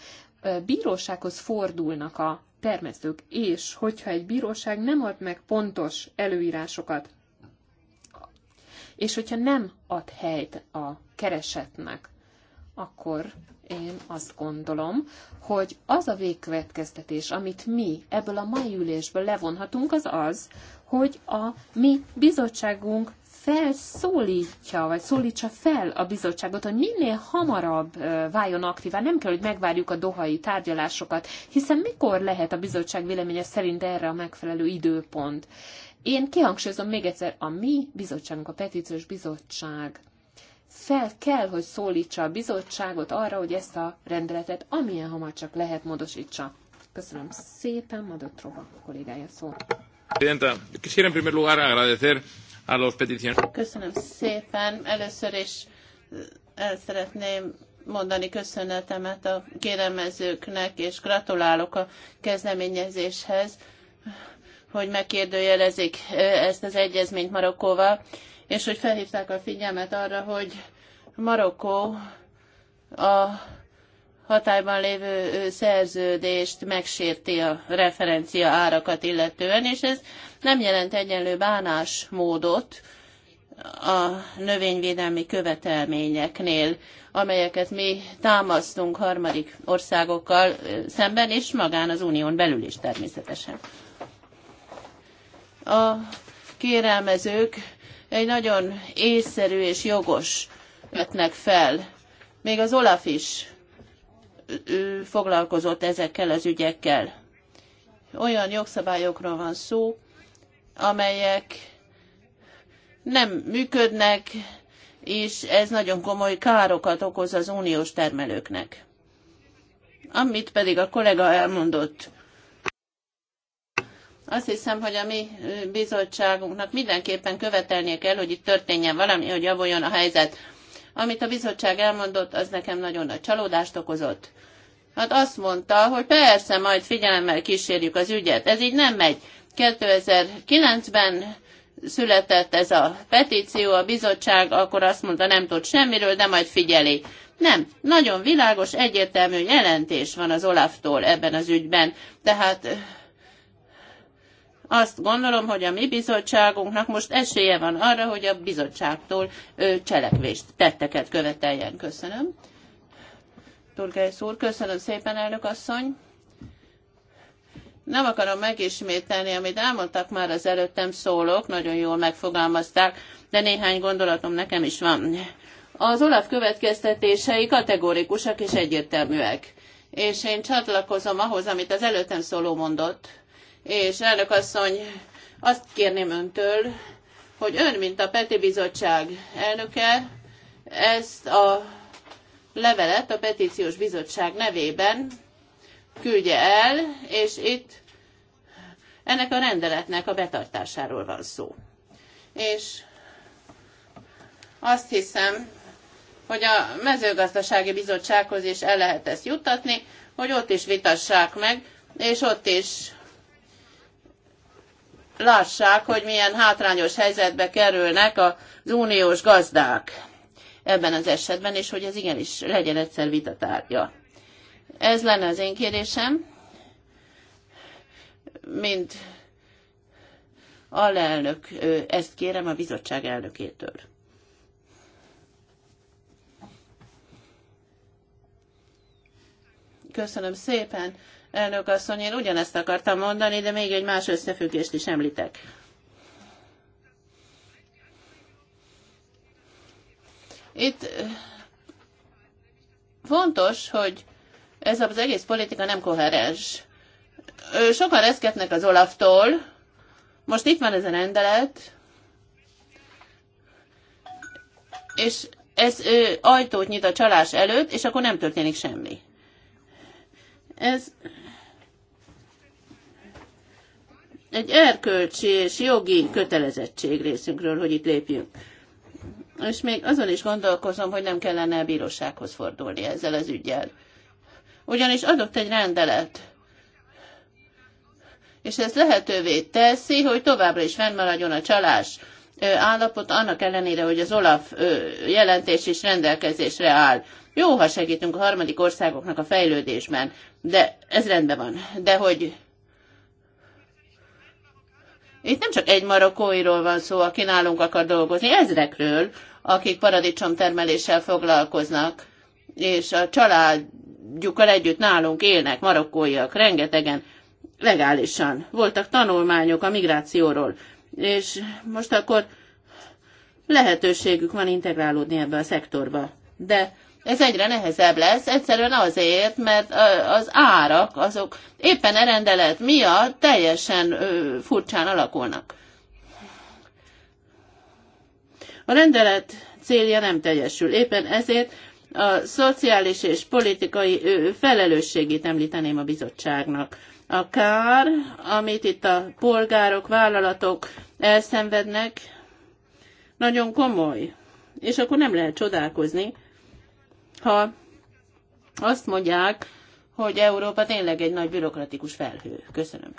bírósághoz fordulnak a termesztők. És hogyha egy bíróság nem ad meg pontos előírásokat, és hogyha nem ad helyt a keresetnek, akkor én azt gondolom, hogy az a végkövetkeztetés, amit mi ebből a mai ülésből levonhatunk, az az, hogy a mi bizottságunk felszólítja, vagy szólítsa fel a bizottságot, hogy minél hamarabb váljon aktívá, nem kell, hogy megvárjuk a dohai tárgyalásokat, hiszen mikor lehet a bizottság véleménye szerint erre a megfelelő időpont? Én kihangsúlyozom még egyszer, a mi bizottságunk, a petíciós bizottság fel kell, hogy szólítsa a bizottságot arra, hogy ezt a rendeletet amilyen hamar csak lehet módosítsa. Köszönöm szépen, Madott Rova kollégája szó. Köszönöm szépen. Először is eh, el szeretném mondani köszönetemet a kérelmezőknek, és gratulálok a kezdeményezéshez, hogy megkérdőjelezik eh, ezt az egyezményt Marokkóval és hogy felhívták a figyelmet arra, hogy Marokkó a hatályban lévő szerződést megsérti a referencia árakat illetően, és ez nem jelent egyenlő bánásmódot a növényvédelmi követelményeknél, amelyeket mi támasztunk harmadik országokkal szemben, és magán az unión belül is természetesen. A kérelmezők egy nagyon észszerű és jogos vetnek fel. Még az Olaf is ő foglalkozott ezekkel az ügyekkel. Olyan jogszabályokról van szó, amelyek nem működnek, és ez nagyon komoly károkat okoz az uniós termelőknek. Amit pedig a kollega elmondott, azt hiszem, hogy a mi bizottságunknak mindenképpen követelnie kell, hogy itt történjen valami, hogy javuljon a helyzet. Amit a bizottság elmondott, az nekem nagyon nagy csalódást okozott. Hát azt mondta, hogy persze, majd figyelemmel kísérjük az ügyet. Ez így nem megy. 2009-ben született ez a petíció, a bizottság akkor azt mondta, nem tud semmiről, de majd figyeli. Nem, nagyon világos, egyértelmű jelentés van az Olaftól ebben az ügyben, tehát azt gondolom, hogy a mi bizottságunknak most esélye van arra, hogy a bizottságtól cselekvést, tetteket követeljen. Köszönöm. Turgász úr, köszönöm szépen, elnök asszony. Nem akarom megismételni, amit elmondtak már az előttem szólók, nagyon jól megfogalmazták, de néhány gondolatom nekem is van. Az Olaf következtetései kategórikusak és egyértelműek. És én csatlakozom ahhoz, amit az előttem szóló mondott és elnök asszony, azt kérném öntől, hogy ön, mint a Peti Bizottság elnöke, ezt a levelet a Petíciós Bizottság nevében küldje el, és itt ennek a rendeletnek a betartásáról van szó. És azt hiszem, hogy a mezőgazdasági bizottsághoz is el lehet ezt juttatni, hogy ott is vitassák meg, és ott is lássák, hogy milyen hátrányos helyzetbe kerülnek az uniós gazdák ebben az esetben, és hogy ez igenis legyen egyszer vitatárgya. Ez lenne az én kérésem, mint alelnök, ezt kérem a bizottság elnökétől. Köszönöm szépen elnök asszony, én ugyanezt akartam mondani, de még egy más összefüggést is említek. Itt fontos, hogy ez az egész politika nem koherens. Sokan reszketnek az Olaftól, most itt van ez a rendelet, és ez ajtót nyit a csalás előtt, és akkor nem történik semmi. Ez egy erkölcsi és jogi kötelezettség részünkről, hogy itt lépjünk. És még azon is gondolkozom, hogy nem kellene a bírósághoz fordulni ezzel az ügyel. Ugyanis adott egy rendelet, és ez lehetővé teszi, hogy továbbra is fennmaradjon a csalás állapot, annak ellenére, hogy az OLAF jelentés is rendelkezésre áll. Jó, ha segítünk a harmadik országoknak a fejlődésben, de ez rendben van. De hogy itt nem csak egy marokkóiról van szó, aki nálunk akar dolgozni, ezrekről, akik paradicsomtermeléssel foglalkoznak, és a családjukkal együtt nálunk élnek marokkóiak, rengetegen, legálisan. Voltak tanulmányok a migrációról és most akkor lehetőségük van integrálódni ebbe a szektorba. De ez egyre nehezebb lesz, egyszerűen azért, mert az árak azok éppen a e rendelet miatt teljesen furcsán alakulnak. A rendelet célja nem teljesül. Éppen ezért a szociális és politikai felelősségét említeném a bizottságnak a kár, amit itt a polgárok, vállalatok elszenvednek, nagyon komoly. És akkor nem lehet csodálkozni, ha azt mondják, hogy Európa tényleg egy nagy bürokratikus felhő. Köszönöm.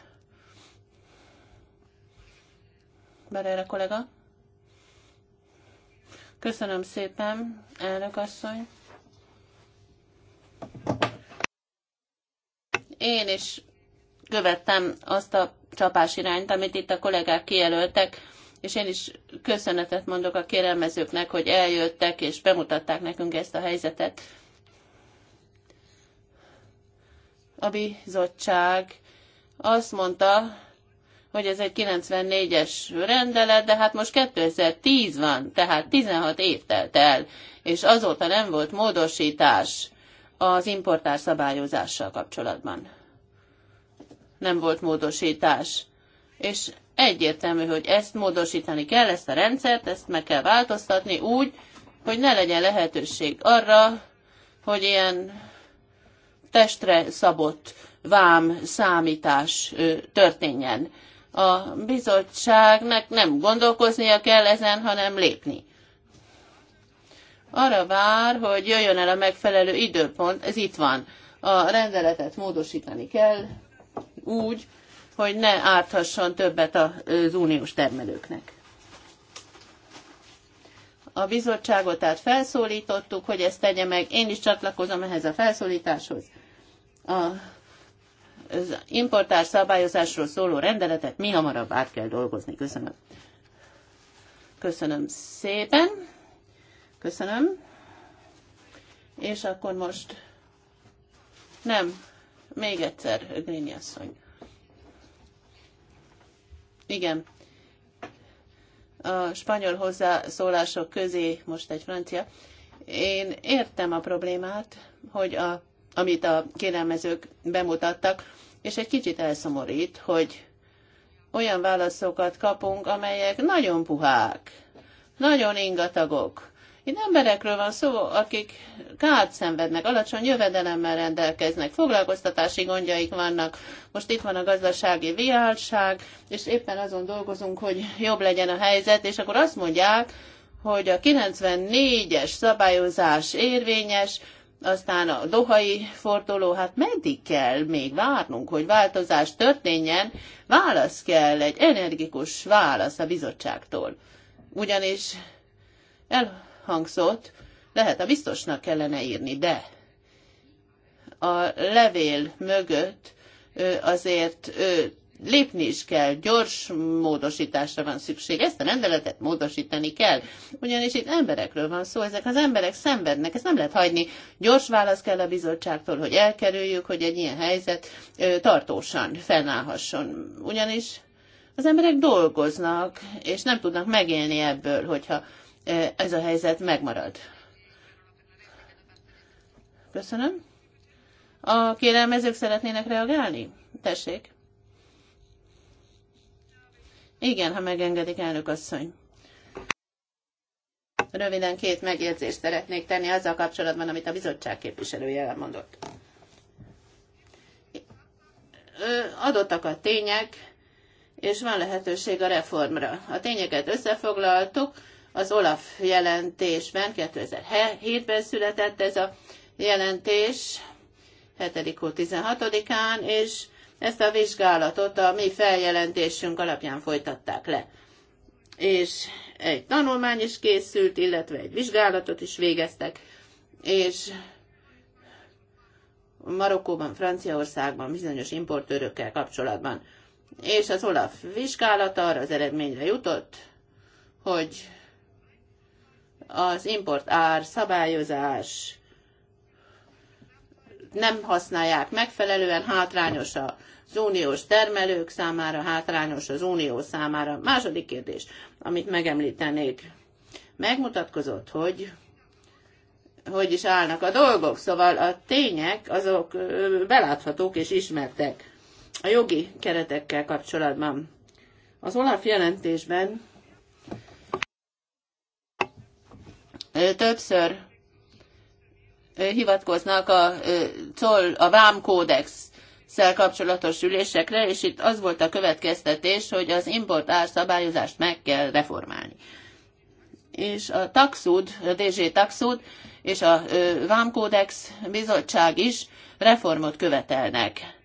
Berere kollega. Köszönöm szépen, elnök asszony. Én is követtem azt a csapás irányt, amit itt a kollégák kijelöltek, és én is köszönetet mondok a kérelmezőknek, hogy eljöttek és bemutatták nekünk ezt a helyzetet. A bizottság azt mondta, hogy ez egy 94-es rendelet, de hát most 2010 van, tehát 16 év telt el, és azóta nem volt módosítás az importás szabályozással kapcsolatban nem volt módosítás. És egyértelmű, hogy ezt módosítani kell, ezt a rendszert, ezt meg kell változtatni úgy, hogy ne legyen lehetőség arra, hogy ilyen testre szabott vám számítás történjen. A bizottságnak nem gondolkoznia kell ezen, hanem lépni. Arra vár, hogy jöjjön el a megfelelő időpont, ez itt van. A rendeletet módosítani kell, úgy, hogy ne árthasson többet az uniós termelőknek. A bizottságot tehát felszólítottuk, hogy ezt tegye meg. Én is csatlakozom ehhez a felszólításhoz. A az importás szabályozásról szóló rendeletet mi hamarabb át kell dolgozni. Köszönöm. Köszönöm szépen. Köszönöm. És akkor most nem. Még egyszer, Grényi asszony. Igen. A spanyol hozzászólások közé most egy francia. Én értem a problémát, hogy a, amit a kérelmezők bemutattak, és egy kicsit elszomorít, hogy olyan válaszokat kapunk, amelyek nagyon puhák, nagyon ingatagok, itt emberekről van szó, akik kárt szenvednek, alacsony jövedelemmel rendelkeznek, foglalkoztatási gondjaik vannak. Most itt van a gazdasági viálság, és éppen azon dolgozunk, hogy jobb legyen a helyzet, és akkor azt mondják, hogy a 94-es szabályozás érvényes, aztán a dohai forduló, hát meddig kell még várnunk, hogy változás történjen, válasz kell, egy energikus válasz a bizottságtól. Ugyanis el, hangzott, lehet a biztosnak kellene írni, de a levél mögött azért lépni is kell, gyors módosításra van szükség, ezt a rendeletet módosítani kell, ugyanis itt emberekről van szó, ezek az emberek szenvednek, ezt nem lehet hagyni. Gyors válasz kell a bizottságtól, hogy elkerüljük, hogy egy ilyen helyzet tartósan fennállhasson, ugyanis az emberek dolgoznak, és nem tudnak megélni ebből, hogyha E, ez a helyzet megmarad. Köszönöm. A kérelmezők szeretnének reagálni? Tessék. Igen, ha megengedik, elnök asszony. Röviden két megjegyzést szeretnék tenni azzal kapcsolatban, amit a bizottság képviselője elmondott. Adottak a tények, és van lehetőség a reformra. A tényeket összefoglaltuk, az Olaf jelentésben 2007-ben született ez a jelentés, 716 án és ezt a vizsgálatot a mi feljelentésünk alapján folytatták le. És egy tanulmány is készült, illetve egy vizsgálatot is végeztek, és Marokkóban, Franciaországban bizonyos importőrökkel kapcsolatban. És az Olaf vizsgálata arra az eredményre jutott, hogy az import ár szabályozás nem használják megfelelően, hátrányos az uniós termelők számára, hátrányos az unió számára. Második kérdés, amit megemlítenék. Megmutatkozott, hogy hogy is állnak a dolgok, szóval a tények azok beláthatók és ismertek a jogi keretekkel kapcsolatban. Az Olaf jelentésben többször hivatkoznak a COL, a vámkódex szel kapcsolatos ülésekre, és itt az volt a következtetés, hogy az import árszabályozást meg kell reformálni. És a taxud, a DG taxud és a vámkódex bizottság is reformot követelnek.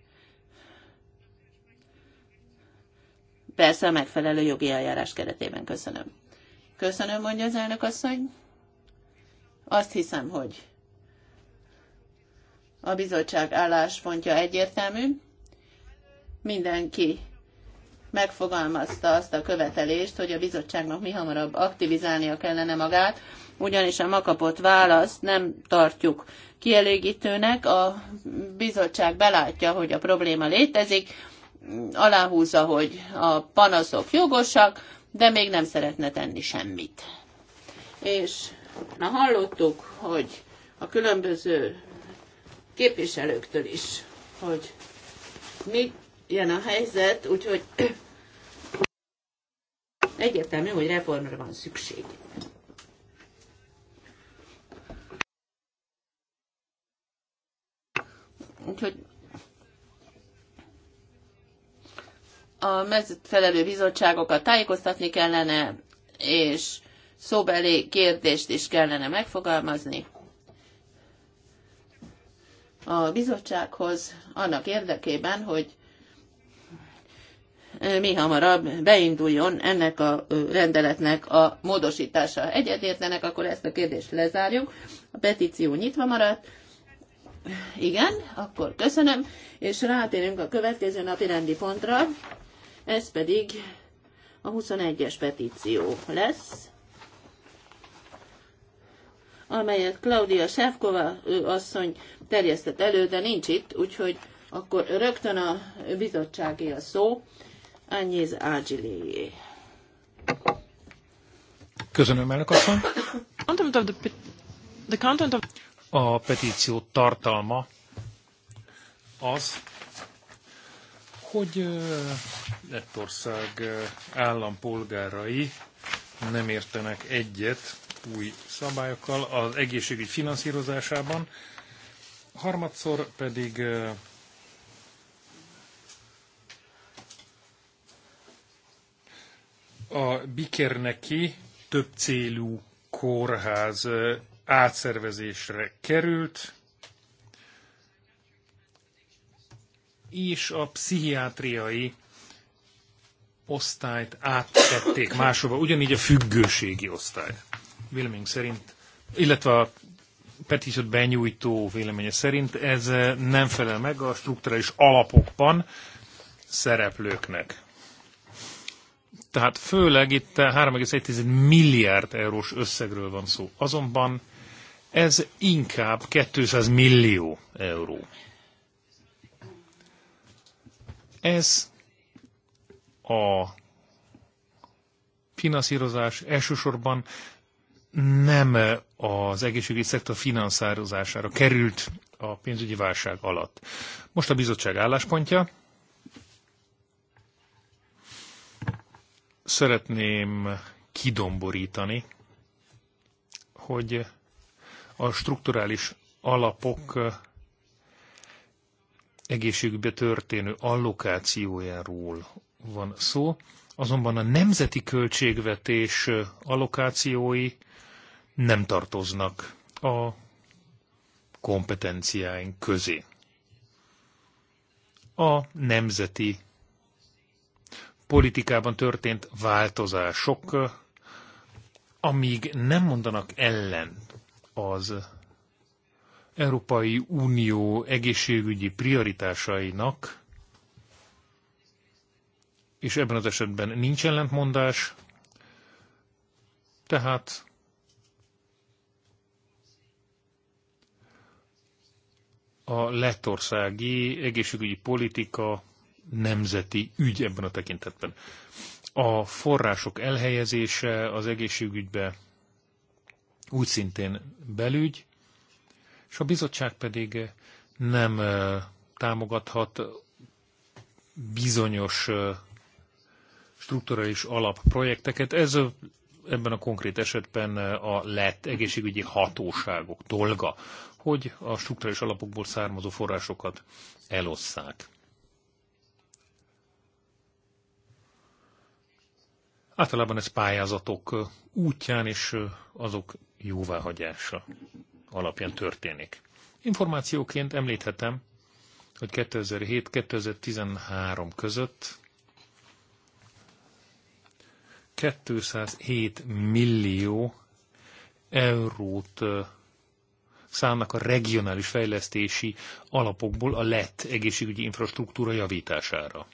Persze a megfelelő jogi eljárás keretében köszönöm. Köszönöm, mondja az elnök asszony. Azt hiszem, hogy a bizottság álláspontja egyértelmű. Mindenki megfogalmazta azt a követelést, hogy a bizottságnak mi hamarabb aktivizálnia kellene magát, ugyanis a makapott választ nem tartjuk kielégítőnek. A bizottság belátja, hogy a probléma létezik, aláhúzza, hogy a panaszok jogosak, de még nem szeretne tenni semmit. És Na hallottuk, hogy a különböző képviselőktől is, hogy mi jön a helyzet, úgyhogy egyértelmű, hogy reformra van szükség. Úgyhogy a megfelelő bizottságokat tájékoztatni kellene, és szóbeli kérdést is kellene megfogalmazni a bizottsághoz annak érdekében, hogy mi hamarabb beinduljon ennek a rendeletnek a módosítása. egyetértenek, akkor ezt a kérdést lezárjuk. A petíció nyitva maradt. Igen, akkor köszönöm, és rátérünk a következő napi rendi pontra. Ez pedig a 21-es petíció lesz amelyet Claudia Sevkova asszony terjesztett elő, de nincs itt, úgyhogy akkor rögtön a bizottságé a szó. Annyiz Ágyiléjé. Köszönöm, elnök asszony. A petíció tartalma az, hogy Lettország állampolgárai nem értenek egyet új szabályokkal az egészségügy finanszírozásában, harmadszor pedig a Bikerneki több célú kórház átszervezésre került, és a pszichiátriai osztályt áttették máshova, ugyanígy a függőségi osztályt vélemény szerint, illetve a petíciót benyújtó véleménye szerint ez eh, nem felel meg a strukturális alapokban szereplőknek. Tehát főleg itt 3,1 milliárd eurós összegről van szó. Azonban ez inkább 200 millió euró. Ez a finanszírozás elsősorban nem az egészségügyi szektor finanszározására került a pénzügyi válság alatt. Most a bizottság álláspontja. Szeretném kidomborítani, hogy a strukturális alapok egészségügybe történő allokációjáról van szó, azonban a nemzeti költségvetés allokációi nem tartoznak a kompetenciáink közé. A nemzeti politikában történt változások, amíg nem mondanak ellen az Európai Unió egészségügyi prioritásainak, és ebben az esetben nincs ellentmondás, tehát a lettországi egészségügyi politika nemzeti ügy ebben a tekintetben. A források elhelyezése az egészségügybe úgy szintén belügy, és a bizottság pedig nem támogathat bizonyos struktúrális alapprojekteket. Ez ebben a konkrét esetben a lett egészségügyi hatóságok dolga, hogy a struktúrális alapokból származó forrásokat elosszák. Általában ez pályázatok útján és azok jóváhagyása alapján történik. Információként említhetem, hogy 2007-2013 között 207 millió eurót számnak a regionális fejlesztési alapokból a lett egészségügyi infrastruktúra javítására.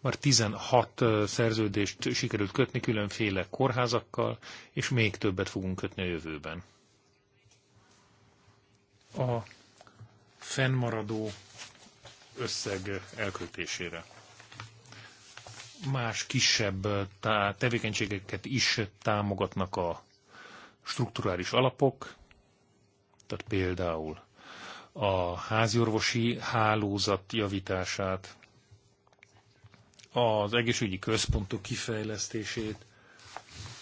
Már 16 szerződést sikerült kötni különféle kórházakkal, és még többet fogunk kötni a jövőben. A fennmaradó összeg elköltésére más kisebb tevékenységeket is támogatnak a strukturális alapok, tehát például a háziorvosi hálózat javítását, az egészségügyi központok kifejlesztését,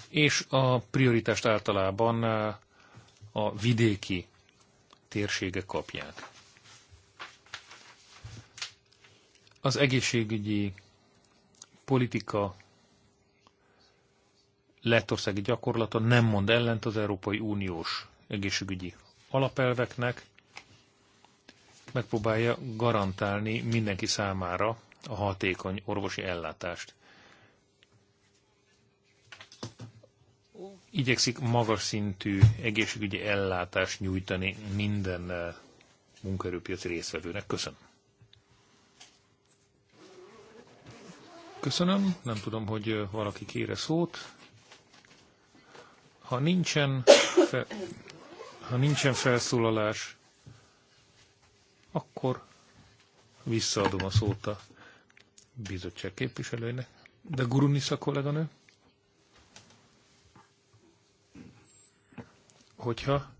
és a prioritást általában eh, a vidéki térségek kapják. Az egészségügyi politika lettországi gyakorlata nem mond ellent az Európai Uniós egészségügyi alapelveknek, megpróbálja garantálni mindenki számára a hatékony orvosi ellátást. Igyekszik magas szintű egészségügyi ellátást nyújtani minden eh, munkaerőpiaci részvevőnek. Köszönöm. Köszönöm. Nem tudom, hogy eh, valaki kére szót. Ha nincsen, fe... Ha nincsen felszólalás, akkor visszaadom a szót a bizottság képviselőjének. De Gurunisza kolléganő? Hogyha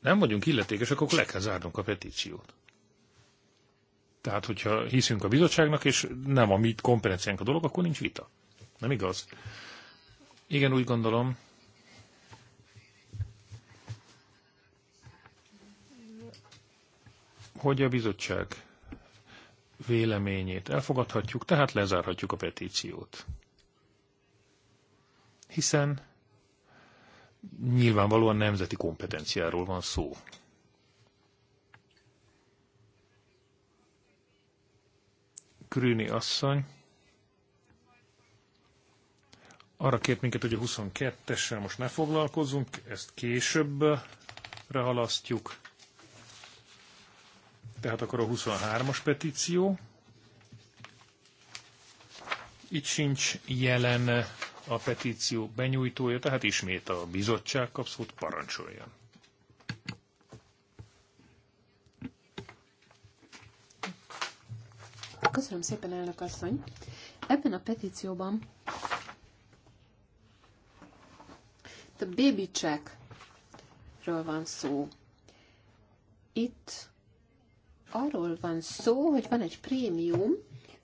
nem vagyunk illetékesek, akkor le kell zárnunk a petíciót. Tehát, hogyha hiszünk a bizottságnak, és nem a mi kompetenciánk a dolog, akkor nincs vita. Nem igaz? Igen, úgy gondolom, hogy a bizottság véleményét elfogadhatjuk, tehát lezárhatjuk a petíciót. Hiszen nyilvánvalóan nemzeti kompetenciáról van szó. Krűni asszony arra kért minket, hogy a 22-essel most ne foglalkozunk, ezt később rehalasztjuk. Tehát akkor a 23-as petíció. Itt sincs jelen a petíció benyújtója, tehát ismét a bizottság kapszót parancsoljon. Köszönöm szépen, elnök asszony. Ebben a petícióban a baby checkről van szó. Itt arról van szó, hogy van egy prémium,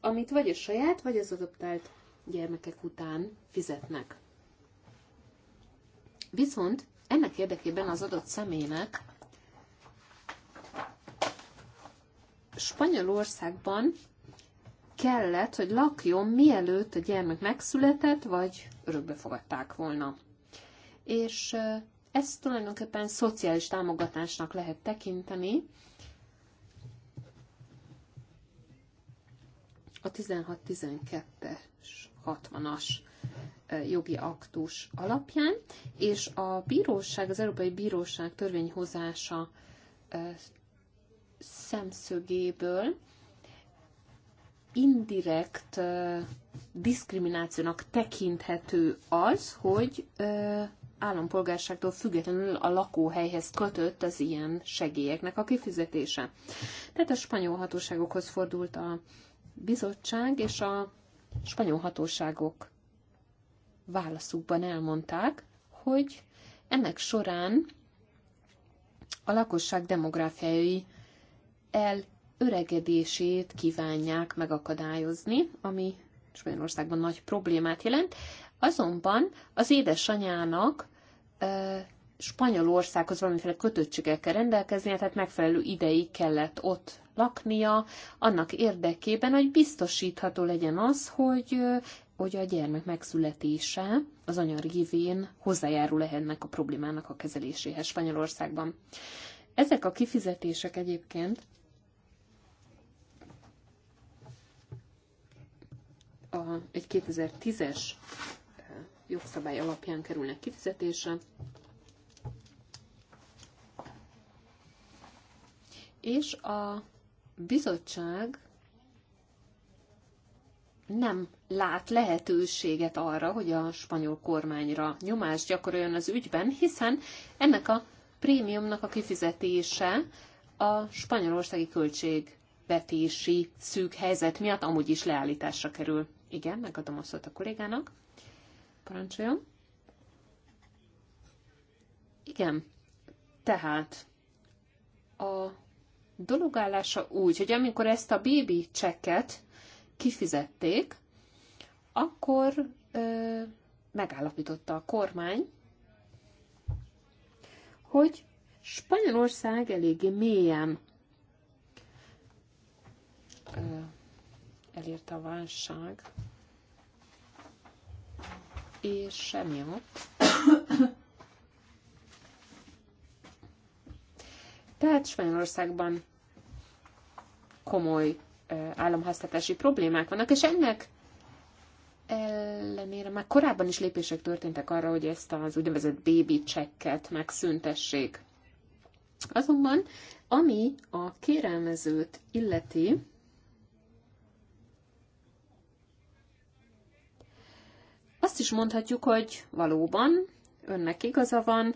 amit vagy a saját, vagy az adoptált gyermekek után fizetnek. Viszont ennek érdekében az adott személynek Spanyolországban kellett, hogy lakjon, mielőtt a gyermek megszületett, vagy örökbe fogadták volna. És ezt tulajdonképpen szociális támogatásnak lehet tekinteni, a 16-12-es 60-as jogi aktus alapján, és a bíróság, az Európai Bíróság törvényhozása szemszögéből indirekt diszkriminációnak tekinthető az, hogy állampolgárságtól függetlenül a lakóhelyhez kötött az ilyen segélyeknek a kifizetése. Tehát a spanyol hatóságokhoz fordult a bizottság és a spanyol hatóságok válaszukban elmondták, hogy ennek során a lakosság demográfiai elöregedését kívánják megakadályozni, ami Spanyolországban nagy problémát jelent. Azonban az édesanyának Spanyolországhoz valamiféle kötöttségekkel rendelkeznie, tehát megfelelő ideig kellett ott laknia, annak érdekében, hogy biztosítható legyen az, hogy hogy a gyermek megszületése az anya révén hozzájárul ennek a problémának a kezeléséhez Spanyolországban. Ezek a kifizetések egyébként a, egy 2010-es jogszabály alapján kerülnek kifizetésre, és a bizottság nem lát lehetőséget arra, hogy a spanyol kormányra nyomást gyakoroljon az ügyben, hiszen ennek a prémiumnak a kifizetése a spanyolországi költségvetési szűk helyzet miatt amúgy is leállításra kerül. Igen, megadom a szót a kollégának. Parancsoljon. Igen, tehát a dologállása úgy, hogy amikor ezt a bébi csekket kifizették, akkor ö, megállapította a kormány, hogy Spanyolország eléggé mélyen ö, elérte a válság, és ott. Tehát Spanyolországban komoly államháztatási problémák vannak, és ennek ellenére már korábban is lépések történtek arra, hogy ezt az úgynevezett baby csekket megszüntessék. Azonban, ami a kérelmezőt illeti, azt is mondhatjuk, hogy valóban önnek igaza van,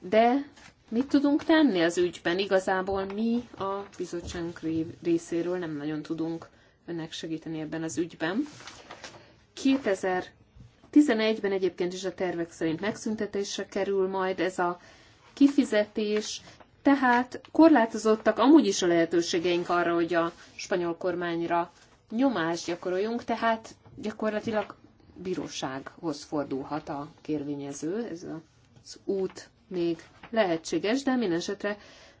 de Mit tudunk tenni az ügyben? Igazából mi a bizottságunk részéről nem nagyon tudunk önnek segíteni ebben az ügyben. 2011-ben egyébként is a tervek szerint megszüntetésre kerül majd ez a kifizetés, tehát korlátozottak amúgy is a lehetőségeink arra, hogy a spanyol kormányra nyomást gyakoroljunk, tehát gyakorlatilag bírósághoz fordulhat a kérvényező, ez az út még lehetséges, de minden esetre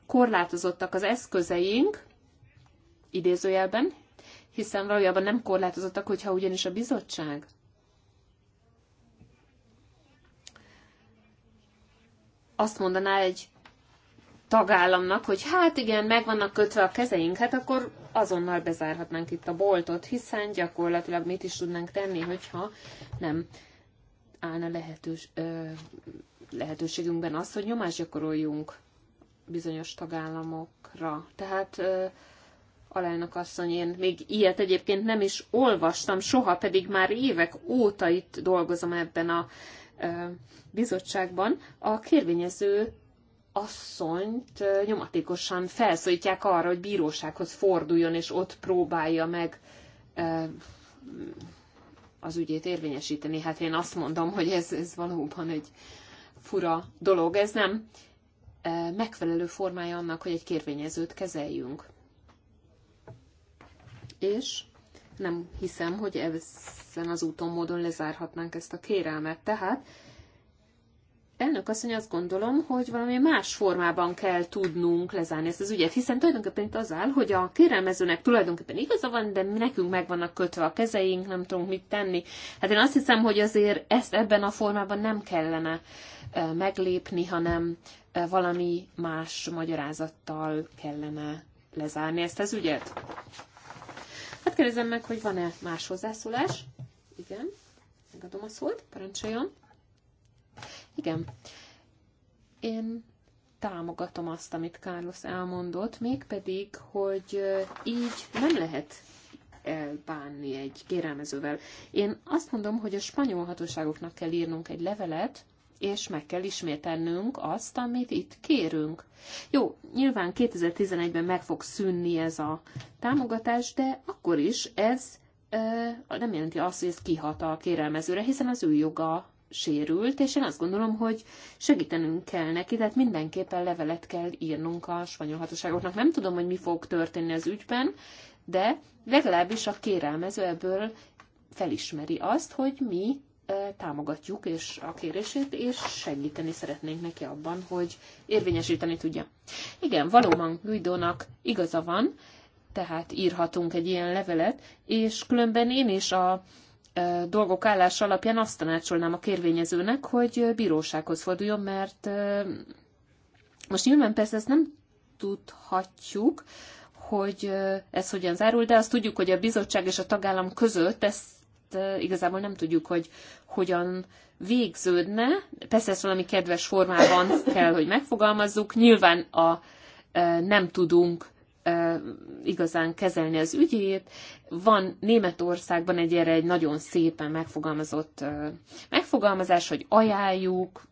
korlátozottak az eszközeink, idézőjelben, hiszen valójában nem korlátozottak, hogyha ugyanis a bizottság azt mondaná egy tagállamnak, hogy hát igen, meg vannak kötve a kezeink, hát akkor azonnal bezárhatnánk itt a boltot, hiszen gyakorlatilag mit is tudnánk tenni, hogyha nem állna lehetős, ö, lehetőségünkben az, hogy nyomást gyakoroljunk bizonyos tagállamokra. Tehát alelnök asszony, én még ilyet egyébként nem is olvastam soha, pedig már évek óta itt dolgozom ebben a bizottságban. A kérvényező asszonyt nyomatékosan felszólítják arra, hogy bírósághoz forduljon, és ott próbálja meg az ügyét érvényesíteni. Hát én azt mondom, hogy ez, ez valóban egy fura dolog, ez nem e, megfelelő formája annak, hogy egy kérvényezőt kezeljünk. És nem hiszem, hogy ezen az úton módon lezárhatnánk ezt a kérelmet. Tehát Elnök asszony, azt gondolom, hogy valami más formában kell tudnunk lezárni ezt az ügyet, hiszen tulajdonképpen itt az áll, hogy a kérelmezőnek tulajdonképpen igaza van, de nekünk meg vannak kötve a kezeink, nem tudunk mit tenni. Hát én azt hiszem, hogy azért ezt ebben a formában nem kellene meglépni, hanem valami más magyarázattal kellene lezárni ezt az ügyet. Hát kérdezem meg, hogy van-e más hozzászólás? Igen, megadom a szót, parancsoljon. Igen. Én támogatom azt, amit Carlos elmondott, mégpedig, hogy így nem lehet elbánni egy kérelmezővel. Én azt mondom, hogy a spanyol hatóságoknak kell írnunk egy levelet, és meg kell ismételnünk azt, amit itt kérünk. Jó, nyilván 2011-ben meg fog szűnni ez a támogatás, de akkor is ez ö, nem jelenti azt, hogy ez kihat a kérelmezőre, hiszen az ő joga sérült, és én azt gondolom, hogy segítenünk kell neki, tehát mindenképpen levelet kell írnunk a spanyol hatóságoknak. Nem tudom, hogy mi fog történni az ügyben, de legalábbis a kérelmező ebből felismeri azt, hogy mi támogatjuk és a kérését, és segíteni szeretnénk neki abban, hogy érvényesíteni tudja. Igen, valóban Guidónak igaza van, tehát írhatunk egy ilyen levelet, és különben én is a dolgok állása alapján azt tanácsolnám a kérvényezőnek, hogy bírósághoz forduljon, mert most nyilván persze ezt nem tudhatjuk, hogy ez hogyan zárul, de azt tudjuk, hogy a bizottság és a tagállam között ezt igazából nem tudjuk, hogy hogyan végződne. Persze ezt valami kedves formában kell, hogy megfogalmazzuk. Nyilván a nem tudunk igazán kezelni az ügyét. Van Németországban egy erre egy nagyon szépen megfogalmazott megfogalmazás, hogy ajánljuk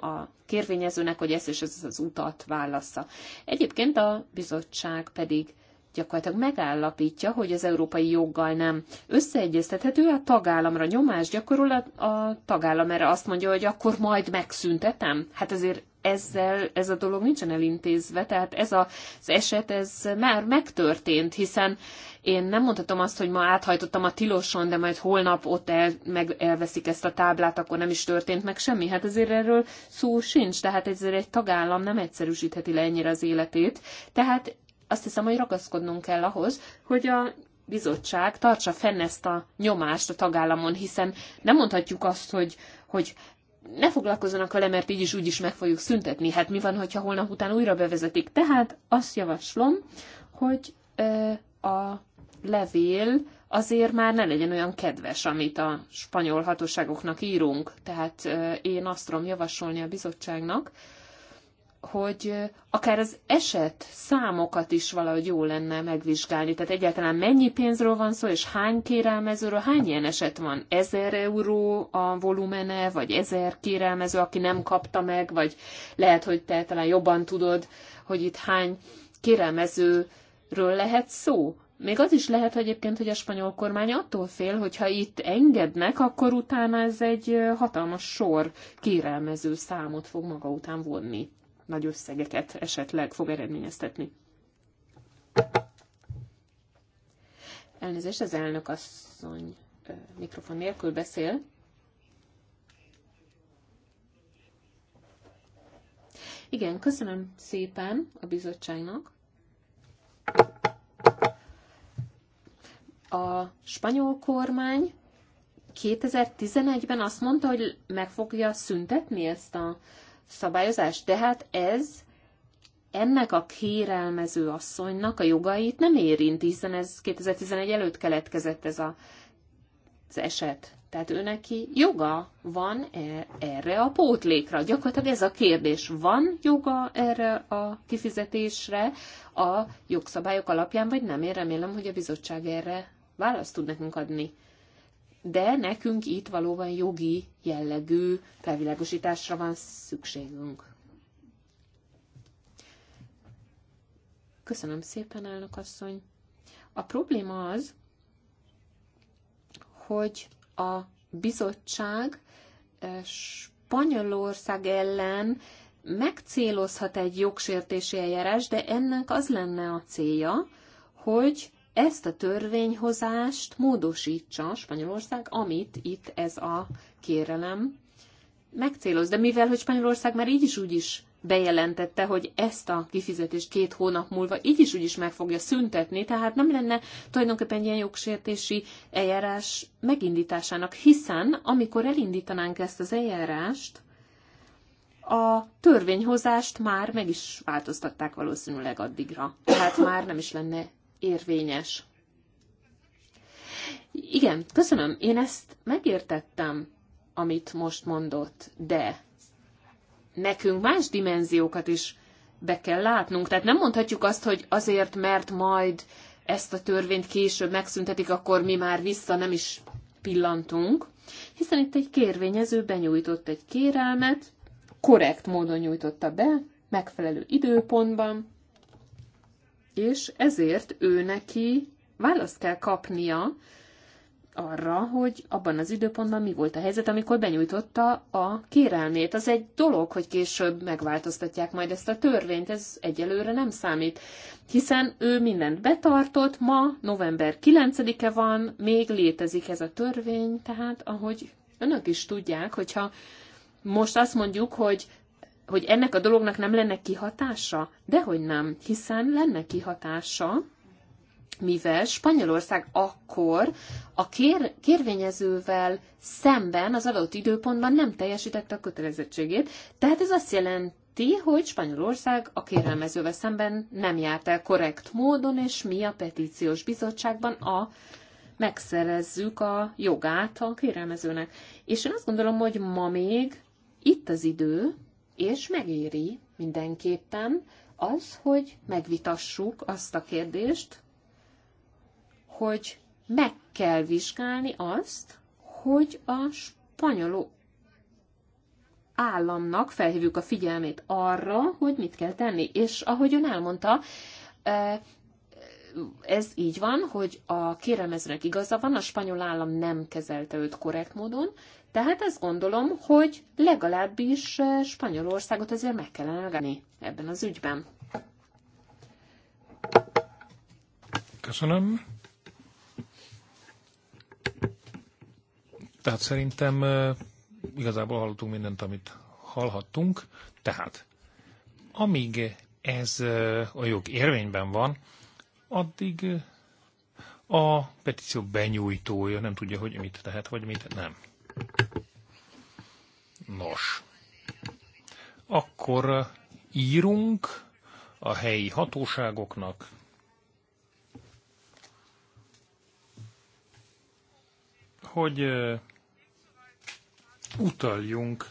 a kérvényezőnek, hogy ezt és ez az utat válassza. Egyébként a bizottság pedig gyakorlatilag megállapítja, hogy az európai joggal nem összeegyeztethető, a tagállamra nyomás gyakorol, a, a tagállam erre azt mondja, hogy akkor majd megszüntetem. Hát azért ezzel ez a dolog nincsen elintézve, tehát ez a, az eset ez már megtörtént, hiszen én nem mondhatom azt, hogy ma áthajtottam a tiloson, de majd holnap ott el, meg elveszik ezt a táblát, akkor nem is történt meg semmi. Hát azért erről szó sincs, tehát ezért egy tagállam nem egyszerűsítheti le ennyire az életét. Tehát azt hiszem, hogy ragaszkodnunk kell ahhoz, hogy a bizottság tartsa fenn ezt a nyomást a tagállamon, hiszen nem mondhatjuk azt, hogy, hogy ne foglalkozzanak vele, mert így is úgy is meg fogjuk szüntetni. Hát mi van, ha holnap után újra bevezetik? Tehát azt javaslom, hogy a levél azért már ne legyen olyan kedves, amit a spanyol hatóságoknak írunk. Tehát én azt tudom javasolni a bizottságnak, hogy akár az eset számokat is valahogy jó lenne megvizsgálni. Tehát egyáltalán mennyi pénzről van szó, és hány kérelmezőről, hány ilyen eset van? Ezer euró a volumene, vagy ezer kérelmező, aki nem kapta meg, vagy lehet, hogy te talán jobban tudod, hogy itt hány kérelmezőről lehet szó? Még az is lehet hogy egyébként, hogy a spanyol kormány attól fél, hogy ha itt engednek, akkor utána ez egy hatalmas sor kérelmező számot fog maga után vonni nagy összegeket esetleg fog eredményeztetni. Elnézést, az elnök asszony mikrofon nélkül beszél. Igen, köszönöm szépen a bizottságnak. A spanyol kormány 2011-ben azt mondta, hogy meg fogja szüntetni ezt a szabályozás. De hát ez ennek a kérelmező asszonynak a jogait nem érinti, hiszen ez 2011 előtt keletkezett ez a, az eset. Tehát ő neki joga van -e erre a pótlékra. Gyakorlatilag ez a kérdés. Van joga erre a kifizetésre a jogszabályok alapján, vagy nem? Én remélem, hogy a bizottság erre választ tud nekünk adni de nekünk itt valóban jogi jellegű felvilágosításra van szükségünk. Köszönöm szépen, elnök asszony. A probléma az, hogy a bizottság eh, Spanyolország ellen megcélozhat egy jogsértési eljárás, de ennek az lenne a célja, hogy ezt a törvényhozást módosítsa Spanyolország, amit itt ez a kérelem megcéloz. De mivel, hogy Spanyolország már így is úgy is bejelentette, hogy ezt a kifizetést két hónap múlva így is úgy is meg fogja szüntetni, tehát nem lenne tulajdonképpen ilyen jogsértési eljárás megindításának, hiszen amikor elindítanánk ezt az eljárást, a törvényhozást már meg is változtatták valószínűleg addigra. Tehát már nem is lenne érvényes. Igen, köszönöm, én ezt megértettem, amit most mondott, de nekünk más dimenziókat is be kell látnunk. Tehát nem mondhatjuk azt, hogy azért, mert majd ezt a törvényt később megszüntetik, akkor mi már vissza nem is pillantunk, hiszen itt egy kérvényező benyújtott egy kérelmet, korrekt módon nyújtotta be, megfelelő időpontban, és ezért ő neki választ kell kapnia arra, hogy abban az időpontban mi volt a helyzet, amikor benyújtotta a kérelmét. Az egy dolog, hogy később megváltoztatják majd ezt a törvényt, ez egyelőre nem számít, hiszen ő mindent betartott, ma november 9-e van, még létezik ez a törvény, tehát ahogy önök is tudják, hogyha most azt mondjuk, hogy hogy ennek a dolognak nem lenne kihatása? Dehogy nem, hiszen lenne kihatása, mivel Spanyolország akkor a kér, kérvényezővel szemben az adott időpontban nem teljesítette a kötelezettségét, tehát ez azt jelenti, hogy Spanyolország a kérelmezővel szemben nem járt el korrekt módon, és mi a petíciós bizottságban a megszerezzük a jogát a kérelmezőnek. És én azt gondolom, hogy ma még itt az idő, és megéri mindenképpen az, hogy megvitassuk azt a kérdést, hogy meg kell vizsgálni azt, hogy a spanyol államnak felhívjuk a figyelmét arra, hogy mit kell tenni. És ahogy ön elmondta, ez így van, hogy a kérelmezőnek igaza van, a spanyol állam nem kezelte őt korrekt módon, tehát azt gondolom, hogy legalábbis eh, Spanyolországot azért meg kellene ragadni ebben az ügyben. Köszönöm. Tehát szerintem eh, igazából hallottunk mindent, amit hallhattunk. Tehát, amíg ez eh, a jog érvényben van, addig a petíció benyújtója nem tudja, hogy mit tehet, vagy mit nem hivatalos. Akkor uh, írunk a helyi hatóságoknak, hogy uh, utaljunk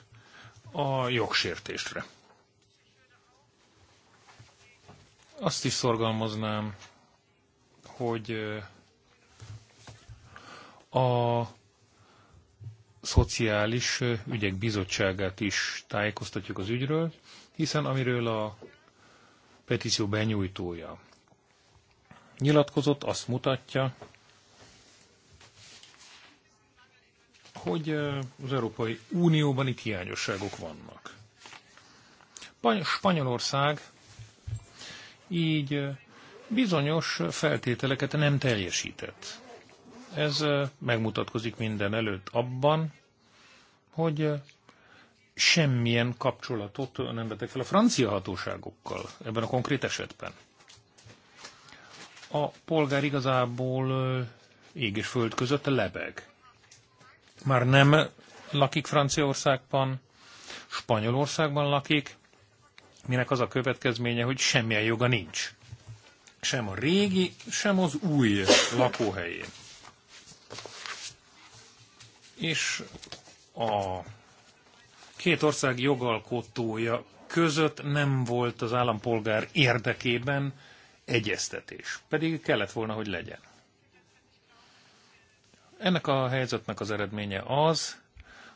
a jogsértésre. Azt is szorgalmaznám, hogy uh, a Szociális Ügyek Bizottságát is tájékoztatjuk az ügyről, hiszen amiről a petíció benyújtója nyilatkozott, azt mutatja, hogy az Európai Unióban itt hiányosságok vannak. Spanyolország így bizonyos feltételeket nem teljesített. Ez megmutatkozik minden előtt abban, hogy semmilyen kapcsolatot nem vettek fel a francia hatóságokkal ebben a konkrét esetben. A polgár igazából ég és föld között lebeg. Már nem lakik Franciaországban, Spanyolországban lakik, minek az a következménye, hogy semmilyen joga nincs. Sem a régi, sem az új lakóhelyén és a két ország jogalkotója között nem volt az állampolgár érdekében egyeztetés, pedig kellett volna, hogy legyen. Ennek a helyzetnek az eredménye az,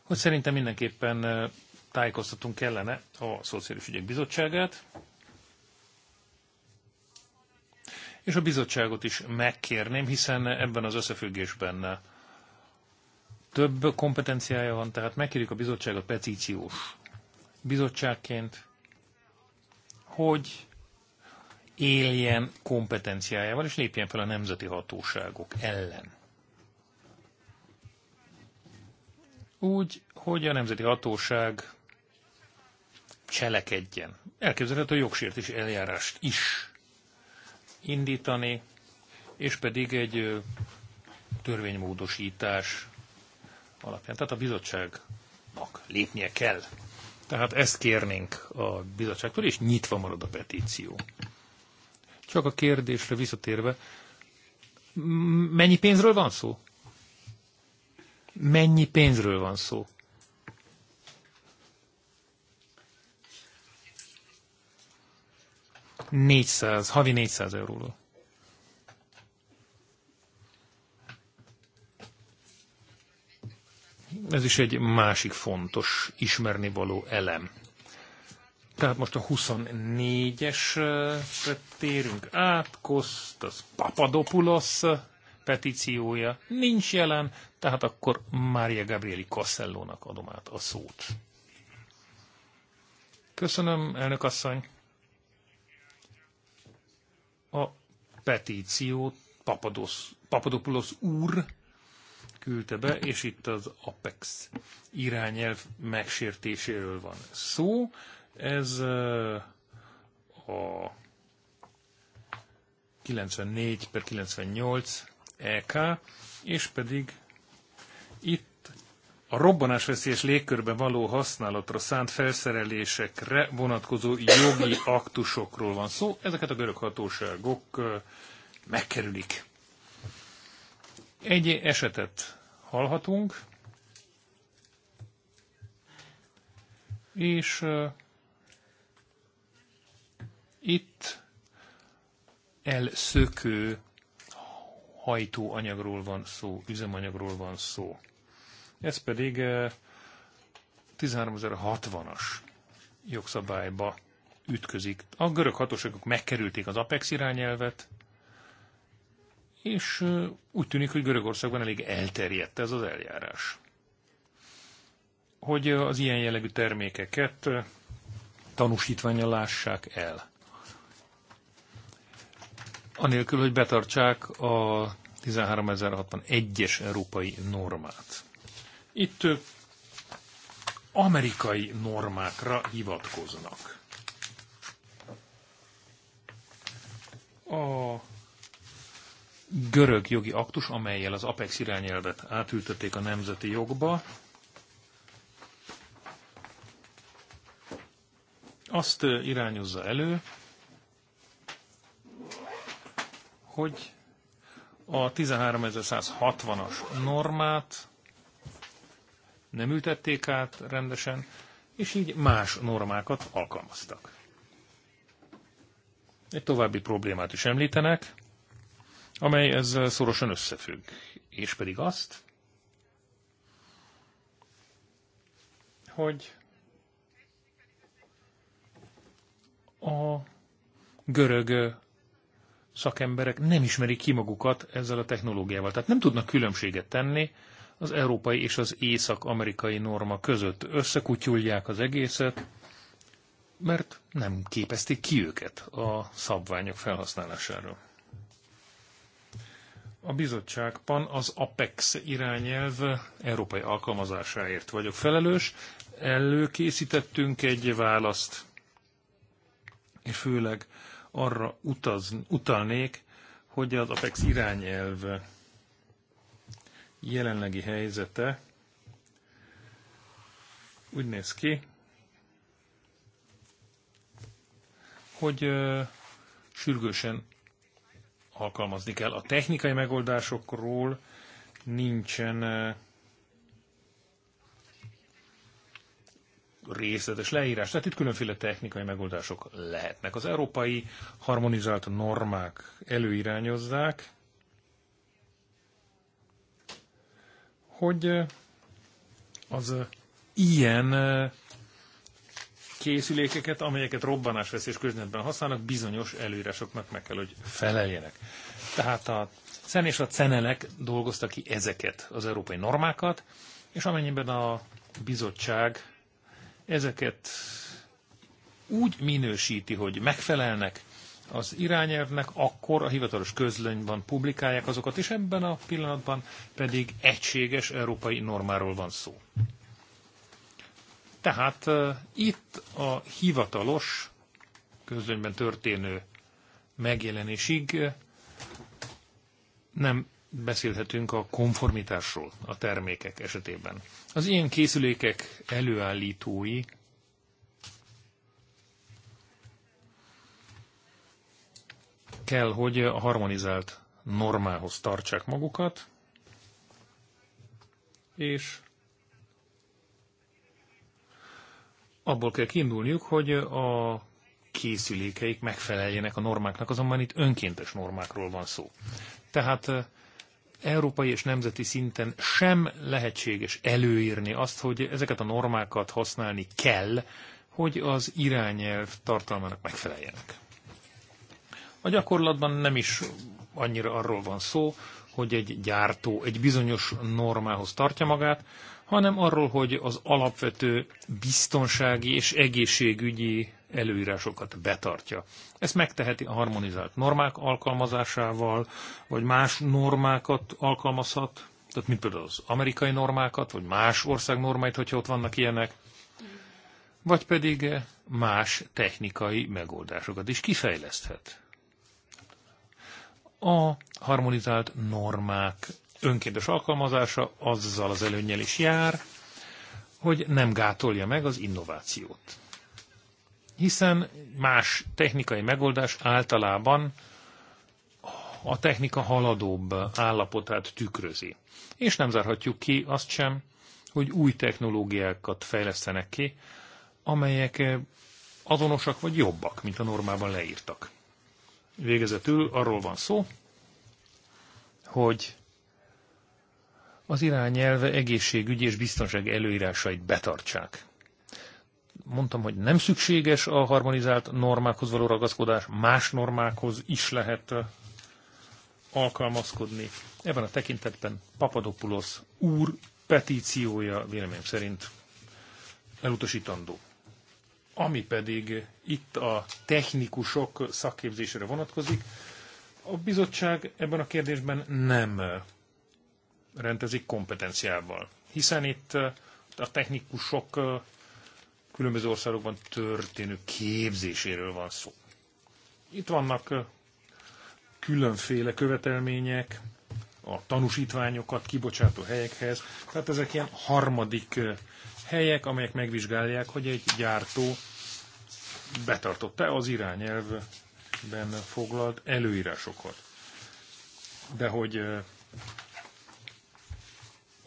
hogy szerintem mindenképpen tájékoztatunk kellene a Szociális Ügyek Bizottságát, és a bizottságot is megkérném, hiszen ebben az összefüggésben több kompetenciája van, tehát megkérjük a bizottságot petíciós bizottságként, hogy éljen kompetenciájával, és lépjen fel a nemzeti hatóságok ellen. Úgy, hogy a nemzeti hatóság cselekedjen. Elképzelhető jogsértés eljárást is indítani, és pedig egy törvénymódosítás alapján. Tehát a bizottságnak lépnie kell. Tehát ezt kérnénk a bizottságtól, és nyitva marad a petíció. Csak a kérdésre visszatérve, mennyi pénzről van szó? Mennyi pénzről van szó? Négyszáz, havi négyszáz euróról. Ez is egy másik fontos ismernivaló elem. Tehát most a 24 es térünk át, az Papadopoulos petíciója nincs jelen, tehát akkor Mária Gabrieli Castellónak adom át a szót. Köszönöm, elnök asszony. A petíciót Papados, Papadopoulos úr küldte be, és itt az APEX irányelv megsértéséről van szó. Ez eh, a 94 per 98 EK, és pedig itt a robbanásveszélyes légkörben való használatra szánt felszerelésekre vonatkozó jogi aktusokról van szó. Ezeket a görög hatóságok eh, megkerülik. Egy esetet hallhatunk, és uh, itt elszökő hajtóanyagról van szó, üzemanyagról van szó. Ez pedig uh, 13060-as jogszabályba ütközik. A görög hatóságok megkerülték az APEX irányelvet, és úgy tűnik, hogy Görögországban elég elterjedt ez az eljárás. Hogy az ilyen jellegű termékeket tanúsítványa lássák el. Anélkül, hogy betartsák a 13061-es európai normát. Itt amerikai normákra hivatkoznak. görög jogi aktus, amelyel az APEX irányelvet átültették a nemzeti jogba, azt irányozza elő, hogy a 13.160-as normát nem ültették át rendesen, és így más normákat alkalmaztak. Egy további problémát is említenek, amely ezzel szorosan összefügg, és pedig azt, hogy a görög szakemberek nem ismerik ki magukat ezzel a technológiával. Tehát nem tudnak különbséget tenni az európai és az észak-amerikai norma között. Összekutyulják az egészet, mert nem képezték ki őket a szabványok felhasználásáról a bizottságban az APEX irányelv európai alkalmazásáért vagyok felelős. Előkészítettünk egy választ, és főleg arra utaz, utalnék, hogy az APEX irányelv jelenlegi helyzete úgy néz ki, hogy sürgősen alkalmazni kell. A technikai megoldásokról nincsen részletes leírás. Tehát itt különféle technikai megoldások lehetnek. Az európai harmonizált normák előirányozzák, hogy az ilyen készülékeket, amelyeket robbanásveszélyes környezetben használnak, bizonyos előírásoknak meg kell, hogy feleljenek. Tehát a CEN és a CENELEK dolgoztak ki ezeket az európai normákat, és amennyiben a bizottság ezeket úgy minősíti, hogy megfelelnek az irányelvnek, akkor a hivatalos közlönyben publikálják azokat, és ebben a pillanatban pedig egységes európai normáról van szó. Tehát itt a hivatalos közönyben történő megjelenésig nem beszélhetünk a konformitásról a termékek esetében. Az ilyen készülékek előállítói kell, hogy a harmonizált normához tartsák magukat, és abból kell kiindulniuk, hogy a készülékeik megfeleljenek a normáknak, azonban itt önkéntes normákról van szó. Tehát eh, európai és nemzeti szinten sem lehetséges előírni azt, hogy ezeket a normákat használni kell, hogy az irányelv tartalmának megfeleljenek. A gyakorlatban nem is annyira arról van szó, hogy egy gyártó egy bizonyos normához tartja magát, hanem arról, hogy az alapvető biztonsági és egészségügyi előírásokat betartja. Ezt megteheti a harmonizált normák alkalmazásával, vagy más normákat alkalmazhat, tehát mint például az amerikai normákat, vagy más ország normáit, hogyha ott vannak ilyenek, vagy pedig más technikai megoldásokat is kifejleszthet. A harmonizált normák önkéntes alkalmazása azzal az előnyel is jár, hogy nem gátolja meg az innovációt. Hiszen más technikai megoldás általában a technika haladóbb állapotát tükrözi. És nem zárhatjuk ki azt sem, hogy új technológiákat fejlesztenek ki, amelyek azonosak vagy jobbak, mint a normában leírtak. Végezetül arról van szó, hogy az irányelve egészségügy és biztonság előírásait betartsák. Mondtam, hogy nem szükséges a harmonizált normákhoz való ragaszkodás, más normákhoz is lehet alkalmazkodni. Ebben a tekintetben Papadopoulos úr petíciója véleményem szerint elutasítandó. Ami pedig itt a technikusok szakképzésére vonatkozik, a bizottság ebben a kérdésben nem rendezik kompetenciával. Hiszen itt a technikusok különböző országokban történő képzéséről van szó. Itt vannak különféle követelmények, a tanúsítványokat kibocsátó helyekhez. Tehát ezek ilyen harmadik helyek, amelyek megvizsgálják, hogy egy gyártó betartotta az irányelvben foglalt előírásokat. De hogy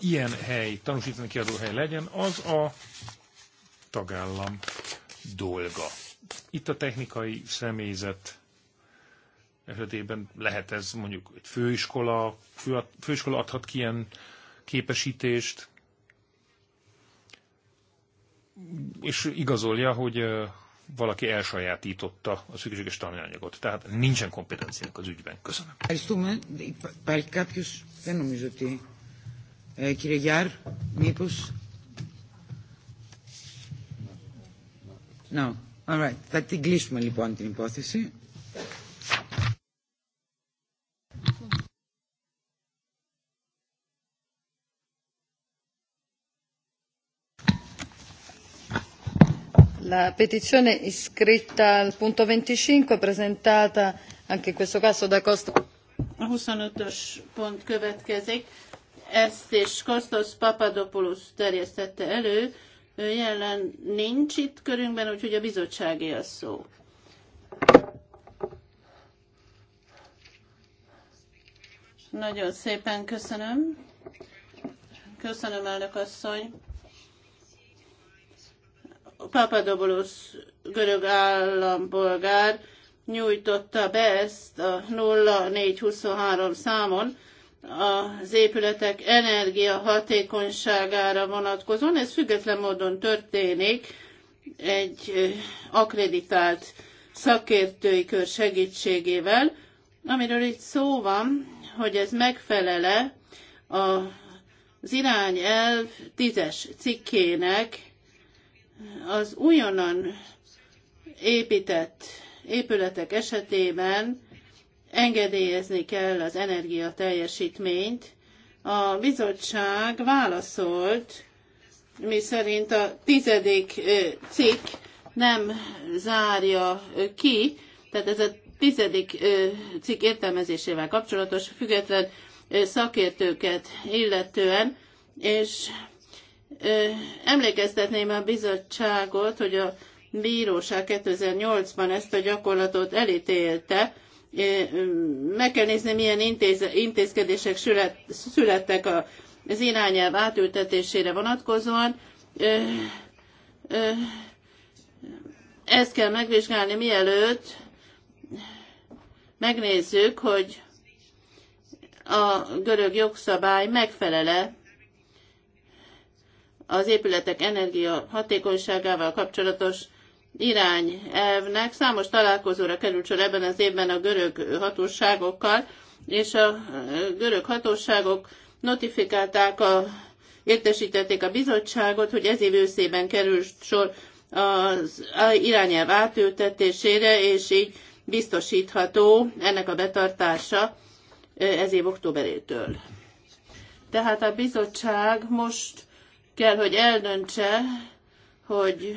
ilyen hely, tanúsítani kiadó hely legyen, az a tagállam dolga. Itt a technikai személyzet esetében lehet ez mondjuk egy főiskola, fő, főiskola adhat ki ilyen képesítést, és igazolja, hogy valaki elsajátította a szükséges tananyagot. Tehát nincsen kompetenciának az ügyben. Köszönöm. Ε, κύριε Γιάρ, μήπως... No. All right. Θα την κλείσουμε λοιπόν την υπόθεση. La petizione iscritta al punto 25, presentata anche in questo caso da Costa. A 25 ezt és Kostos Papadopoulos terjesztette elő, ő jelen nincs itt körünkben, úgyhogy a bizottságé a szó. Nagyon szépen köszönöm. Köszönöm, elnök asszony. Papadopoulos görög állampolgár nyújtotta be ezt a 0423 számon, az épületek energia hatékonyságára vonatkozóan. Ez független módon történik egy akreditált szakértői kör segítségével, amiről itt szó van, hogy ez megfelele az irányelv tízes cikkének az újonnan épített épületek esetében engedélyezni kell az energia teljesítményt. A bizottság válaszolt, mi szerint a tizedik cikk nem zárja ki, tehát ez a tizedik cikk értelmezésével kapcsolatos független szakértőket illetően, és emlékeztetném a bizottságot, hogy a bíróság 2008-ban ezt a gyakorlatot elítélte, meg kell nézni, milyen intéz, intézkedések sület, születtek a, az irányelv átültetésére vonatkozóan. Ezt kell megvizsgálni, mielőtt megnézzük, hogy a görög jogszabály megfelele az épületek energia hatékonyságával kapcsolatos irányelvnek. Számos találkozóra került sor ebben az évben a görög hatóságokkal, és a görög hatóságok notifikálták, a, értesítették a bizottságot, hogy ez év őszében kerül sor az irányelv átültetésére, és így biztosítható ennek a betartása ez év októberétől. Tehát a bizottság most kell, hogy eldöntse, hogy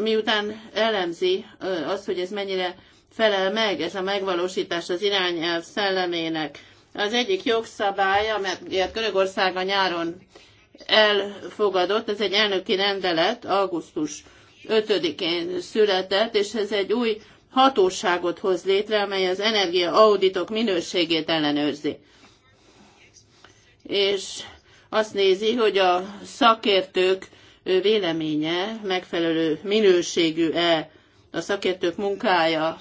miután elemzi azt, hogy ez mennyire felel meg, ez a megvalósítás az irányelv szellemének. Az egyik jogszabály, amelyet Görögország a nyáron elfogadott, ez egy elnöki rendelet, augusztus 5-én született, és ez egy új hatóságot hoz létre, amely az energia auditok minőségét ellenőrzi. És azt nézi, hogy a szakértők véleménye megfelelő minőségű-e a szakértők munkája.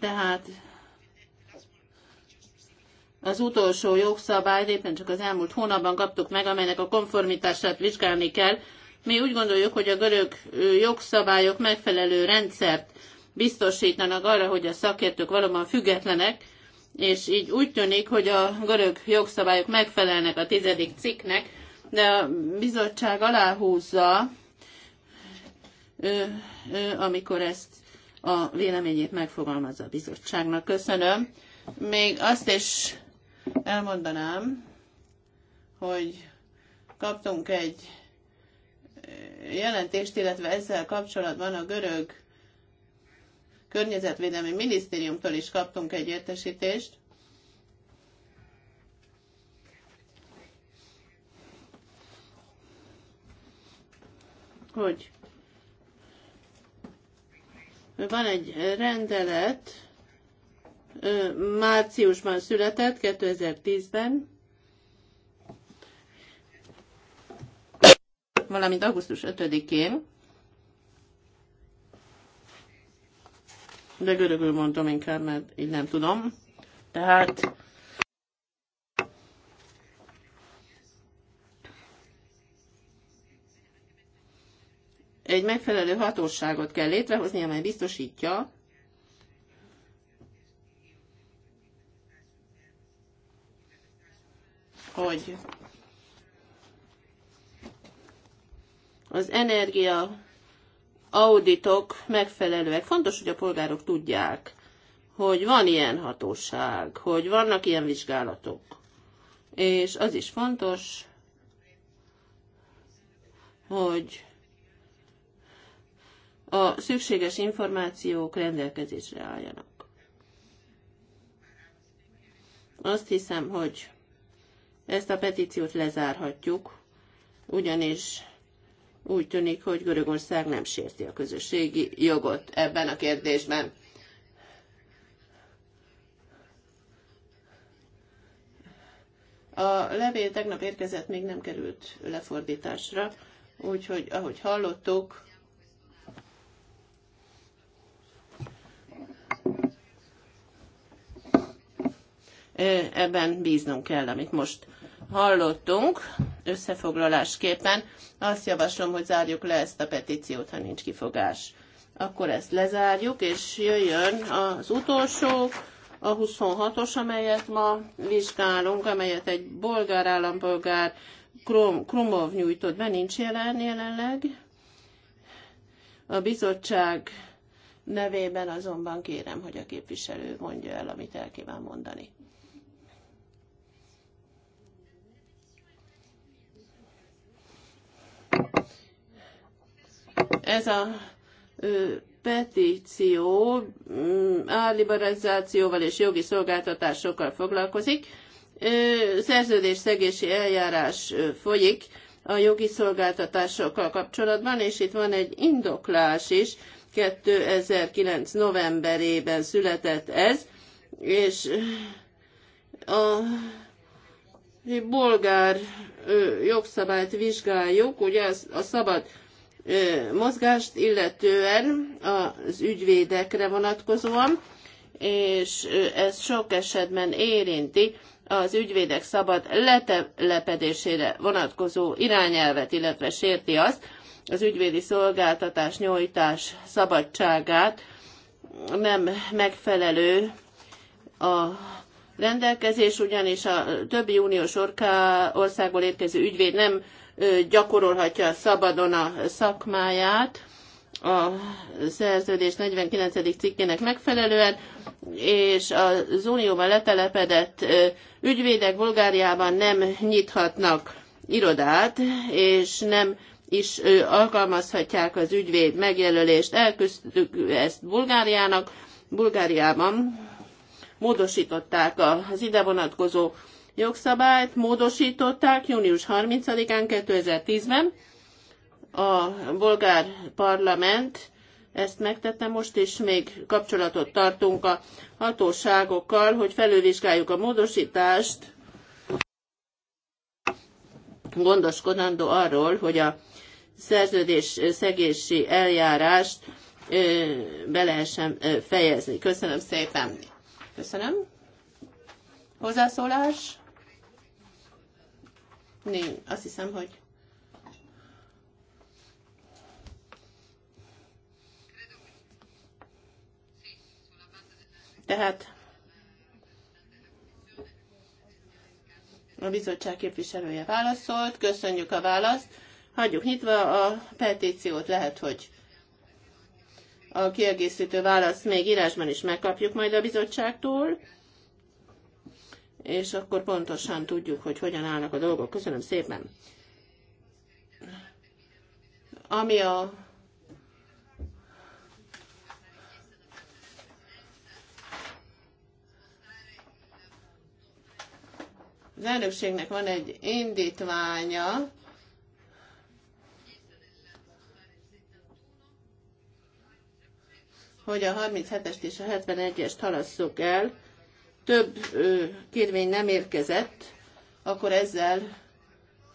Tehát az utolsó jogszabályt éppen csak az elmúlt hónapban kaptuk meg, amelynek a konformitását vizsgálni kell. Mi úgy gondoljuk, hogy a görög jogszabályok megfelelő rendszert biztosítanak arra, hogy a szakértők valóban függetlenek, és így úgy tűnik, hogy a görög jogszabályok megfelelnek a tizedik cikknek, de a bizottság aláhúzza, amikor ezt a véleményét megfogalmazza a bizottságnak. Köszönöm. Még azt is elmondanám, hogy kaptunk egy jelentést, illetve ezzel kapcsolatban a görög Környezetvédelmi Minisztériumtól is kaptunk egy értesítést, hogy van egy rendelet, márciusban született, 2010-ben, valamint augusztus 5-én, de görögül mondom inkább, mert így nem tudom. Tehát egy megfelelő hatóságot kell létrehozni, amely biztosítja, hogy az energia auditok megfelelőek. Fontos, hogy a polgárok tudják, hogy van ilyen hatóság, hogy vannak ilyen vizsgálatok. És az is fontos, hogy a szükséges információk rendelkezésre álljanak. Azt hiszem, hogy ezt a petíciót lezárhatjuk, ugyanis úgy tűnik, hogy Görögország nem sérti a közösségi jogot ebben a kérdésben. A levél tegnap érkezett, még nem került lefordításra, úgyhogy ahogy hallottuk, ebben bíznunk kell, amit most hallottunk összefoglalásképpen. Azt javaslom, hogy zárjuk le ezt a petíciót, ha nincs kifogás. Akkor ezt lezárjuk, és jöjjön az utolsó, a 26-os, amelyet ma vizsgálunk, amelyet egy bolgár állampolgár Krum, Krumov nyújtott be, nincs jelen jelenleg. A bizottság nevében azonban kérem, hogy a képviselő mondja el, amit el kíván mondani. Ez a petíció mm, álliberalizációval és jogi szolgáltatásokkal foglalkozik. Szerződés szegési eljárás folyik a jogi szolgáltatásokkal kapcsolatban, és itt van egy indoklás is, 2009. novemberében született ez, és a bolgár jogszabályt vizsgáljuk, ugye a szabad mozgást illetően az ügyvédekre vonatkozóan, és ez sok esetben érinti az ügyvédek szabad letelepedésére vonatkozó irányelvet, illetve sérti azt, az ügyvédi szolgáltatás nyújtás szabadságát nem megfelelő a rendelkezés, ugyanis a többi uniós országból érkező ügyvéd nem gyakorolhatja szabadon a szakmáját a szerződés 49. cikkének megfelelően, és az unióban letelepedett ügyvédek Bulgáriában nem nyithatnak irodát, és nem is alkalmazhatják az ügyvéd megjelölést. Elküzdtük ezt Bulgáriának, Bulgáriában módosították az ide vonatkozó jogszabályt, módosították június 30-án 2010-ben. A bolgár parlament ezt megtette most, és még kapcsolatot tartunk a hatóságokkal, hogy felülvizsgáljuk a módosítást, gondoskodandó arról, hogy a szerződés szegési eljárást be lehessen fejezni. Köszönöm szépen! Köszönöm. Hozzászólás? Nincs. Azt hiszem, hogy Tehát a bizottság képviselője válaszolt, köszönjük a választ, hagyjuk nyitva a petíciót, lehet, hogy a kiegészítő választ még írásban is megkapjuk majd a bizottságtól, és akkor pontosan tudjuk, hogy hogyan állnak a dolgok. Köszönöm szépen! Ami a az elnökségnek van egy indítványa, hogy a 37-est és a 71-est halasszuk el, több ö, kérvény nem érkezett, akkor ezzel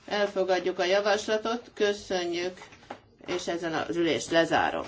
elfogadjuk a javaslatot, köszönjük, és ezen az ülést lezárom.